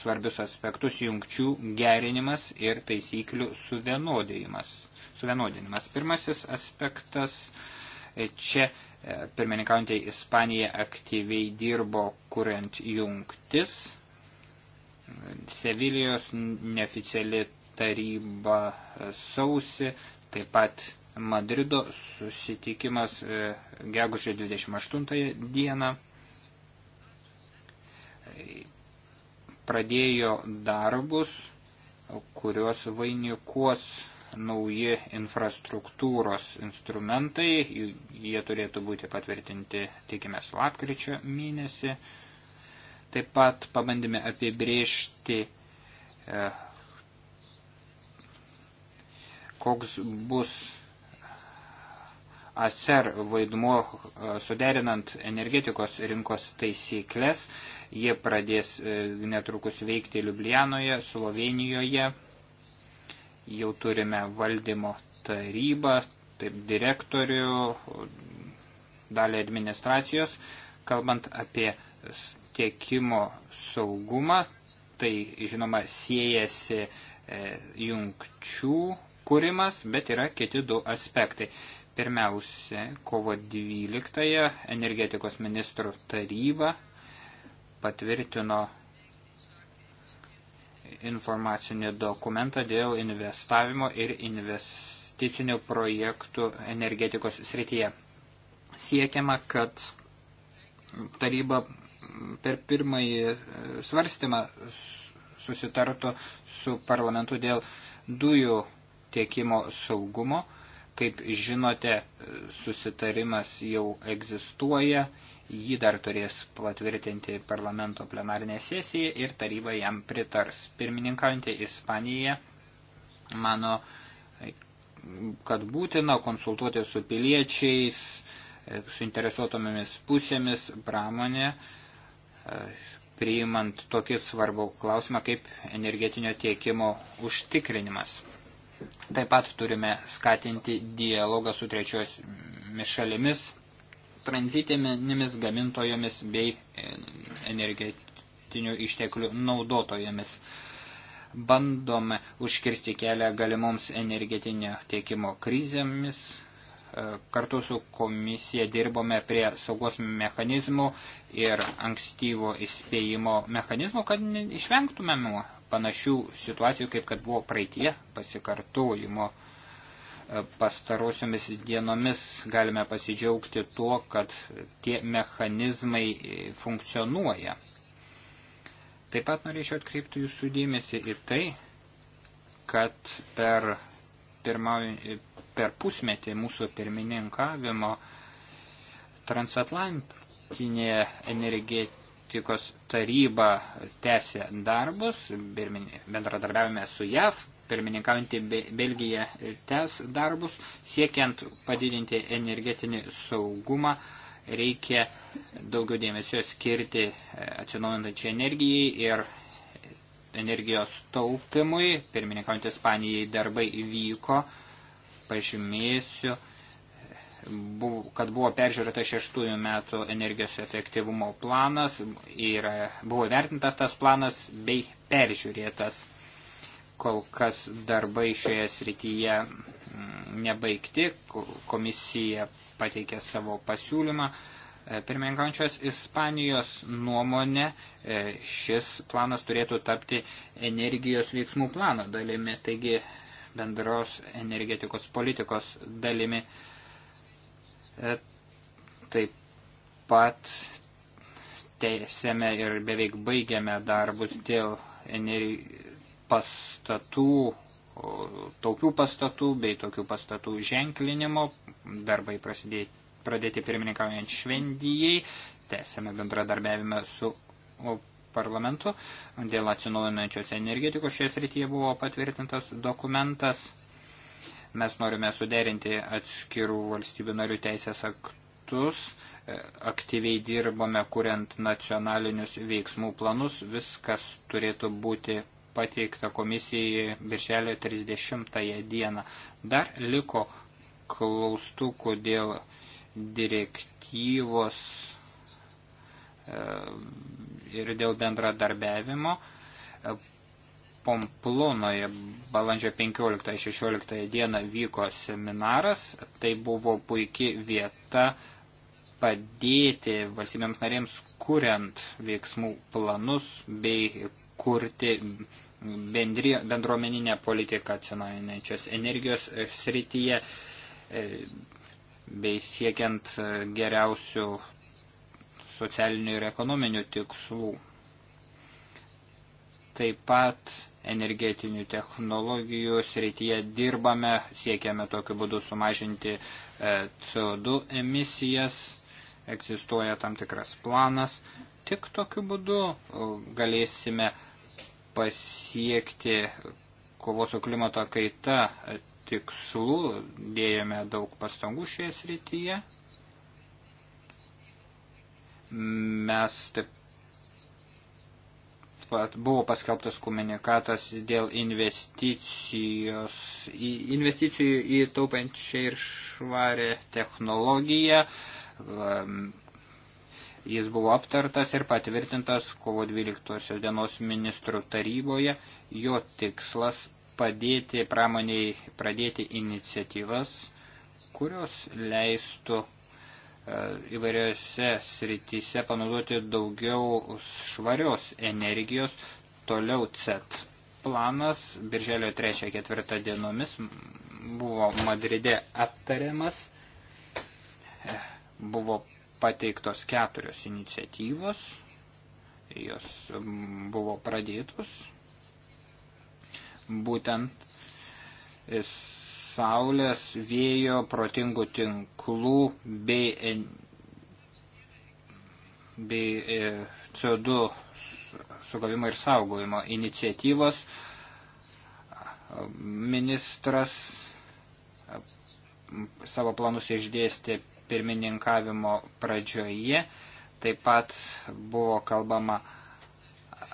svarbius aspektus – jungčių gerinimas ir taisyklių suvienodinimas. suvienodinimas. Pirmasis aspektas – čia e, pirmininkaujantį Ispaniją aktyviai dirbo kuriant jungtis. Sevilijos neoficiali taryba sausi, taip pat Madrido susitikimas e, gegužė 28 dieną pradėjo darbus, kuriuos vainikuos nauji infrastruktūros instrumentai. Jie turėtų būti patvirtinti, tikimės, lapkričio mėnesį. Taip pat pabandėme apibriežti, e, koks bus ASER vaidmuo e, suderinant energetikos rinkos taisyklės. Jie pradės e, netrukus veikti Liublianoje, Slovenijoje. Jau turime valdymo tarybą, taip direktorių, dalį administracijos. Kalbant apie tiekimo saugumą, tai žinoma siejasi e, jungčių kūrimas, bet yra kiti du aspektai. Pirmiausia, kovo 12-ąją energetikos ministrų taryba patvirtino informacinį dokumentą dėl investavimo ir investicinių projektų energetikos srityje. Siekiama, kad taryba per pirmąjį e, svarstymą susitartų su parlamentu dėl dujų tiekimo saugumo Kaip žinote, susitarimas jau egzistuoja, jį dar turės patvirtinti parlamento plenarinė sesija ir taryba jam pritars. Pirmininkaujantė Ispanija mano, kad būtina konsultuoti su piliečiais, suinteresuotomis pusėmis, pramonė, priimant tokį svarbų klausimą kaip energetinio tiekimo užtikrinimas. Taip pat turime skatinti dialogą su trečiosiomis šalimis, tranzitinėmis gamintojomis bei e, energetinių išteklių naudotojomis. Bandome užkirsti kelią galimoms energetinio tiekimo krizėmis. E, kartu su komisija dirbome prie saugos mechanizmų ir ankstyvo įspėjimo mechanizmų, kad išvengtumėm panašių situacijų, kaip kad buvo praeitie pasikartojimo e, pastarosiomis dienomis galime pasidžiaugti tuo, kad tie mechanizmai e, funkcionuoja. Taip pat norėčiau atkreipti jūsų dėmesį į tai, kad per, pirma, per pusmetį mūsų pirmininkavimo transatlantinė energetika politikos taryba tęsė darbus, bendradarbiavime su JAV, pirmininkaujantį Belgiją tęs darbus, siekiant padidinti energetinį saugumą, reikia daugiau dėmesio skirti e, atsinaujinančiai energijai ir energijos taupimui, pirmininkaujant Ispanijai darbai vyko, pažymėsiu, buvo, kad buvo peržiūrėta šeštųjų metų energijos efektyvumo planas, ir buvo vertintas tas planas bei peržiūrėtas. Kol kas darbai šioje srityje mm, nebaigti, komisija pateikė savo pasiūlymą. E, Pirmininkančios Ispanijos nuomonė e, šis planas turėtų tapti energijos veiksmų plano dalimi, taigi bendros energetikos politikos dalimi. E, taip pat teisėme ir beveik baigiame darbus dėl pastatų, taupių pastatų bei tokių pastatų ženklinimo. Darbai prasidėti, pradėti pirmininkaujant švendijai. Tęsėme bendradarbiavime su parlamentu. Dėl atsinaujinančios energetikos šioje srityje buvo patvirtintas dokumentas. Mes norime suderinti atskirų valstybių narių teisės aktus, e, aktyviai dirbame, kuriant nacionalinius veiksmų planus. Viskas turėtų būti pateikta komisijai birželio 30 dieną. Dar liko klaustukų dėl direktyvos e, ir dėl bendradarbiavimo. Pomplonoje balandžio 15-16 dieną vyko seminaras. Tai buvo puikiai vieta padėti valstybėms narėms kuriant veiksmų planus bei kurti bendri, bendruomeninę politiką atsinaujinančios energijos srityje e, bei siekiant geriausių socialinių ir ekonominių tikslų. Taip pat energetinių technologijų srityje dirbame, siekiame tokiu būdu sumažinti e, CO2 emisijas, egzistuoja tam tikras planas. Tik tokiu būdu e, galėsime pasiekti kovos su klimato kaita e, tikslų, dėjome daug pastangų šioje srityje. Mes taip pat buvo paskelbtas komunikatas dėl investicijos, į, investicijų į taupančią ir švarę technologiją. Ehm, jis buvo aptartas ir patvirtintas kovo 12 dienos ministrų taryboje. Jo tikslas padėti pramoniai pradėti iniciatyvas, kurios leistų E, įvairiose srityse panaudoti daugiau švarios energijos. Toliau CET planas birželio 3-4 dienomis buvo Madride aptariamas, e, buvo pateiktos keturios iniciatyvos, jos buvo pradėtos. Būtent saulės, vėjo, protingų tinklų bei, bei e, CO2 sugavimo ir saugojimo iniciatyvos. Ministras savo planus išdėstė pirmininkavimo pradžioje. Taip pat buvo kalbama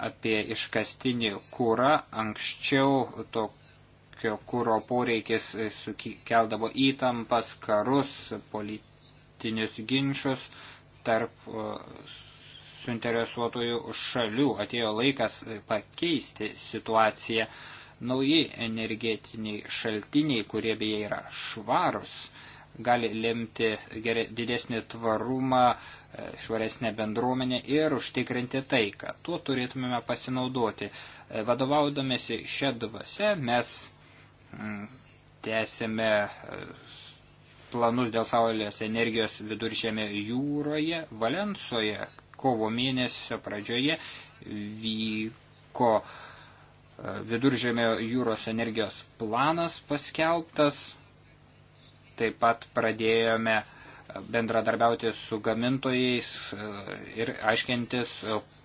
apie iškastinį kūrą. Anksčiau to tokio kūro poreikis e, sukeldavo įtampas, karus, politinius ginčius tarp e, suinteresuotojų šalių. Atėjo laikas e, pakeisti situaciją. Nauji energetiniai šaltiniai, kurie beje yra švarus, gali lemti didesnį tvarumą, švaresnę bendruomenę ir užtikrinti taiką. Tuo turėtumėme pasinaudoti. Vadovaudomėsi šią dvasę mes Mm, tęsėme e, planus dėl saulės energijos viduržėme jūroje, Valensoje, kovo mėnesio pradžioje vyko e, viduržėme jūros energijos planas paskelbtas. Taip pat pradėjome e, bendradarbiauti su gamintojais ir aiškintis,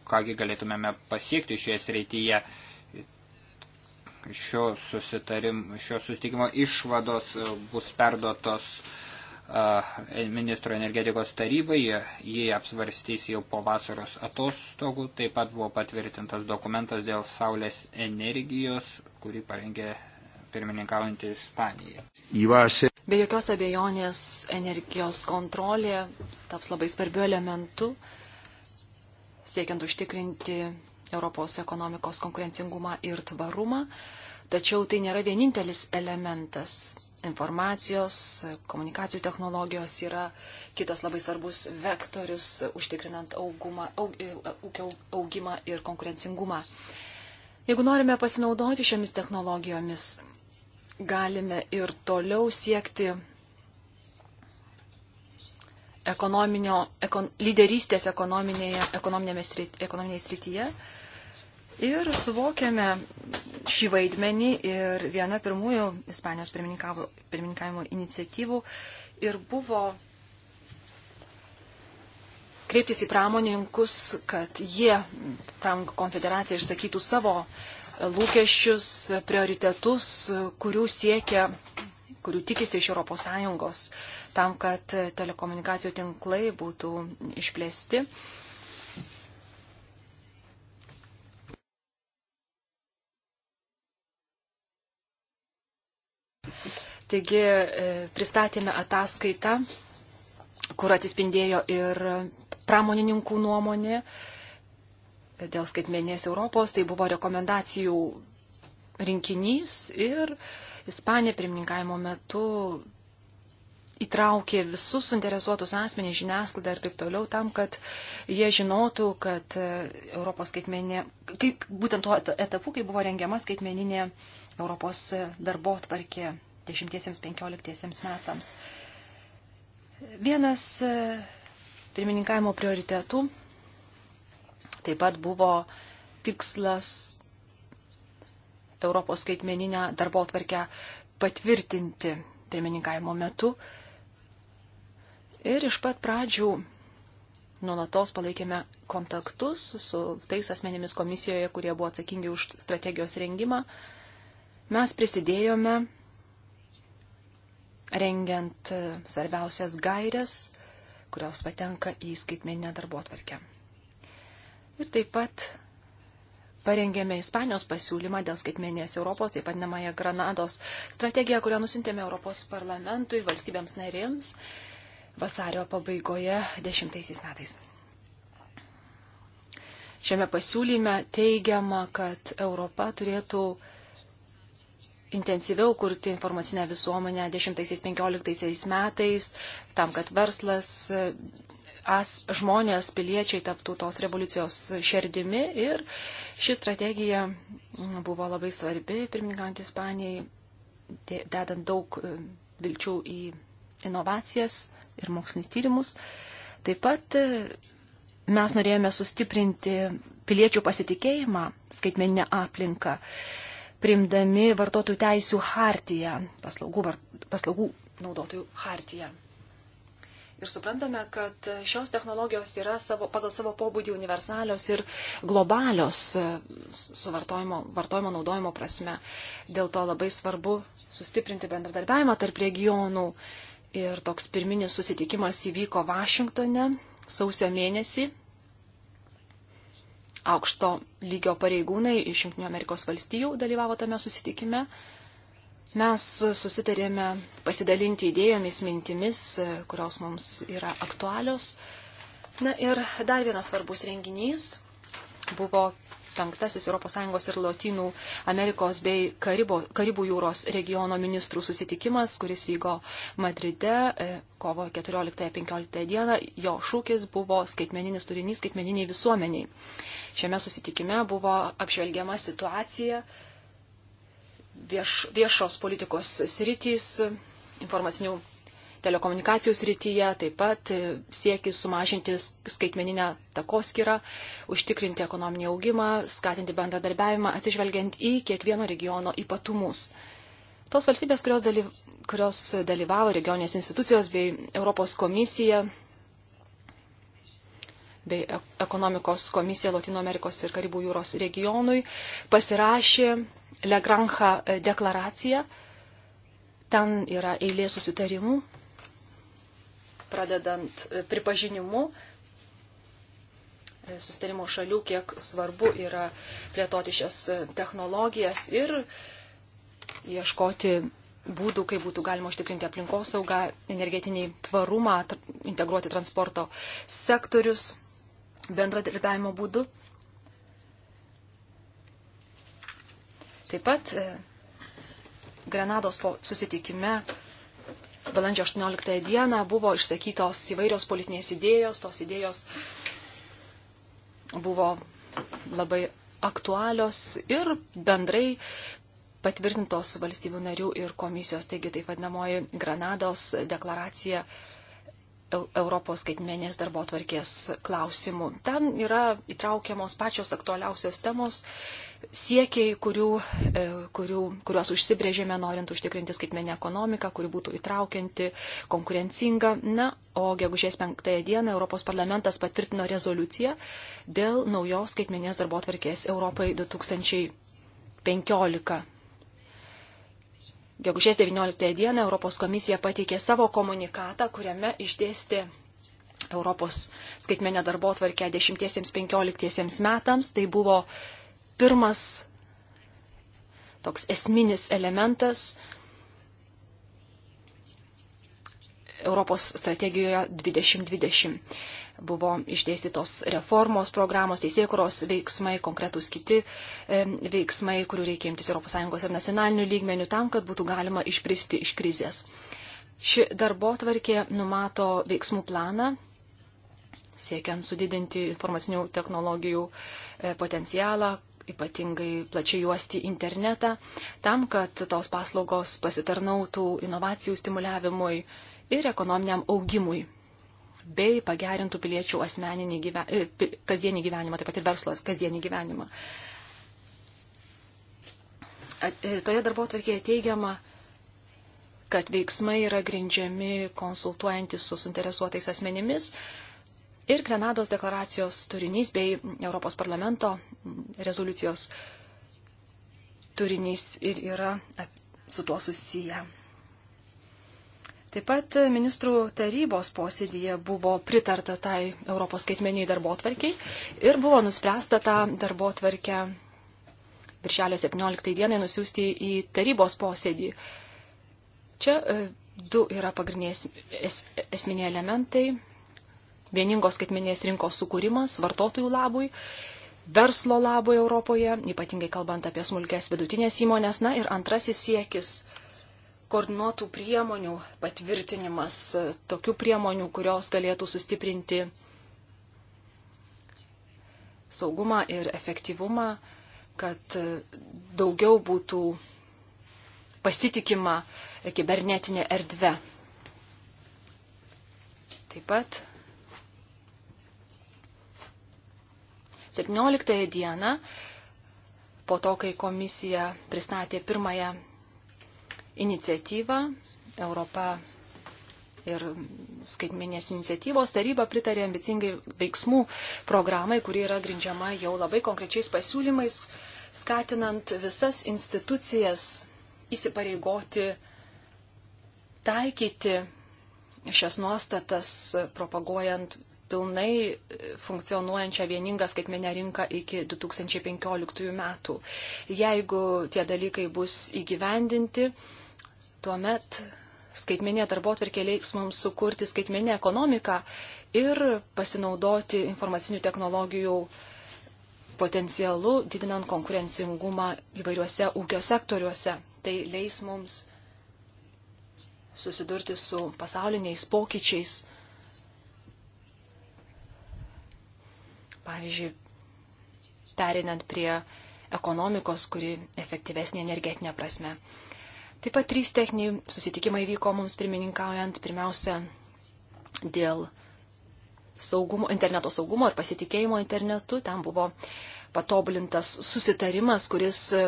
kągi galėtumėme pasiekti šioje srityje šio, susitarim, šio susitikimo išvados e, bus perduotos e, ministro energetikos tarybai, jie apsvarstys jau po vasaros atostogų, taip pat buvo patvirtintas dokumentas dėl saulės energijos, kurį parengė pirmininkaujantį Ispaniją. Įvašė. Be jokios abejonės energijos kontrolė taps labai svarbiu elementu, siekiant užtikrinti Europos ekonomikos konkurencingumą ir tvarumą, tačiau tai nėra vienintelis elementas. Informacijos, komunikacijų technologijos yra kitas labai svarbus vektorius užtikrinant augumą, aug, aug, e, augimą ir konkurencingumą. Jeigu norime pasinaudoti šiomis technologijomis, galime ir toliau siekti ekonominio, ekon, lyderystės ekonominėje, ekonominėje srityje, Ir suvokėme šį vaidmenį ir viena pirmųjų Ispanijos pirmininkavimo iniciatyvų ir buvo kreiptis į pramoninkus, kad jie, pramoninkų konfederacija, išsakytų savo lūkesčius, prioritetus, kurių siekia, kurių tikisi iš ES, tam, kad telekomunikacijų tinklai būtų išplėsti Taigi e, pristatėme ataskaitą, kur atsispindėjo ir pramonininkų nuomonė dėl skaitmenės Europos. Tai buvo rekomendacijų rinkinys ir Ispanija pirmininkavimo metu įtraukė visus suinteresuotus asmenys, žiniasklaidą ir taip toliau, tam, kad jie žinotų, kad e, Europos skaitmenė, kaip būtent tuo etapu, kai buvo rengiama skaitmeninė Europos e, darbo tvarkė 10-15 metams. Vienas e, pirmininkavimo prioritetų taip pat buvo tikslas Europos skaitmeninę darbo atvarkę patvirtinti pirmininkavimo metu. Ir iš pat pradžių nuolatos palaikėme kontaktus su tais asmenimis komisijoje, kurie buvo atsakingi už strategijos rengimą. Mes prisidėjome rengiant e, svarbiausias gairias, kurios patenka į skaitmeninę darbo atvarkę. Ir taip pat parengėme Ispanijos pasiūlymą dėl skaitmenės Europos, taip pat namąją Granados strategiją, kurią nusintėme Europos parlamentui, valstybėms narėms vasario pabaigoje dešimtaisiais metais. Šiame pasiūlyme teigiama, kad Europa turėtų intensyviau kurti informacinę visuomenę 10-15 metais, tam, kad verslas, as, žmonės, piliečiai taptų tos revoliucijos šerdimi. Ir ši strategija buvo labai svarbi, pirmininkant Ispanijai, dedant daug e, vilčių į inovacijas ir mokslinis tyrimus. Taip pat e, mes norėjome sustiprinti piliečių pasitikėjimą skaitmeninę aplinką primdami vartotojų teisų hartiją, paslaugų, vart, paslaugų naudotojų hartiją. Ir suprantame, kad šios technologijos yra savo, pagal savo pobūdį universalios ir globalios e, su vartojimo, vartojimo naudojimo prasme. Dėl to labai svarbu sustiprinti bendradarbiavimą tarp regionų. Ir toks pirminis susitikimas įvyko Vašingtone sausio mėnesį aukšto lygio pareigūnai iš Junktinių Amerikos valstijų dalyvavo tame susitikime. Mes susitarėme pasidalinti idėjomis, mintimis, kurios mums yra aktualios. Na ir dar vienas svarbus renginys buvo penktasis ES ir Lotynų Amerikos bei Karibo, Karibų jūros regiono ministrų susitikimas, kuris vyko Madride e, kovo 14-15 dieną. Jo šūkis buvo skaitmeninis turinys skaitmeniniai visuomeniai. Šiame susitikime buvo apžvelgiama situacija vieš, viešos politikos sritys, informacinių telekomunikacijų srityje, taip pat siekis sumažinti skaitmeninę takoskirą, užtikrinti ekonominį augimą, skatinti bendradarbiavimą, atsižvelgiant į kiekvieno regiono ypatumus. Tos valstybės, kurios, dalyv... kurios dalyvavo regioninės institucijos bei Europos komisija bei e-, ekonomikos komisija Latino Amerikos ir Karibų jūros regionui pasirašė Legranha e, deklaraciją. Ten yra eilė susitarimų pradedant e, pripažinimu e, sustarimo šalių, kiek svarbu yra plėtoti šias e, technologijas ir ieškoti būdų, kaip būtų galima užtikrinti aplinkosaugą, energetinį tvarumą, integruoti transporto sektorius bendradarbiavimo būdu. Taip pat Grenados po susitikime balandžio 18 dieną buvo išsakytos įvairios politinės idėjos, tos idėjos buvo labai aktualios ir bendrai patvirtintos valstybių narių ir komisijos, taigi taip vadinamoji Granados deklaracija Europos skaitmenės darbo tvarkės klausimų. Ten yra įtraukiamos pačios aktualiausios temos siekiai, kurių, e, kurių, kuriuos užsibrėžėme norint užtikrinti skaitmenę ekonomiką, kuri būtų įtraukianti, konkurencinga. Na, o gegužės penktąją dieną Europos parlamentas patvirtino rezoliuciją dėl naujos skaitmenės darbo tvarkės Europai 2015. Gegužės 19 dieną Europos komisija pateikė savo komunikatą, kuriame išdėstė Europos skaitmenę darbo tvarkę 10-15 metams. Tai buvo pirmas toks esminis elementas Europos strategijoje 2020. Buvo išdėstytos reformos programos, teisėkuros veiksmai, konkretūs kiti e, veiksmai, kurių reikia imtis ES ir nacionalinių lygmenių tam, kad būtų galima išpristi iš krizės. Ši darbo tvarkė numato veiksmų planą siekiant sudidinti informacinių technologijų e, potencialą, ypatingai plačiai juosti internetą, tam, kad tos paslaugos pasitarnautų inovacijų stimuliavimui ir ekonominiam augimui bei pagerintų piliečių asmeninį gyven... E, kasdienį gyvenimą, taip pat ir verslos kasdienį gyvenimą. E, toje darbo tvarkėje teigiama, kad veiksmai yra grindžiami konsultuojantis su suinteresuotais asmenimis, ir Grenados deklaracijos turinys bei Europos parlamento rezoliucijos turinys ir yra su tuo susiję. Taip pat ministrų tarybos posėdėje buvo pritarta tai Europos skaitmeniai darbo tvarkiai ir buvo nuspręsta tą darbo tvarkę viršelio 17 dienai nusiųsti į tarybos posėdį. Čia e, du yra pagrindiniai es, esminiai elementai vieningos skaitmenės rinkos sukūrimas vartotojų labui, verslo labui Europoje, ypatingai kalbant apie smulkės vidutinės įmonės. Na ir antrasis siekis - koordinuotų priemonių patvirtinimas, tokių priemonių, kurios galėtų sustiprinti saugumą ir efektyvumą, kad daugiau būtų pasitikima kibernetinė erdvė. Taip pat 17 dieną, po to, kai komisija pristatė pirmąją iniciatyvą, Europa ir skaitminės iniciatyvos taryba pritarė ambicingai veiksmų programai, kuri yra grindžiama jau labai konkrečiais pasiūlymais, skatinant visas institucijas įsipareigoti taikyti šias nuostatas, propaguojant pilnai e, funkcionuojančią vieningą skaitmenę rinką iki 2015 metų. Jeigu tie dalykai bus įgyvendinti, tuomet skaitmenė darbo atverkė leiks mums sukurti skaitmenę ekonomiką ir pasinaudoti informacinių technologijų potencialu, didinant konkurencingumą įvairiuose ūkio sektoriuose. Tai leis mums susidurti su pasauliniais pokyčiais Pavyzdžiui, perinant prie ekonomikos, kuri efektyvesnė energetinė prasme. Taip pat trys techniniai susitikimai vyko mums pirmininkaujant. Pirmiausia, dėl saugumo, interneto saugumo ir pasitikėjimo internetu. Ten buvo patobulintas susitarimas, kuris e,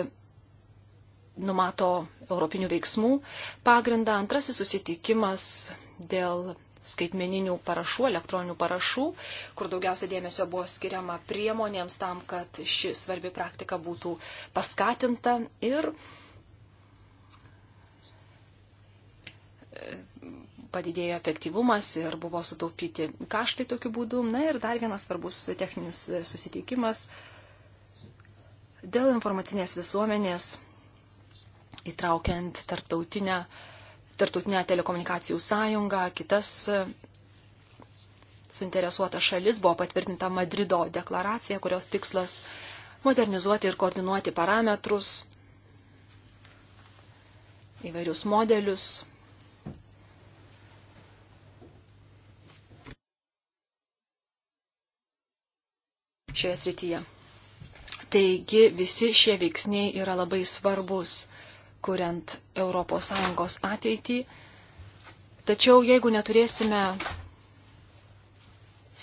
numato europinių veiksmų pagrindą. Antrasis susitikimas dėl skaitmeninių parašų, elektroninių parašų, kur daugiausia dėmesio buvo skiriama priemonėms tam, kad ši svarbi praktika būtų paskatinta ir e, padidėjo efektyvumas ir buvo sutaupyti kaštai tokiu būdu. Na ir dar vienas svarbus techninis susitikimas dėl informacinės visuomenės įtraukiant tarptautinę uh, Tartutinę telekomunikacijų sąjungą, kitas suinteresuota šalis buvo patvirtinta Madrido deklaracija, kurios tikslas modernizuoti ir koordinuoti parametrus, įvairius modelius. Šioje srityje. Taigi visi šie veiksniai yra labai svarbus kuriant ES ateitį. Tačiau jeigu neturėsime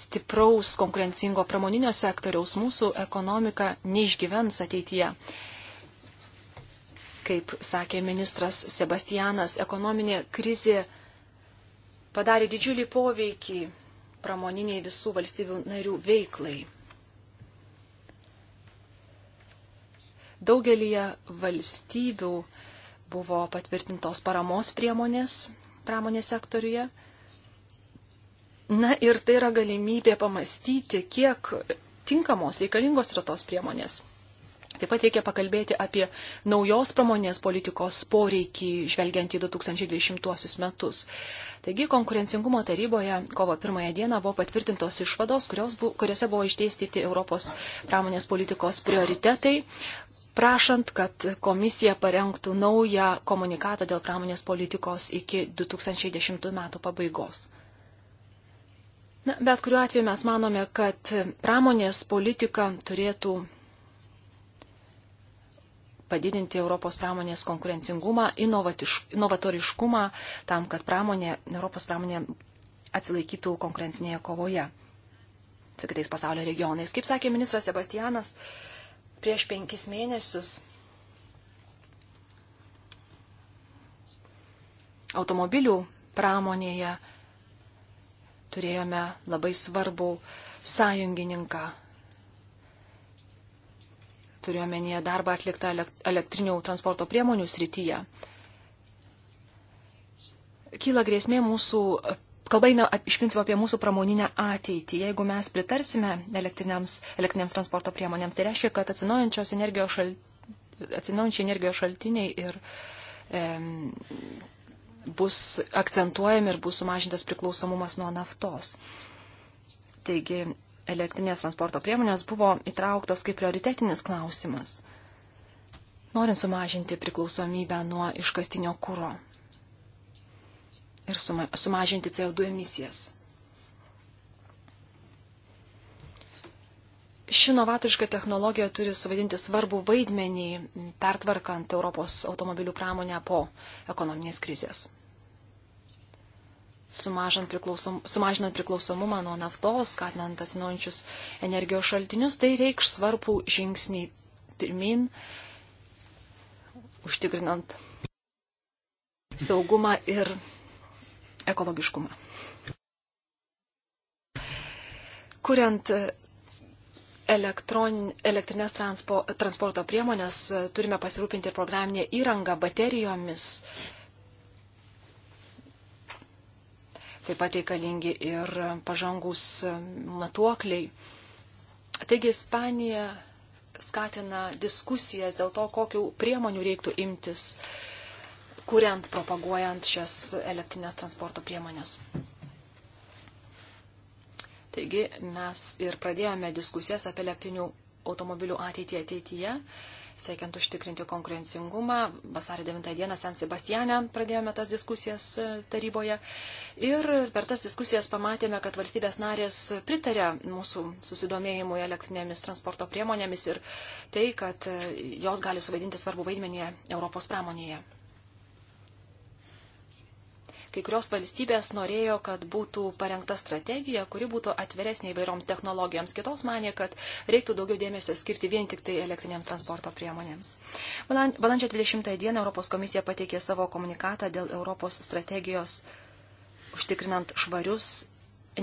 stipraus konkurencingo pramoninio sektoriaus, mūsų ekonomika neišgyvens ateityje. Kaip sakė ministras Sebastianas, ekonominė krizė padarė didžiulį poveikį pramoniniai visų valstybių narių veiklai. Daugelį valstybių Buvo patvirtintos paramos priemonės pramonės sektoriuje. Na ir tai yra galimybė pamastyti, kiek tinkamos reikalingos yra tos priemonės. Taip pat reikia pakalbėti apie naujos pramonės politikos poreikį žvelgiant į 2020 metus. Taigi konkurencingumo taryboje kovo pirmąją dieną buvo patvirtintos išvados, kurios, bu, kuriuose buvo išdėstyti Europos pramonės politikos prioritetai, prašant, kad komisija parengtų naują komunikatą dėl pramonės politikos iki 2010 metų pabaigos. Na, bet kuriuo atveju mes manome, kad pramonės politika turėtų padidinti Europos pramonės konkurencingumą, inovatoriškumą, tam, kad pramonė, Europos pramonė atsilaikytų konkurencinėje kovoje su kitais pasaulio regionais. Kaip sakė ministras Sebastianas, prieš penkis mėnesius automobilių pramonėje turėjome labai svarbų sąjungininką. Turiuomenėje darbą atliktą elektrinių transporto priemonių srityje. Kyla grėsmė mūsų kalba eina iš principo apie mūsų pramoninę ateitį. Jeigu mes pritarsime elektriniams, elektriniams transporto priemonėms, tai reiškia, kad atsinaujančios energijos, šal, atsinaujančios energijos šaltiniai ir e, bus akcentuojami ir bus sumažintas priklausomumas nuo naftos. Taigi elektrinės transporto priemonės buvo įtrauktos kaip prioritetinis klausimas, norint sumažinti priklausomybę nuo iškastinio kūro ir sumažinti CO2 emisijas. Ši novatoriška technologija turi suvaidinti svarbų vaidmenį pertvarkant Europos automobilių pramonę po ekonominės krizės. Priklausom, sumažinant priklausomumą nuo naftos, skatinant atsinaujančius energijos šaltinius, tai reikš svarbų žingsnį pirmin, užtikrinant saugumą ir ekologiškumą. Kuriant elektrinės transpo, transporto priemonės, turime pasirūpinti ir programinę įrangą baterijomis. Taip pat reikalingi ir pažangus matuokliai. Taigi Ispanija skatina diskusijas dėl to, kokiu priemonių reiktų imtis kuriant, propaguojant šias elektrinės transporto priemonės. Taigi mes ir pradėjome diskusijas apie elektrinių automobilių ateitį ateityje, siekiant užtikrinti konkurencingumą. Vasario 9 dieną San Sebastiane pradėjome tas diskusijas e, taryboje ir per tas diskusijas pamatėme, kad valstybės narės pritarė mūsų susidomėjimui elektrinėmis transporto priemonėmis ir tai, kad e, jos gali suvaidinti svarbu vaidmenį Europos pramonėje. Kai kurios valstybės norėjo, kad būtų parengta strategija, kuri būtų atviresnė įvairioms technologijoms. Kitos manė, kad reiktų daugiau dėmesio skirti vien tik tai elektrinėms transporto priemonėms. Balandžio 20 dieną Europos komisija pateikė savo komunikatą dėl Europos strategijos užtikrinant švarius,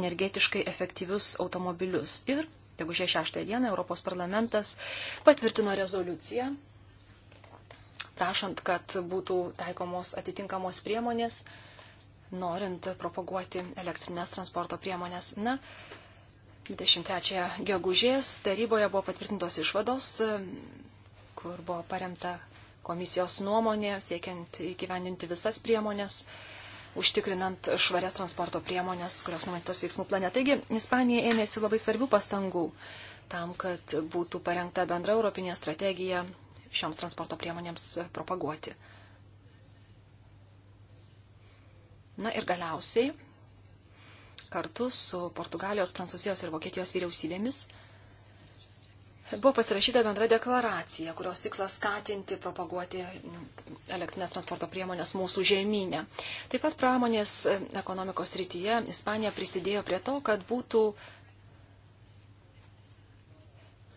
energetiškai efektyvius automobilius. Ir gegužė 6 dieną Europos parlamentas patvirtino rezoliuciją, prašant, kad būtų taikomos atitinkamos priemonės, norint propaguoti elektrinės transporto priemonės. Na, 23 gegužės taryboje buvo patvirtintos išvados, kur buvo paremta komisijos nuomonė, siekiant įgyvendinti visas priemonės, užtikrinant švarias transporto priemonės, kurios numatytos veiksmų plane. Taigi, Ispanija ėmėsi labai svarbių pastangų tam, kad būtų parengta bendra europinė strategija šioms transporto priemonėms propaguoti. Na ir galiausiai, kartu su Portugalijos, Prancūzijos ir Vokietijos vyriausybėmis buvo pasirašyta bendra deklaracija, kurios tikslas skatinti, propaguoti elektrinės transporto priemonės mūsų žemynę. Taip pat pramonės ekonomikos rytyje Ispanija prisidėjo prie to, kad būtų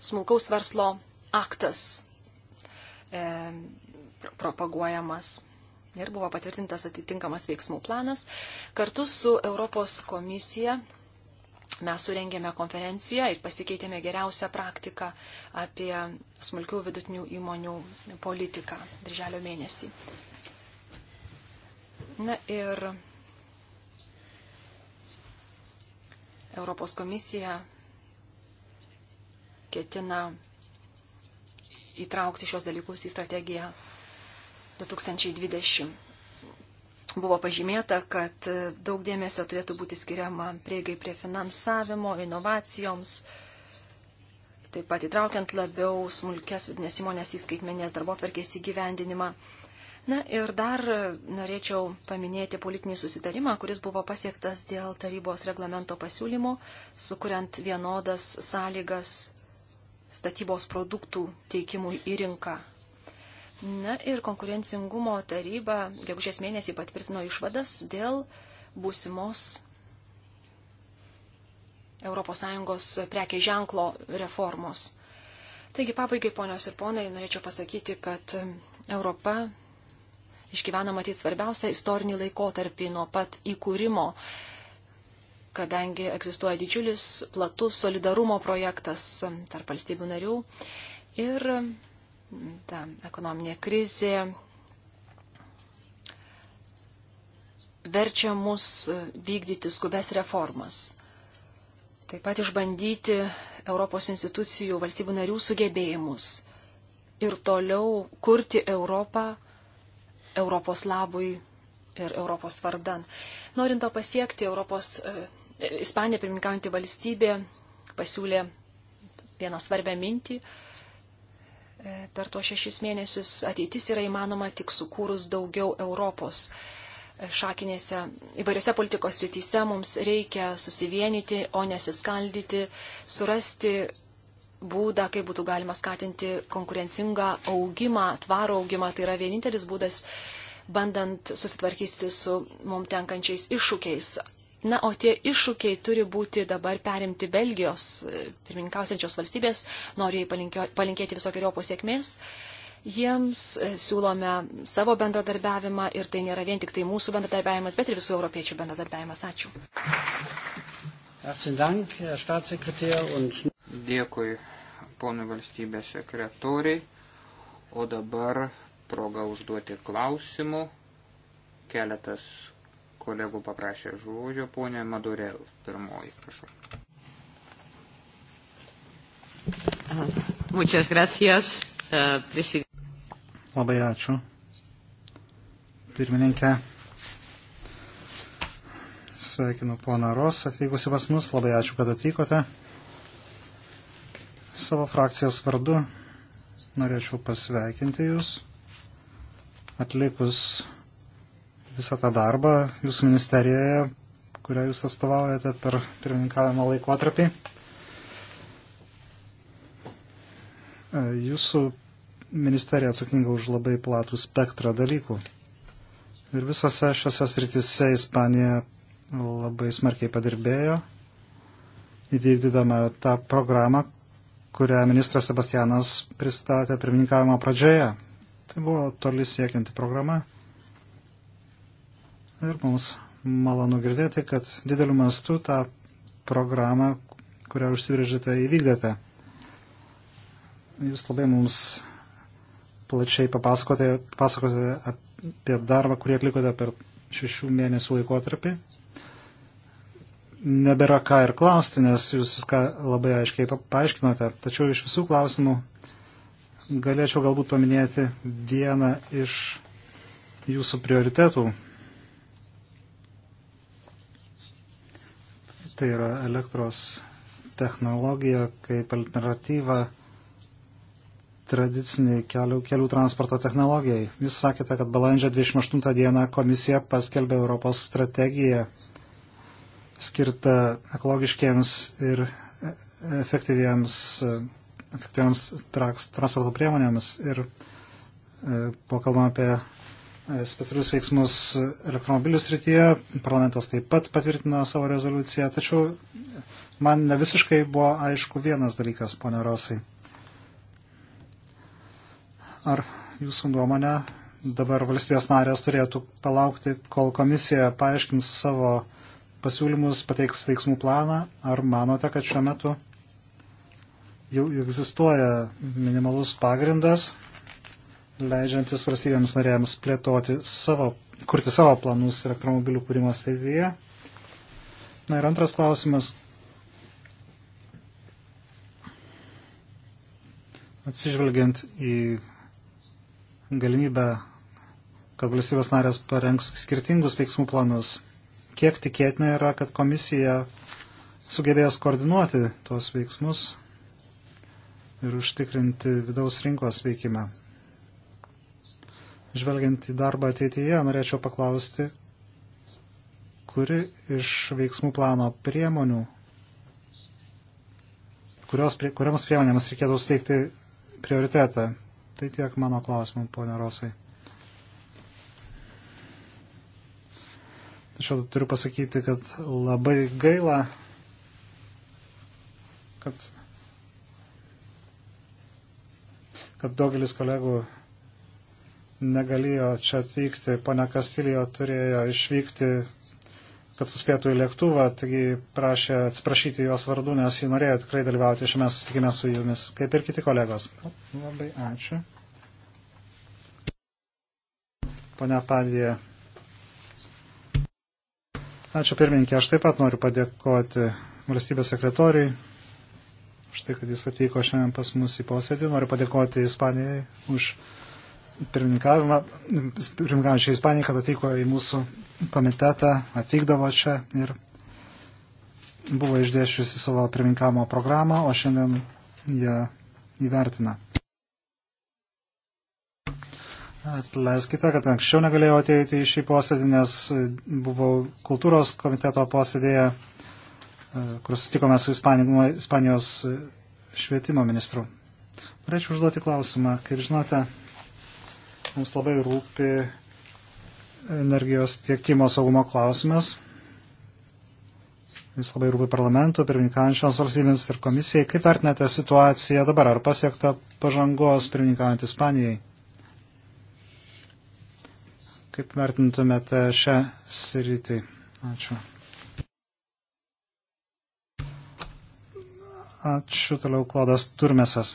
smulkaus verslo aktas e, propaguojamas ir buvo patvirtintas atitinkamas veiksmų planas. Kartu su Europos komisija mes surengėme konferenciją ir pasikeitėme geriausią praktiką apie smulkių vidutinių įmonių politiką birželio mėnesį. Na ir Europos komisija ketina įtraukti šios dalykus į strategiją 2020. Buvo pažymėta, kad daug dėmesio turėtų būti skiriama prieigai prie finansavimo, inovacijoms, taip pat įtraukiant labiau smulkės vidinės įmonės įskaitmenės darbo tvarkės įgyvendinimą. Na ir dar norėčiau paminėti politinį susitarimą, kuris buvo pasiektas dėl tarybos reglamento pasiūlymo, sukuriant vienodas sąlygas statybos produktų teikimui į rinką Na ir konkurencingumo taryba gegužės mėnesį patvirtino išvadas dėl būsimos ES prekės ženklo reformos. Taigi pabaigai, ponios ir ponai, norėčiau pasakyti, kad Europa išgyvena matyti svarbiausią istorinį laikotarpį nuo pat įkūrimo, kadangi egzistuoja didžiulis platus solidarumo projektas tarp valstybių narių. Ir ta ekonominė krizė verčia mus vykdyti skubes reformas. Taip pat išbandyti Europos institucijų valstybių narių sugebėjimus ir toliau kurti Europą Europos labui ir Europos vardan. Norint to pasiekti, Europos, e, Ispanija pirmininkaujantį valstybė pasiūlė vieną svarbę mintį, per tuos šešis mėnesius ateitis yra įmanoma tik sukūrus daugiau Europos. Šakinėse įvairiose politikos rytise mums reikia susivienyti, o nesiskaldyti, surasti būdą, kaip būtų galima skatinti konkurencingą augimą, tvarų augimą. Tai yra vienintelis būdas, bandant susitvarkyti su mum tenkančiais iššūkiais. Na, o tie iššūkiai turi būti dabar perimti Belgijos e, pirmininkausiančios valstybės, noriu jai palinkėti visokiojo pasiekmės. Jiems e, siūlome savo bendradarbiavimą ir tai nėra vien tik tai mūsų bendradarbiavimas, bet ir visų europiečių bendradarbiavimas. Ačiū. Dėkui ponui valstybės sekretoriai, o dabar proga užduoti klausimų. Keletas kolegų paprašė žodžio, ponė Madurel, pirmoji, prašau. Muchas gracias, eh, presidente. Labai ačiū. Pirmininkė, sveikinu poną Ros atvykusi pas mus, labai ačiū, kad atvykote. Savo frakcijos vardu norėčiau pasveikinti Jūs atlikus visą tą darbą jūsų ministerijoje, kurią jūs atstovaujate per pirmininkavimo laikotarpį. E, jūsų ministerija atsakinga už labai platų spektrą dalykų. Ir visose šiose sritise Ispanija labai smarkiai padirbėjo, įvykdydama tą programą, kurią ministras Sebastianas pristatė pirmininkavimo pradžioje. Tai buvo toli siekianti programa Ir mums malonu girdėti, kad dideliu mastu tą programą, kurią užsibrėžėte, įvykdėte. Jūs labai mums plačiai papasakote, papasakote apie darbą, kurį atlikote per šešių mėnesių laikotarpį. Nebėra ką ir klausti, nes jūs viską labai aiškiai paaiškinote. Tačiau iš visų klausimų galėčiau galbūt paminėti vieną iš jūsų prioritetų tai yra elektros technologija kaip alternatyva tradiciniai kelių, kelių transporto technologijai. Jūs sakėte, kad balandžio 28 dieną komisija paskelbė Europos strategiją skirtą ekologiškiems ir efektyviems, efektyviems traks, transporto priemonėms ir e, pokalbam apie E, specialius veiksmus elektromobilių srityje. Parlamentas taip pat patvirtino savo rezoliuciją, tačiau man ne visiškai buvo aišku vienas dalykas, ponė Rosai. Ar jūsų nuomonė dabar valstybės narės turėtų palaukti, kol komisija paaiškins savo pasiūlymus, pateiks veiksmų planą, ar manote, kad šiuo metu jau egzistuoja minimalus pagrindas leidžiantis valstybėms narėms plėtoti savo, kurti savo planus elektromobilių kūrimo srityje. Na ir antras klausimas. Atsižvelgiant į galimybę, kad valstybės narės parengs skirtingus veiksmų planus, kiek tikėtina yra, kad komisija sugebės koordinuoti tuos veiksmus ir užtikrinti vidaus rinkos veikimą. Žvelgiant į darbą ateityje, norėčiau paklausti, kuri iš veiksmų plano priemonių, kurios, kuriams priemonėms reikėtų suteikti prioritetą. Tai tiek mano klausimų, ponė Rosai. Tačiau turiu pasakyti, kad labai gaila, kad, kad daugelis kolegų negalėjo čia atvykti. Pone Kastilijo turėjo išvykti, kad suspėtų į lėktuvą, taigi prašė atsiprašyti jos vardu, nes ji norėjo tikrai dalyvauti šiame susitikime su jumis, kaip ir kiti kolegos. Labai ačiū. Pone Padė. Ačiū pirmininkė, aš taip pat noriu padėkoti valstybės sekretoriui už tai, kad jis atvyko šiandien pas mus į posėdį. Noriu padėkoti Ispanijai už pirmininkavimą, pirmininkavimą šią Ispaniją, kad atvyko į mūsų komitetą, atvykdavo čia ir buvo išdėšiusi savo pirmininkavimo programą, o šiandien ją įvertina. Atleiskite, kad anksčiau negalėjau ateiti į šį posėdį, nes buvau kultūros komiteto posėdėje, e, kur susitikome su Ispanijos švietimo ministru. Norėčiau užduoti klausimą. Kaip žinote, mums labai rūpi energijos tiekimo saugumo klausimas. Jis labai rūpi parlamentų, pirmininkaujančios valstybės ir komisijai. Kaip vertinate situaciją dabar? Ar pasiekta pažangos pirmininkaujant Ispanijai? Kaip vertintumėte šią sritį? Ačiū. Ačiū toliau Klodas Turmesas.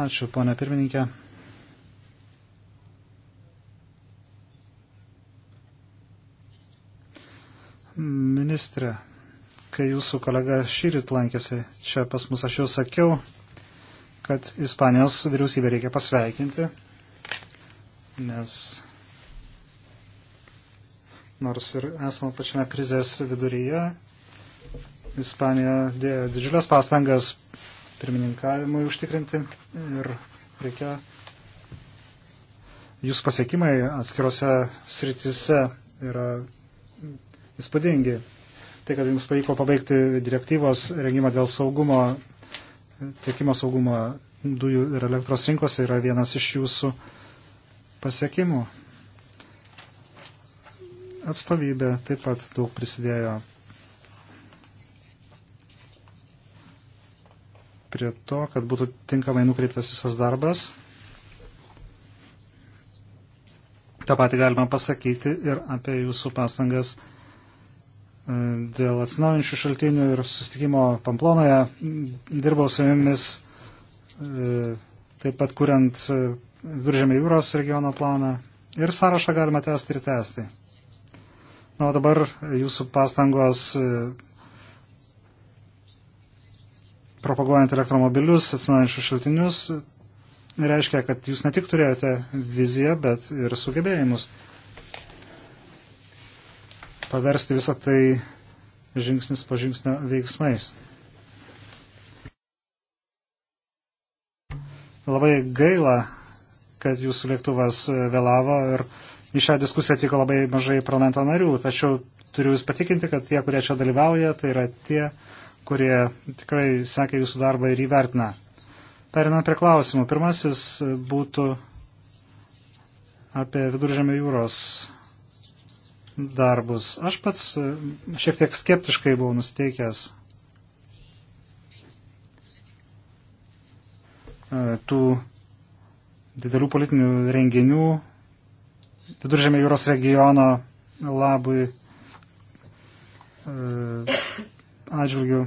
Ačiū, ponė pirmininkė. Ministrė, kai jūsų kolega šyrit lankėsi čia pas mus, aš jau sakiau, kad Ispanijos vyriausybę reikia pasveikinti, nes nors ir esame pačiame krizės viduryje, Ispanija dėjo didžiulės pastangas pirmininkavimui užtikrinti ir reikia jūsų pasiekimai atskirose sritise yra įspūdingi. Tai, kad jums pavyko pabaigti direktyvos rengimą dėl saugumo, tiekimo saugumo dujų ir elektros rinkose yra vienas iš jūsų pasiekimų. Atstovybė taip pat daug prisidėjo prie to, kad būtų tinkamai nukreiptas visas darbas. Ta pati galima pasakyti ir apie jūsų pastangas dėl atsinaujančių šaltinių ir sustikimo Pamplonoje. Dirbau su jumis e, taip pat kuriant e, Viduržėmė jūros regiono planą ir sąrašą galima tęsti ir tęsti. Na, o dabar jūsų pastangos e, propaguojant elektromobilius, atsinaujančius šaltinius, reiškia, kad jūs ne tik turėjote viziją, bet ir sugebėjimus paversti visą tai žingsnis po žingsnio veiksmais. Labai gaila, kad jūsų lėktuvas vėlavo ir į šią diskusiją atvyko labai mažai parlamento narių, tačiau turiu jūs patikinti, kad tie, kurie čia dalyvauja, tai yra tie, kurie tikrai sekė jūsų darbą ir įvertina. Perinant prie klausimų. Pirmasis būtų apie viduržėmio jūros darbus. Aš pats e, šiek tiek skeptiškai buvau nusteikęs e, tų didelių politinių renginių Viduržėmė jūros regiono labui e, atžvilgių.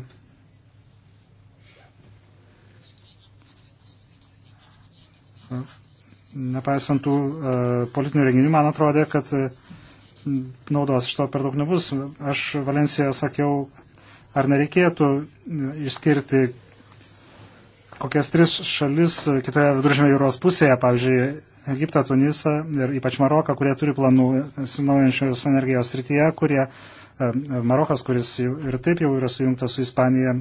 Nepaisant tų politinių renginių, man atrodė, kad naudos iš to per daug nebus. Aš Valencijoje sakiau, ar nereikėtų išskirti kokias tris šalis kitoje viduržėmio jūros pusėje, pavyzdžiui, Egiptą, Tunisą ir ypač Maroką, kurie turi planų atsinaujančios energijos srityje, kurie e, Marokas, kuris ir taip jau yra sujungtas su Ispanija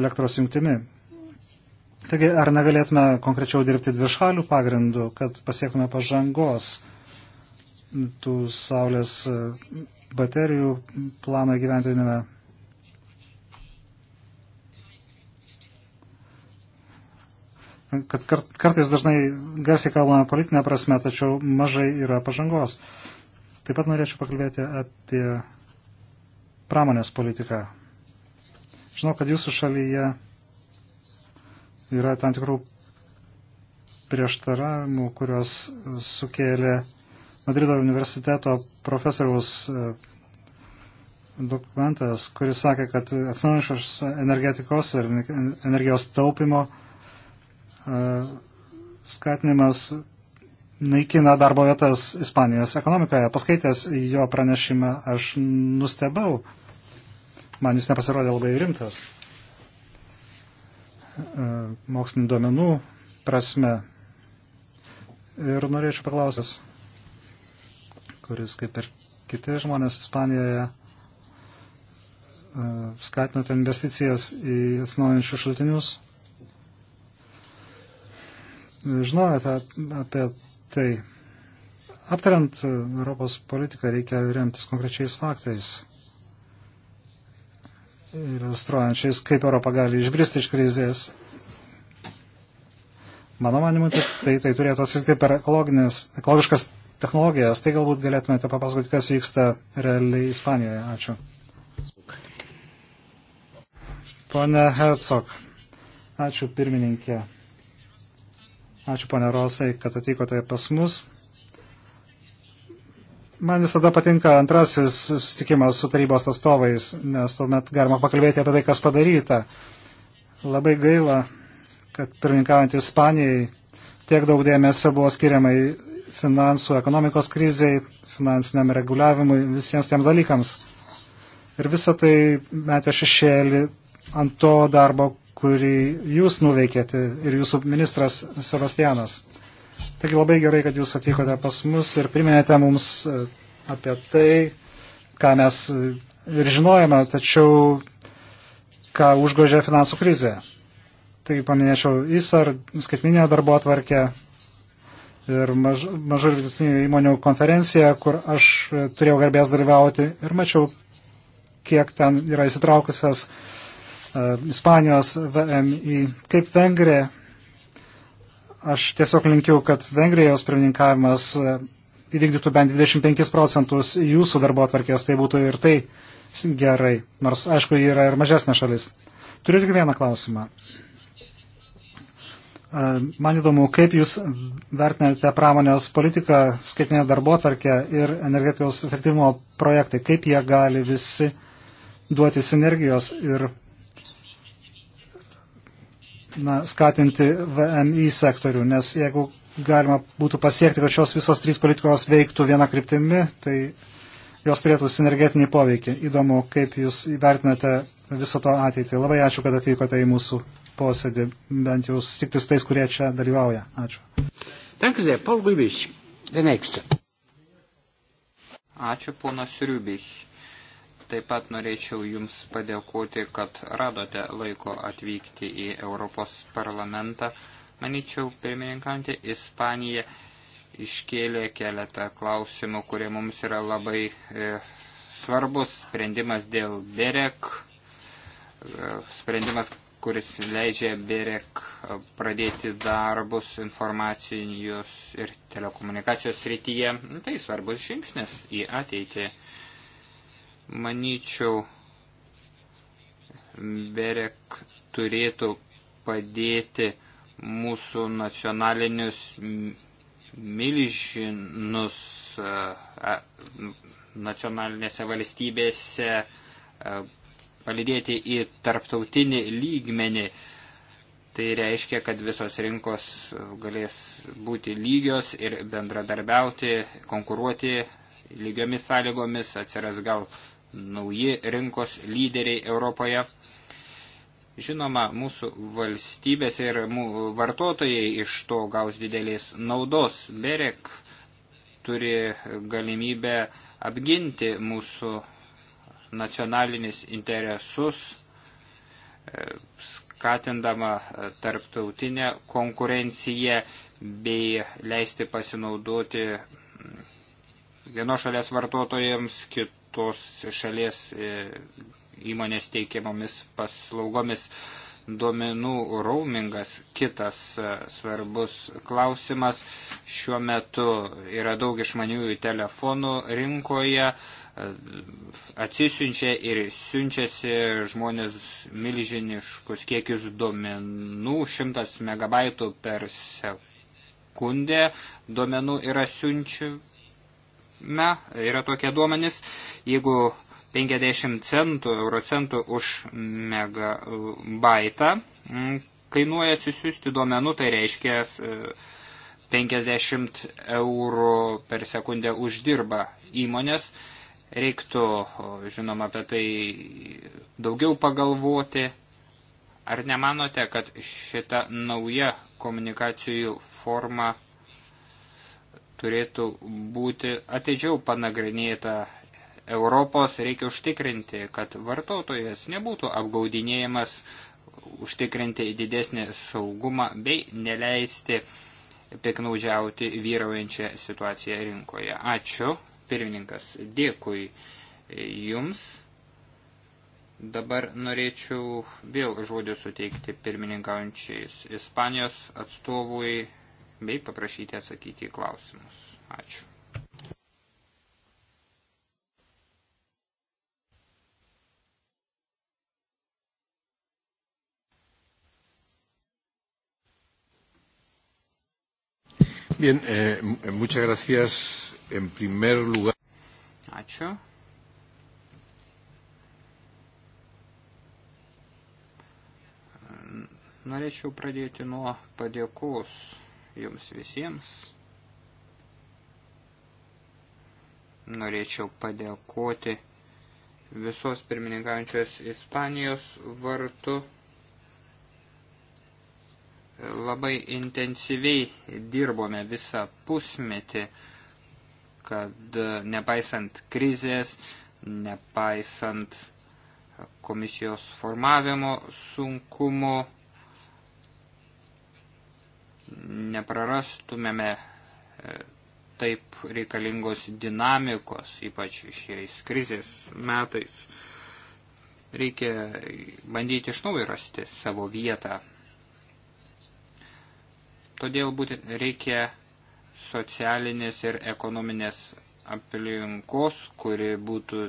elektros jungtimi. Taigi, ar negalėtume konkrečiau dirbti dvišalių pagrindų, kad pasiektume pažangos? tų saulės e, baterijų plano gyventinime. Kad kartais dažnai garsiai kalbame politinę prasme, tačiau mažai yra pažangos. Taip pat norėčiau pakalbėti apie pramonės politiką. Žinau, kad jūsų šalyje yra tam tikrų prieštaravimų, kurios sukėlė uh, Madrido universiteto profesoriaus e, dokumentas, kuris sakė, kad atsinaujančios energetikos ir energijos taupimo e, skatinimas naikina darbo vietas Ispanijos ekonomikoje. Paskaitęs jo pranešimą aš nustebau. Man jis nepasirodė labai rimtas. E, mokslinių duomenų prasme. Ir norėčiau paklausęs kuris kaip ir kiti žmonės Ispanijoje e, skatinote investicijas į atsinaujančius šaltinius. Žinojate apie tai. Aptariant e, Europos politiką reikia remtis konkrečiais faktais, iliustruojančiais, kaip Europa gali išbristi iš krizės. Mano manimu, tai, tai turėtų atsikti per ekologiškas technologijas. Tai galbūt galėtumėte papasakoti, kas vyksta realiai Ispanijoje. Ačiū. Pone Herzog, ačiū pirmininkė. Ačiū pone Rosai, kad atvykote pas mus. Man visada patinka antrasis susitikimas su tarybos atstovais, nes tuomet galima pakalbėti apie tai, kas padaryta. Labai gaila, kad pirmininkaujant Ispanijai tiek daug dėmesio buvo skiriamai finansų ekonomikos kriziai, finansiniam reguliavimui, visiems tiem dalykams. Ir visa tai metė šešėlį ant to darbo, kurį jūs nuveikėte ir jūsų ministras Sebastianas. Taigi labai gerai, kad jūs atvykote pas mus ir priminėte mums e, apie tai, ką mes e, ir žinojame, tačiau ką užgožė finansų krizė. Tai paminėčiau ISAR, skaitminę darbo atvarkę, ir maž, mažų ir vidutinių įmonių konferenciją, kur aš turėjau garbės dalyvauti ir mačiau, kiek ten yra įsitraukusios uh, Ispanijos VMI. Kaip Vengrija, aš tiesiog linkiu, kad Vengrijos pirmininkavimas uh, įvykdytų bent 25 procentus jūsų darbo atvarkės, tai būtų ir tai gerai, nors aišku, yra ir mažesnė šalis. Turiu tik vieną klausimą. Man įdomu, kaip Jūs vertinate pramonės politiką, skaitinę darbo atvarkę ir energetikos efektyvumo projektai, kaip jie gali visi duoti sinergijos ir na, skatinti VMI sektorių, nes jeigu galima būtų pasiekti, kad šios visos trys politikos veiktų viena kryptimi, tai jos turėtų sinergetinį poveikį. Įdomu, kaip Jūs vertinate viso to ateitį. Labai ačiū, kad atvykote į mūsų posėdį, bent jau susitikti su tais, kurie čia dalyvauja. Ačiū. Ačiū, ponas Riubich. Taip pat norėčiau Jums padėkoti, kad radote laiko atvykti į Europos parlamentą. Manyčiau, pirmininkantė Ispanija iškėlė keletą klausimų, kurie mums yra labai e, svarbus. Sprendimas dėl DEREK, e, sprendimas kuris leidžia BEREK pradėti darbus informacijos ir telekomunikacijos srityje. Tai svarbus žingsnis į ateitį. Manyčiau, BEREK turėtų padėti mūsų nacionalinius milžinus e, nacionalinėse valstybėse e, palidėti į tarptautinį lygmenį. Tai reiškia, kad visos rinkos galės būti lygios ir bendradarbiauti, konkuruoti lygiomis sąlygomis, atsiras gal nauji rinkos lyderiai Europoje. Žinoma, mūsų valstybės ir mūsų vartotojai iš to gaus didelės naudos. Berek turi galimybę apginti mūsų nacionalinis interesus, e, skatindama e, tarptautinę konkurenciją bei leisti pasinaudoti mm, vienos šalies vartotojams kitos šalies e, įmonės teikiamomis paslaugomis. E, Duomenų roamingas kitas e, svarbus klausimas. Šiuo metu yra daug išmaniųjų telefonų rinkoje, e, atsisiunčia ir siunčiasi žmonės milžiniškus kiekius duomenų, 100 megabaitų per sekundę duomenų yra siunčiama, yra tokie duomenys. Jeigu 50 centų, eurocentų už megabaitą mm, kainuoja atsisiųsti duomenų, tai reiškia 50 e, eurų per sekundę uždirba įmonės. Reiktų, žinoma, apie tai daugiau pagalvoti. Ar nemanote, kad šita nauja komunikacijų forma turėtų būti ateidžiau panagrinėta Europos reikia užtikrinti, kad vartotojas nebūtų apgaudinėjimas užtikrinti didesnį saugumą bei neleisti piknaudžiauti vyraujančią situaciją rinkoje. Ačiū, pirmininkas, dėkui Jums. Dabar norėčiau vėl žodį suteikti pirmininkaujančiais Ispanijos atstovui bei paprašyti atsakyti į klausimus. Ačiū. Bien, eh, eh, muchas gracias. En primer lugar. Ačiū. Norėčiau pradėti nuo padėkos jums visiems. Norėčiau padėkoti visos pirmininkaujančios Ispanijos vartų Labai intensyviai dirbome visą pusmetį, kad e, nepaisant krizės, nepaisant komisijos formavimo sunkumu, neprarastumėme e, taip reikalingos dinamikos, ypač šiais krizės metais. Reikia bandyti iš naujo rasti savo vietą Todėl būtent reikia socialinės ir ekonominės aplinkos, kuri būtų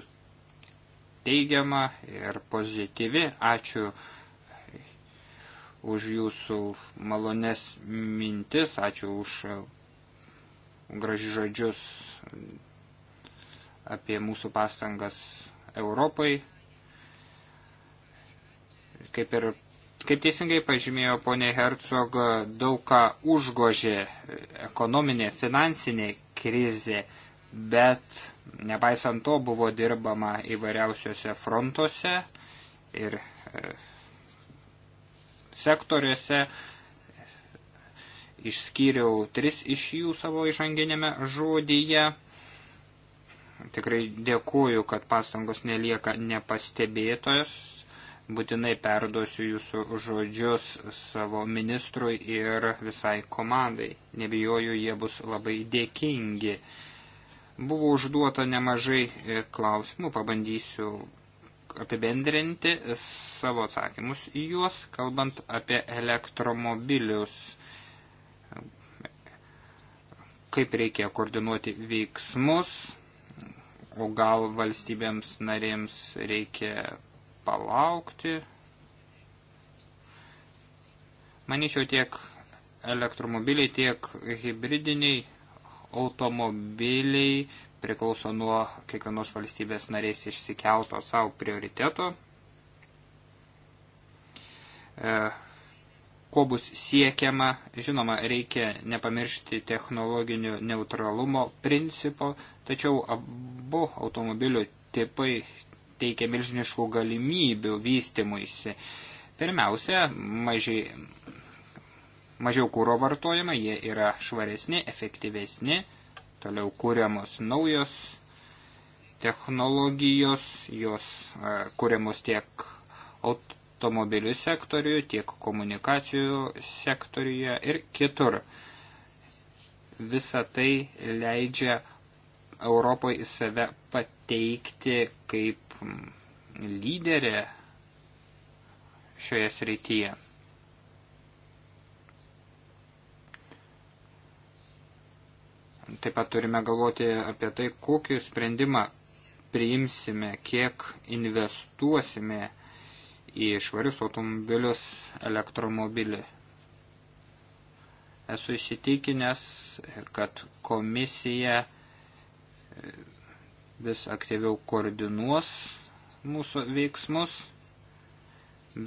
teigiama ir pozityvi. Ačiū už jūsų malones mintis, ačiū už gražius žodžius apie mūsų pastangas Europai. Kaip ir Kaip teisingai pažymėjo ponė Hercog, daug ką užgožė e, ekonominė, finansinė krizė, bet nepaisant to buvo dirbama įvairiausiose frontuose ir e, sektoriuose. Išskyriau tris iš jų savo įžanginėme žodyje. Tikrai dėkuoju, kad pastangos nelieka nepastebėtojos būtinai perduosiu jūsų žodžius savo ministrui ir visai komandai. Nebijoju, jie bus labai dėkingi. Buvo užduota nemažai e, klausimų, pabandysiu apibendrinti savo atsakymus į juos, kalbant apie elektromobilius kaip reikia koordinuoti veiksmus, o gal valstybėms narėms reikia palaukti. Manyčiau tiek elektromobiliai, tiek hybridiniai automobiliai priklauso nuo kiekvienos valstybės narės išsikelto savo prioriteto. E, ko bus siekiama, žinoma, reikia nepamiršti technologinio neutralumo principo, tačiau abu automobilių tipai teikia milžiniškų galimybių vystimuisi. Pirmiausia, maži, mažiau kūro vartojama, jie yra švaresni, efektyvesni, toliau kūriamos naujos technologijos, jos e, kūriamos tiek automobilių sektoriuje, tiek komunikacijų sektoriuje ir kitur. Visa tai leidžia Europoje save pateikti kaip lyderė šioje srityje. Taip pat turime galvoti apie tai, kokį sprendimą priimsime, kiek investuosime į švarius automobilius elektromobilį. Esu įsitikinęs, kad komisija vis aktyviau koordinuos mūsų veiksmus,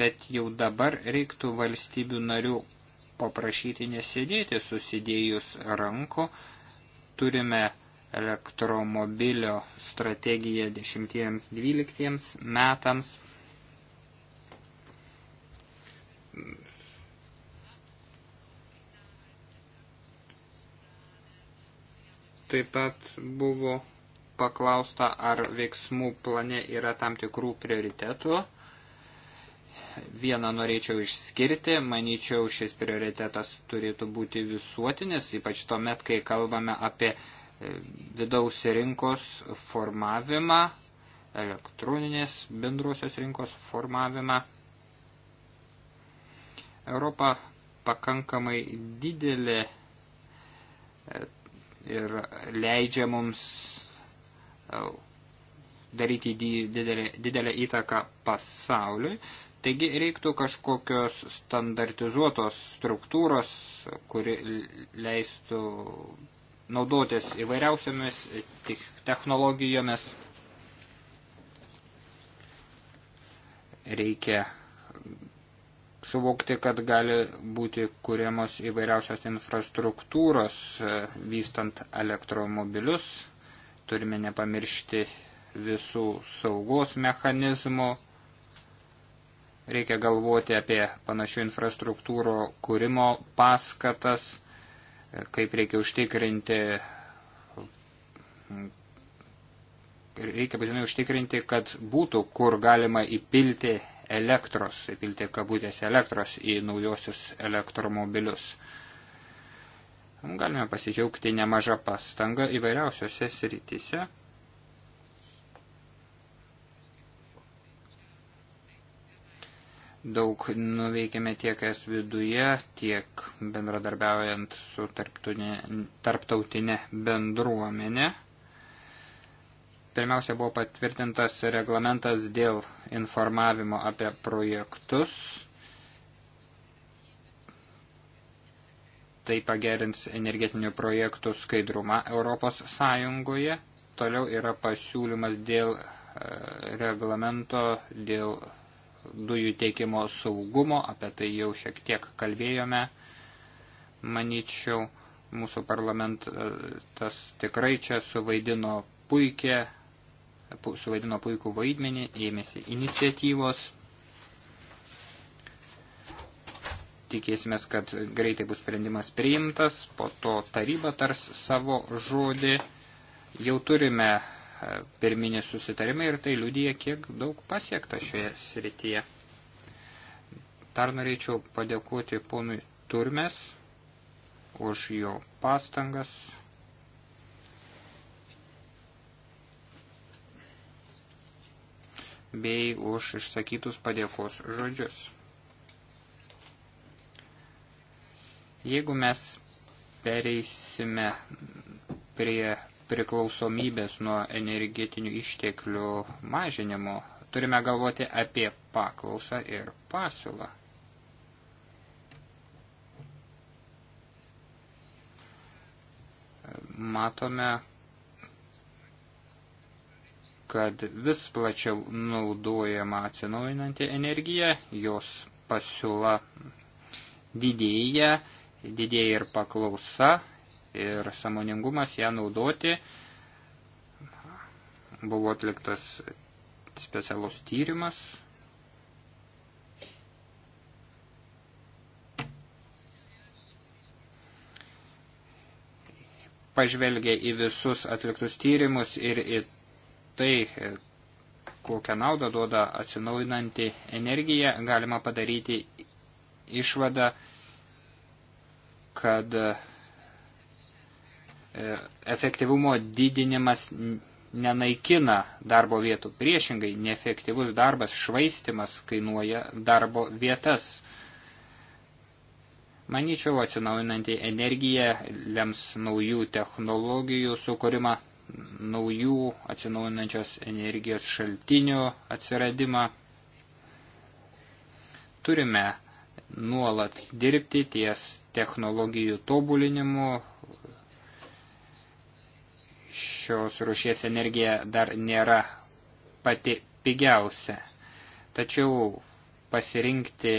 bet jau dabar reiktų valstybių narių paprašyti nesėdėti susidėjus rankų. Turime elektromobilio strategiją 10-12 metams. Taip pat buvo paklausta, ar veiksmų plane yra tam tikrų prioritetų. Vieną norėčiau išskirti, manyčiau, šis prioritetas turėtų būti visuotinis, ypač tuomet, kai kalbame apie e, vidaus rinkos formavimą, elektroninės bendrosios rinkos formavimą. Europa pakankamai didelė e, ir leidžia mums daryti didelį, didelę įtaką pasauliui. Taigi reiktų kažkokios standartizuotos struktūros, kuri leistų naudotis įvairiausiamis technologijomis. Reikia suvokti, kad gali būti kuriamos įvairiausios infrastruktūros, e, vystant elektromobilius, Turime nepamiršti visų saugos mechanizmų. Reikia galvoti apie panašių infrastruktūro kūrimo paskatas, kaip reikia užtikrinti reikia būtinai užtikrinti, kad būtų kur galima įpilti elektros, įpilti kabutėse elektros į naujosius elektromobilius. Galime pasidžiaugti nemažą pastangą įvairiausiose srityse. Daug nuveikėme tiek es viduje, tiek bendradarbiaujant su tarptautinė bendruomenė. Pirmiausia buvo patvirtintas reglamentas dėl informavimo apie projektus Tai pagerins energetinių projektų skaidrumą Europos Sąjungoje. Toliau yra pasiūlymas dėl e, reglamento, dėl dujų tiekimo saugumo, apie tai jau šiek tiek kalbėjome. Manyčiau, mūsų parlamentas e, tikrai čia suvaidino puikia suvaidino puikų vaidmenį, ėmėsi iniciatyvos, tikėsime, kad greitai bus sprendimas priimtas, po to taryba tars savo žodį. Jau turime e, pirminį susitarimą ir tai liudyja, kiek daug pasiekta šioje srityje. Dar norėčiau padėkoti ponui Turmes už jo pastangas. bei už išsakytus padėkos žodžius. Jeigu mes pereisime prie priklausomybės nuo energetinių išteklių mažinimo, turime galvoti apie paklausą ir pasiūlą. Matome, kad vis plačiau naudojama atsinaujinanti energija, jos pasiūla didėja, didėja ir paklausa, ir samoningumas ją naudoti. Buvo atliktas specialus tyrimas. Pažvelgia į visus atliktus tyrimus ir į tai, kokią naudą duoda atsinaujinanti energija, galima padaryti išvadą, kad e, efektyvumo didinimas nenaikina darbo vietų. Priešingai, neefektyvus darbas, švaistimas kainuoja darbo vietas. Manyčiau, atsinaujinanti energija lems naujų technologijų sukūrimą, naujų atsinaujinančios energijos šaltinių atsiradimą. Turime nuolat dirbti ties technologijų tobulinimu. Šios rušies energija dar nėra pati pigiausia. Tačiau pasirinkti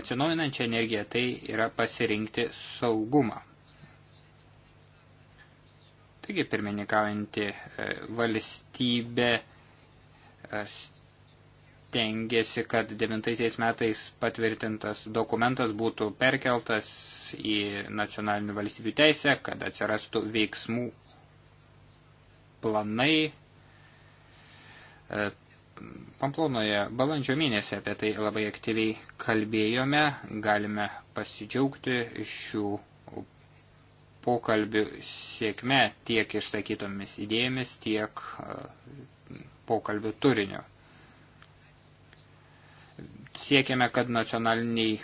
atsinaujinančią energiją tai yra pasirinkti saugumą. Taigi pirmininkaujanti e, valstybė e, tengiasi, kad devintaisiais metais patvirtintas dokumentas būtų perkeltas į nacionalinių valstybių teisę, kad atsirastų veiksmų planai. E, Pamplonoje balandžio mėnesį apie tai labai aktyviai kalbėjome, galime pasidžiaugti šių pokalbių sėkme tiek išsakytomis idėjomis, tiek e, pokalbių turiniu. Siekiame, kad nacionaliniai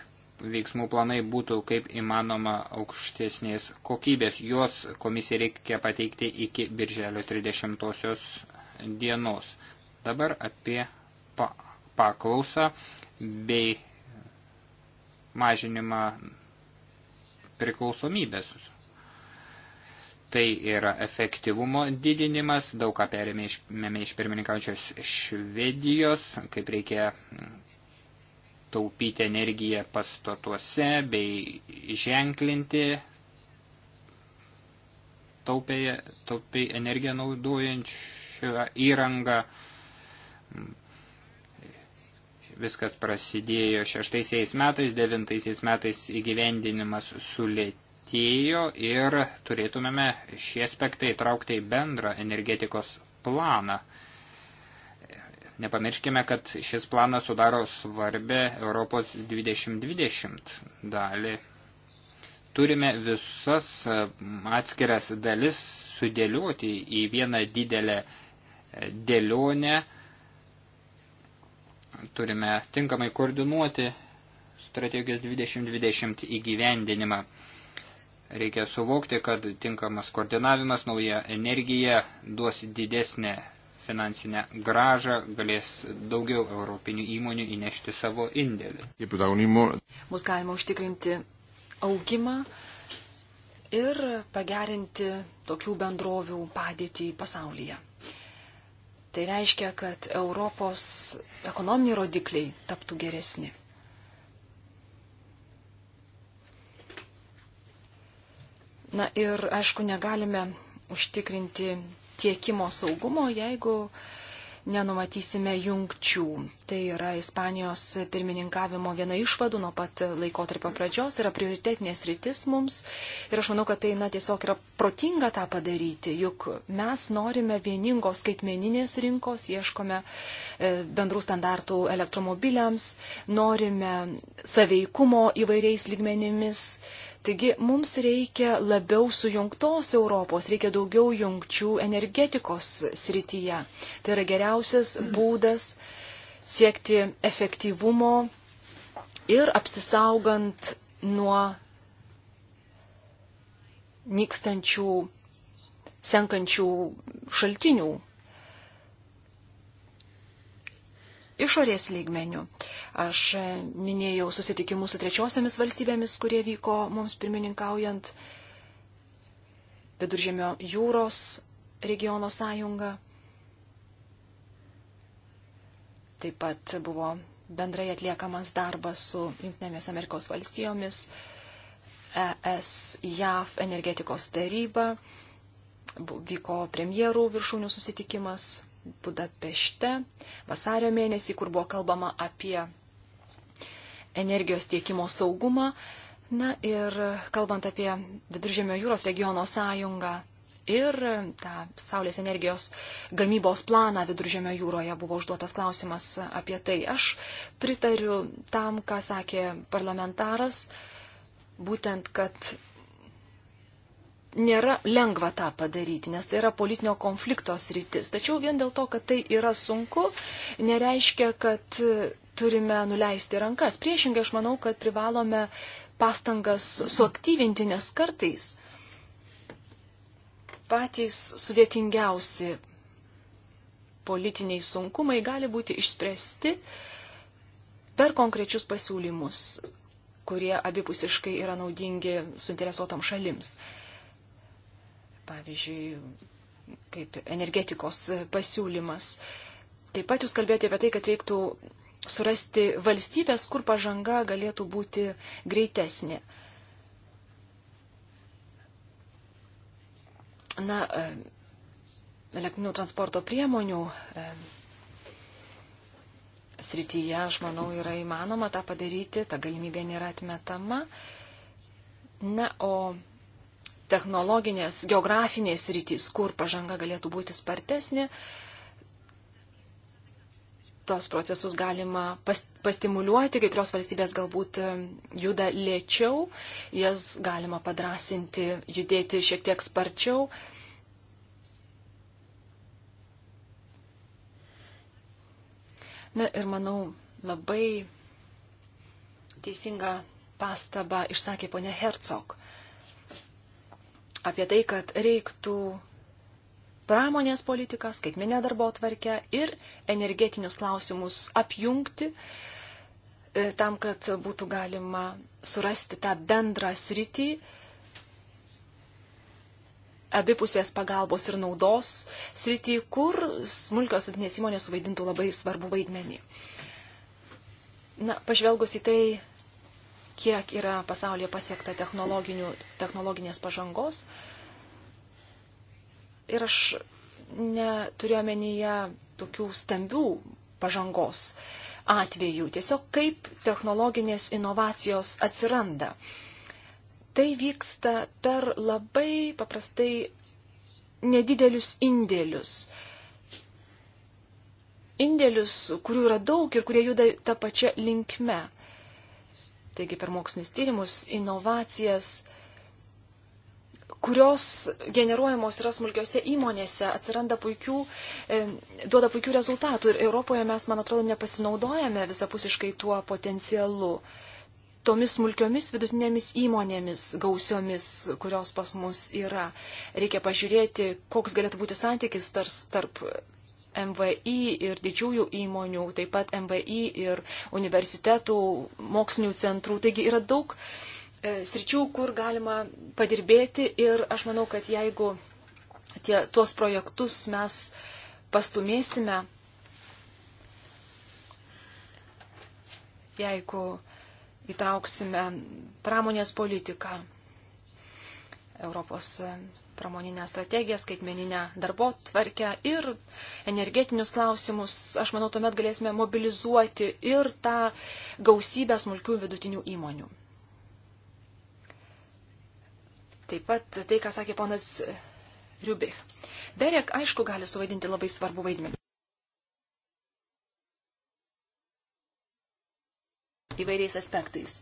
veiksmų planai būtų kaip įmanoma aukštesnės kokybės. Juos komisija reikia pateikti iki birželio 30 dienos. Dabar apie pa paklausą bei mažinimą priklausomybės. Tai yra efektyvumo didinimas, daug ką perėmėme iš pirmininkaujančios Švedijos, kaip reikia taupyti energiją pastatuose bei ženklinti taupėje, taupiai energiją naudojančią įrangą. Viskas prasidėjo šeštaisiais metais, devintaisiais metais įgyvendinimas sulėtėjo ir turėtumėme šį aspektą įtraukti į bendrą energetikos planą. Nepamirškime, kad šis planas sudaro svarbę Europos 2020 dalį. Turime visas e, atskiras dalis sudėlioti į vieną didelę e, dėlionę. Turime tinkamai koordinuoti strategijos 2020 įgyvendinimą. Reikia suvokti, kad tinkamas koordinavimas nauja energija duos didesnę finansinę gražą, galės daugiau europinių įmonių įnešti savo indėlį. Bus galima užtikrinti augimą ir pagerinti tokių bendrovių padėtį pasaulyje. Tai reiškia, kad Europos ekonominiai rodikliai taptų geresni. Na ir aišku, negalime užtikrinti tiekimo saugumo, jeigu nenumatysime jungčių. Tai yra Ispanijos pirmininkavimo viena išvadų nuo pat laikotarpio pradžios, tai yra prioritetinės rytis mums ir aš manau, kad tai na, tiesiog yra protinga tą padaryti, juk mes norime vieningos skaitmeninės rinkos, ieškome e, bendrų standartų elektromobiliams, norime saveikumo įvairiais lygmenimis Taigi mums reikia labiau sujungtos Europos, reikia daugiau jungčių energetikos srityje. Tai yra geriausias būdas siekti efektyvumo ir apsisaugant nuo nykstančių, senkančių šaltinių išorės lygmenių. Aš minėjau susitikimus su trečiosiamis valstybėmis, kurie vyko mums pirmininkaujant Viduržėmio jūros regiono sąjunga. Taip pat buvo bendrai atliekamas darbas su Junktinėmis Amerikos valstijomis, ES, JAF energetikos taryba, vyko premjerų viršūnių susitikimas Budapešte vasario mėnesį, kur buvo kalbama apie energijos tiekimo saugumą. Na ir kalbant apie Viduržėmio jūros regiono sąjungą ir tą Saulės energijos gamybos planą Viduržėmio jūroje buvo užduotas klausimas apie tai. Aš pritariu tam, ką sakė parlamentaras, būtent, kad nėra lengva tą padaryti, nes tai yra politinio konflikto sritis. Tačiau vien dėl to, kad tai yra sunku, nereiškia, kad e, turime nuleisti rankas. Priešingai, aš manau, kad privalome pastangas suaktyvinti, nes kartais patys sudėtingiausi politiniai sunkumai gali būti išspręsti per konkrečius pasiūlymus, kurie abipusiškai yra naudingi suinteresuotam šalims pavyzdžiui, kaip energetikos pasiūlymas. Taip pat jūs kalbėjote apie tai, kad reiktų surasti valstybės, kur pažanga galėtų būti greitesnė. Na, e, elektrinių transporto priemonių e, srityje, aš manau, yra įmanoma tą padaryti, ta galimybė nėra atmetama. Na, o technologinės, geografinės rytis, kur pažanga galėtų būti spartesnė, tos procesus galima pas, pastimuliuoti, kai kurios valstybės galbūt e, juda lėčiau, jas galima padrasinti, judėti šiek tiek sparčiau. Na ir manau, labai teisinga pastaba išsakė ponia Hercog apie tai, kad reiktų pramonės politiką, skaitminę darbo tvarkę ir energetinius klausimus apjungti e, tam, kad būtų galima surasti tą bendrą sritį abipusės pagalbos ir naudos sritį, kur smulkios vidinės įmonės suvaidintų labai svarbu vaidmenį. Na, pažvelgus į tai, kiek yra pasaulyje pasiekta technologinės pažangos. Ir aš neturiu omenyje tokių stambių pažangos atvejų, tiesiog kaip technologinės inovacijos atsiranda. Tai vyksta per labai paprastai nedidelius indėlius. Indėlius, kurių yra daug ir kurie juda tą pačią linkmę taigi per mokslinius tyrimus, inovacijas, kurios generuojamos yra smulkiose įmonėse, atsiranda puikių, e, duoda puikių rezultatų ir Europoje mes, man atrodo, nepasinaudojame visapusiškai tuo potencialu. Tomis smulkiomis vidutinėmis įmonėmis gausiomis, kurios pas mus yra. Reikia pažiūrėti, koks galėtų būti santykis tarp MVI ir didžiųjų įmonių, taip pat MVI ir universitetų, mokslinių centrų. Taigi yra daug e, sričių, kur galima padirbėti ir aš manau, kad jeigu tie, tuos projektus mes pastumėsime, jeigu įtrauksime pramonės politiką, Europos pramoninę strategiją, skaitmeninę darbo tvarkę ir energetinius klausimus, aš manau, tuomet galėsime mobilizuoti ir tą gausybę smulkių vidutinių įmonių. Taip pat tai, ką sakė ponas Riubich. Berek, aišku, gali suvaidinti labai svarbu vaidmenį. Įvairiais aspektais.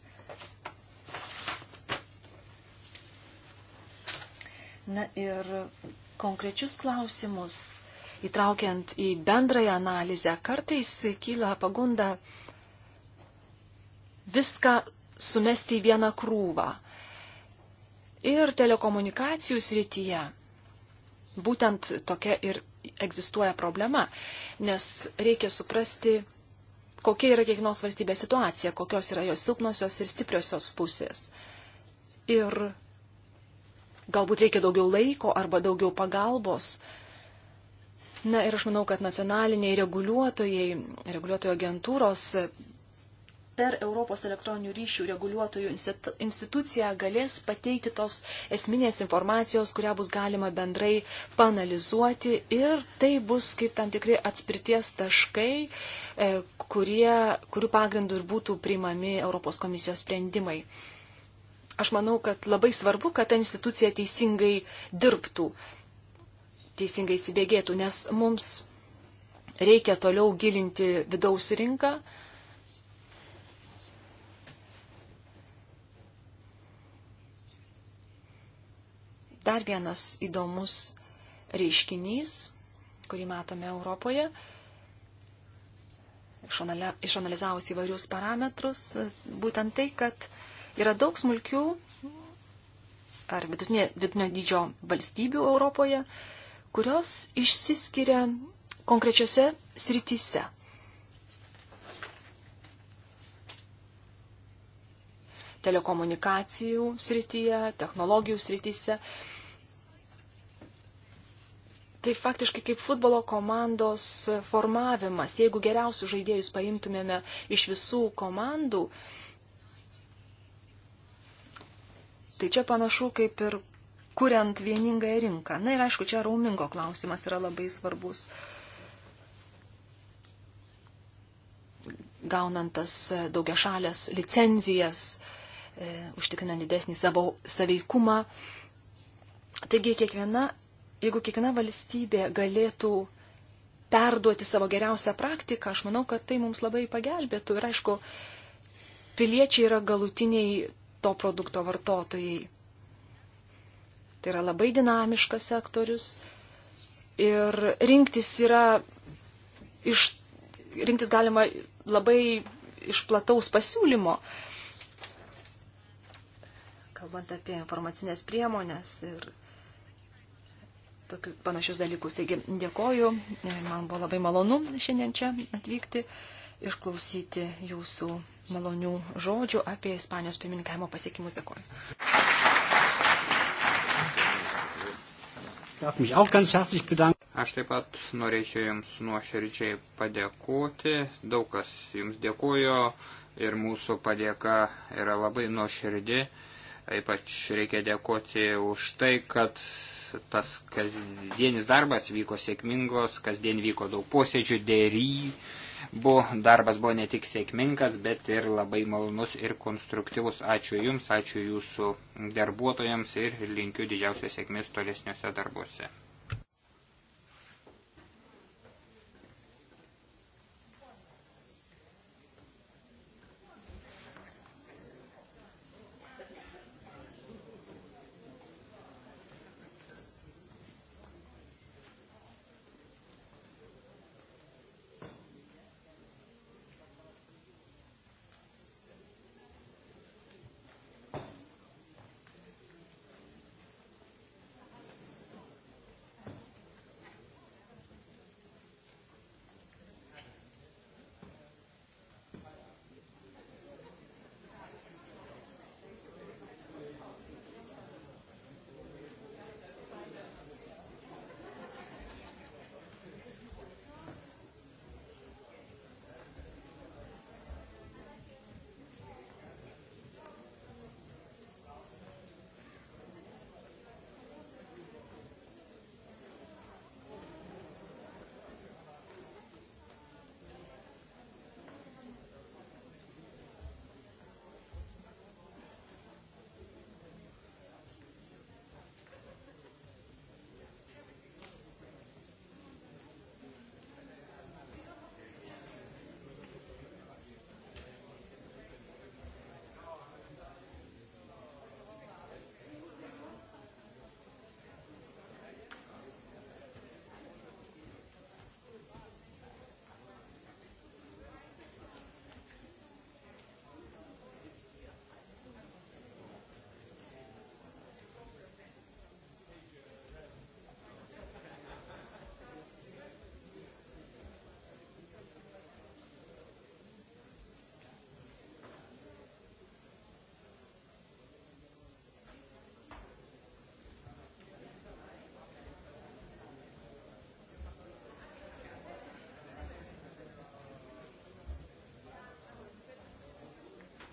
Na ir konkrečius klausimus, įtraukiant į bendrąją analizę, kartais kyla pagunda viską sumesti į vieną krūvą. Ir telekomunikacijų srityje būtent tokia ir egzistuoja problema, nes reikia suprasti, kokia yra kiekvienos valstybės situacija, kokios yra jos silpnosios ir stipriosios pusės. Ir galbūt reikia daugiau laiko arba daugiau pagalbos. Na ir aš manau, kad nacionaliniai reguliuotojai, reguliuotojų agentūros per Europos elektroninių ryšių reguliuotojų instituciją galės pateikti tos esminės informacijos, kurią bus galima bendrai panalizuoti ir tai bus kaip tam tikri atspirties taškai, e, kurie, kurių pagrindų ir būtų priimami Europos komisijos sprendimai. Aš manau, kad labai svarbu, kad ta institucija teisingai dirbtų, teisingai įsibėgėtų, nes mums reikia toliau gilinti vidaus rinką. Dar vienas įdomus reiškinys, kurį matome Europoje, išanalizavus įvairius parametrus, būtent tai, kad Yra daug smulkių ar vidutinė, vidutinio dydžio valstybių Europoje, kurios išsiskiria konkrečiose srityse. Telekomunikacijų srityje, technologijų srityse. Tai faktiškai kaip futbolo komandos formavimas. Jeigu geriausius žaidėjus paimtumėme iš visų komandų, uh, Tai čia panašu kaip ir kuriant vieningąją rinką. Na ir aišku, čia raumingo klausimas yra labai svarbus. Gaunant tas e, daugia šalės licenzijas, e, užtikrinant didesnį savo saveikumą. Taigi, kiekviena, jeigu kiekviena valstybė galėtų perduoti savo geriausią praktiką, aš manau, kad tai mums labai pagelbėtų. Ir aišku, piliečiai yra galutiniai to produkto vartotojai. Tai yra labai dinamiškas sektorius ir rinktis yra iš, rinktis galima labai iš plataus pasiūlymo. Kalbant apie informacinės priemonės ir tokius panašius dalykus. Taigi dėkoju, man buvo labai malonu šiandien čia atvykti išklausyti jūsų malonių žodžių apie Ispanijos pirmininkavimo pasiekimus. Dėkuoju. Aš taip pat norėčiau Jums nuoširdžiai padėkoti. Daug kas Jums dėkuoju ir mūsų padėka yra labai nuoširdi. Ypač reikia dėkoti už tai, kad tas kasdienis darbas vyko sėkmingos, kasdien vyko daug posėdžių, dėry, Buvo, darbas buvo ne tik sėkmingas, bet ir labai malnus ir konstruktyvus. Ačiū Jums, ačiū Jūsų darbuotojams ir linkiu didžiausios sėkmės tolesniuose darbuose.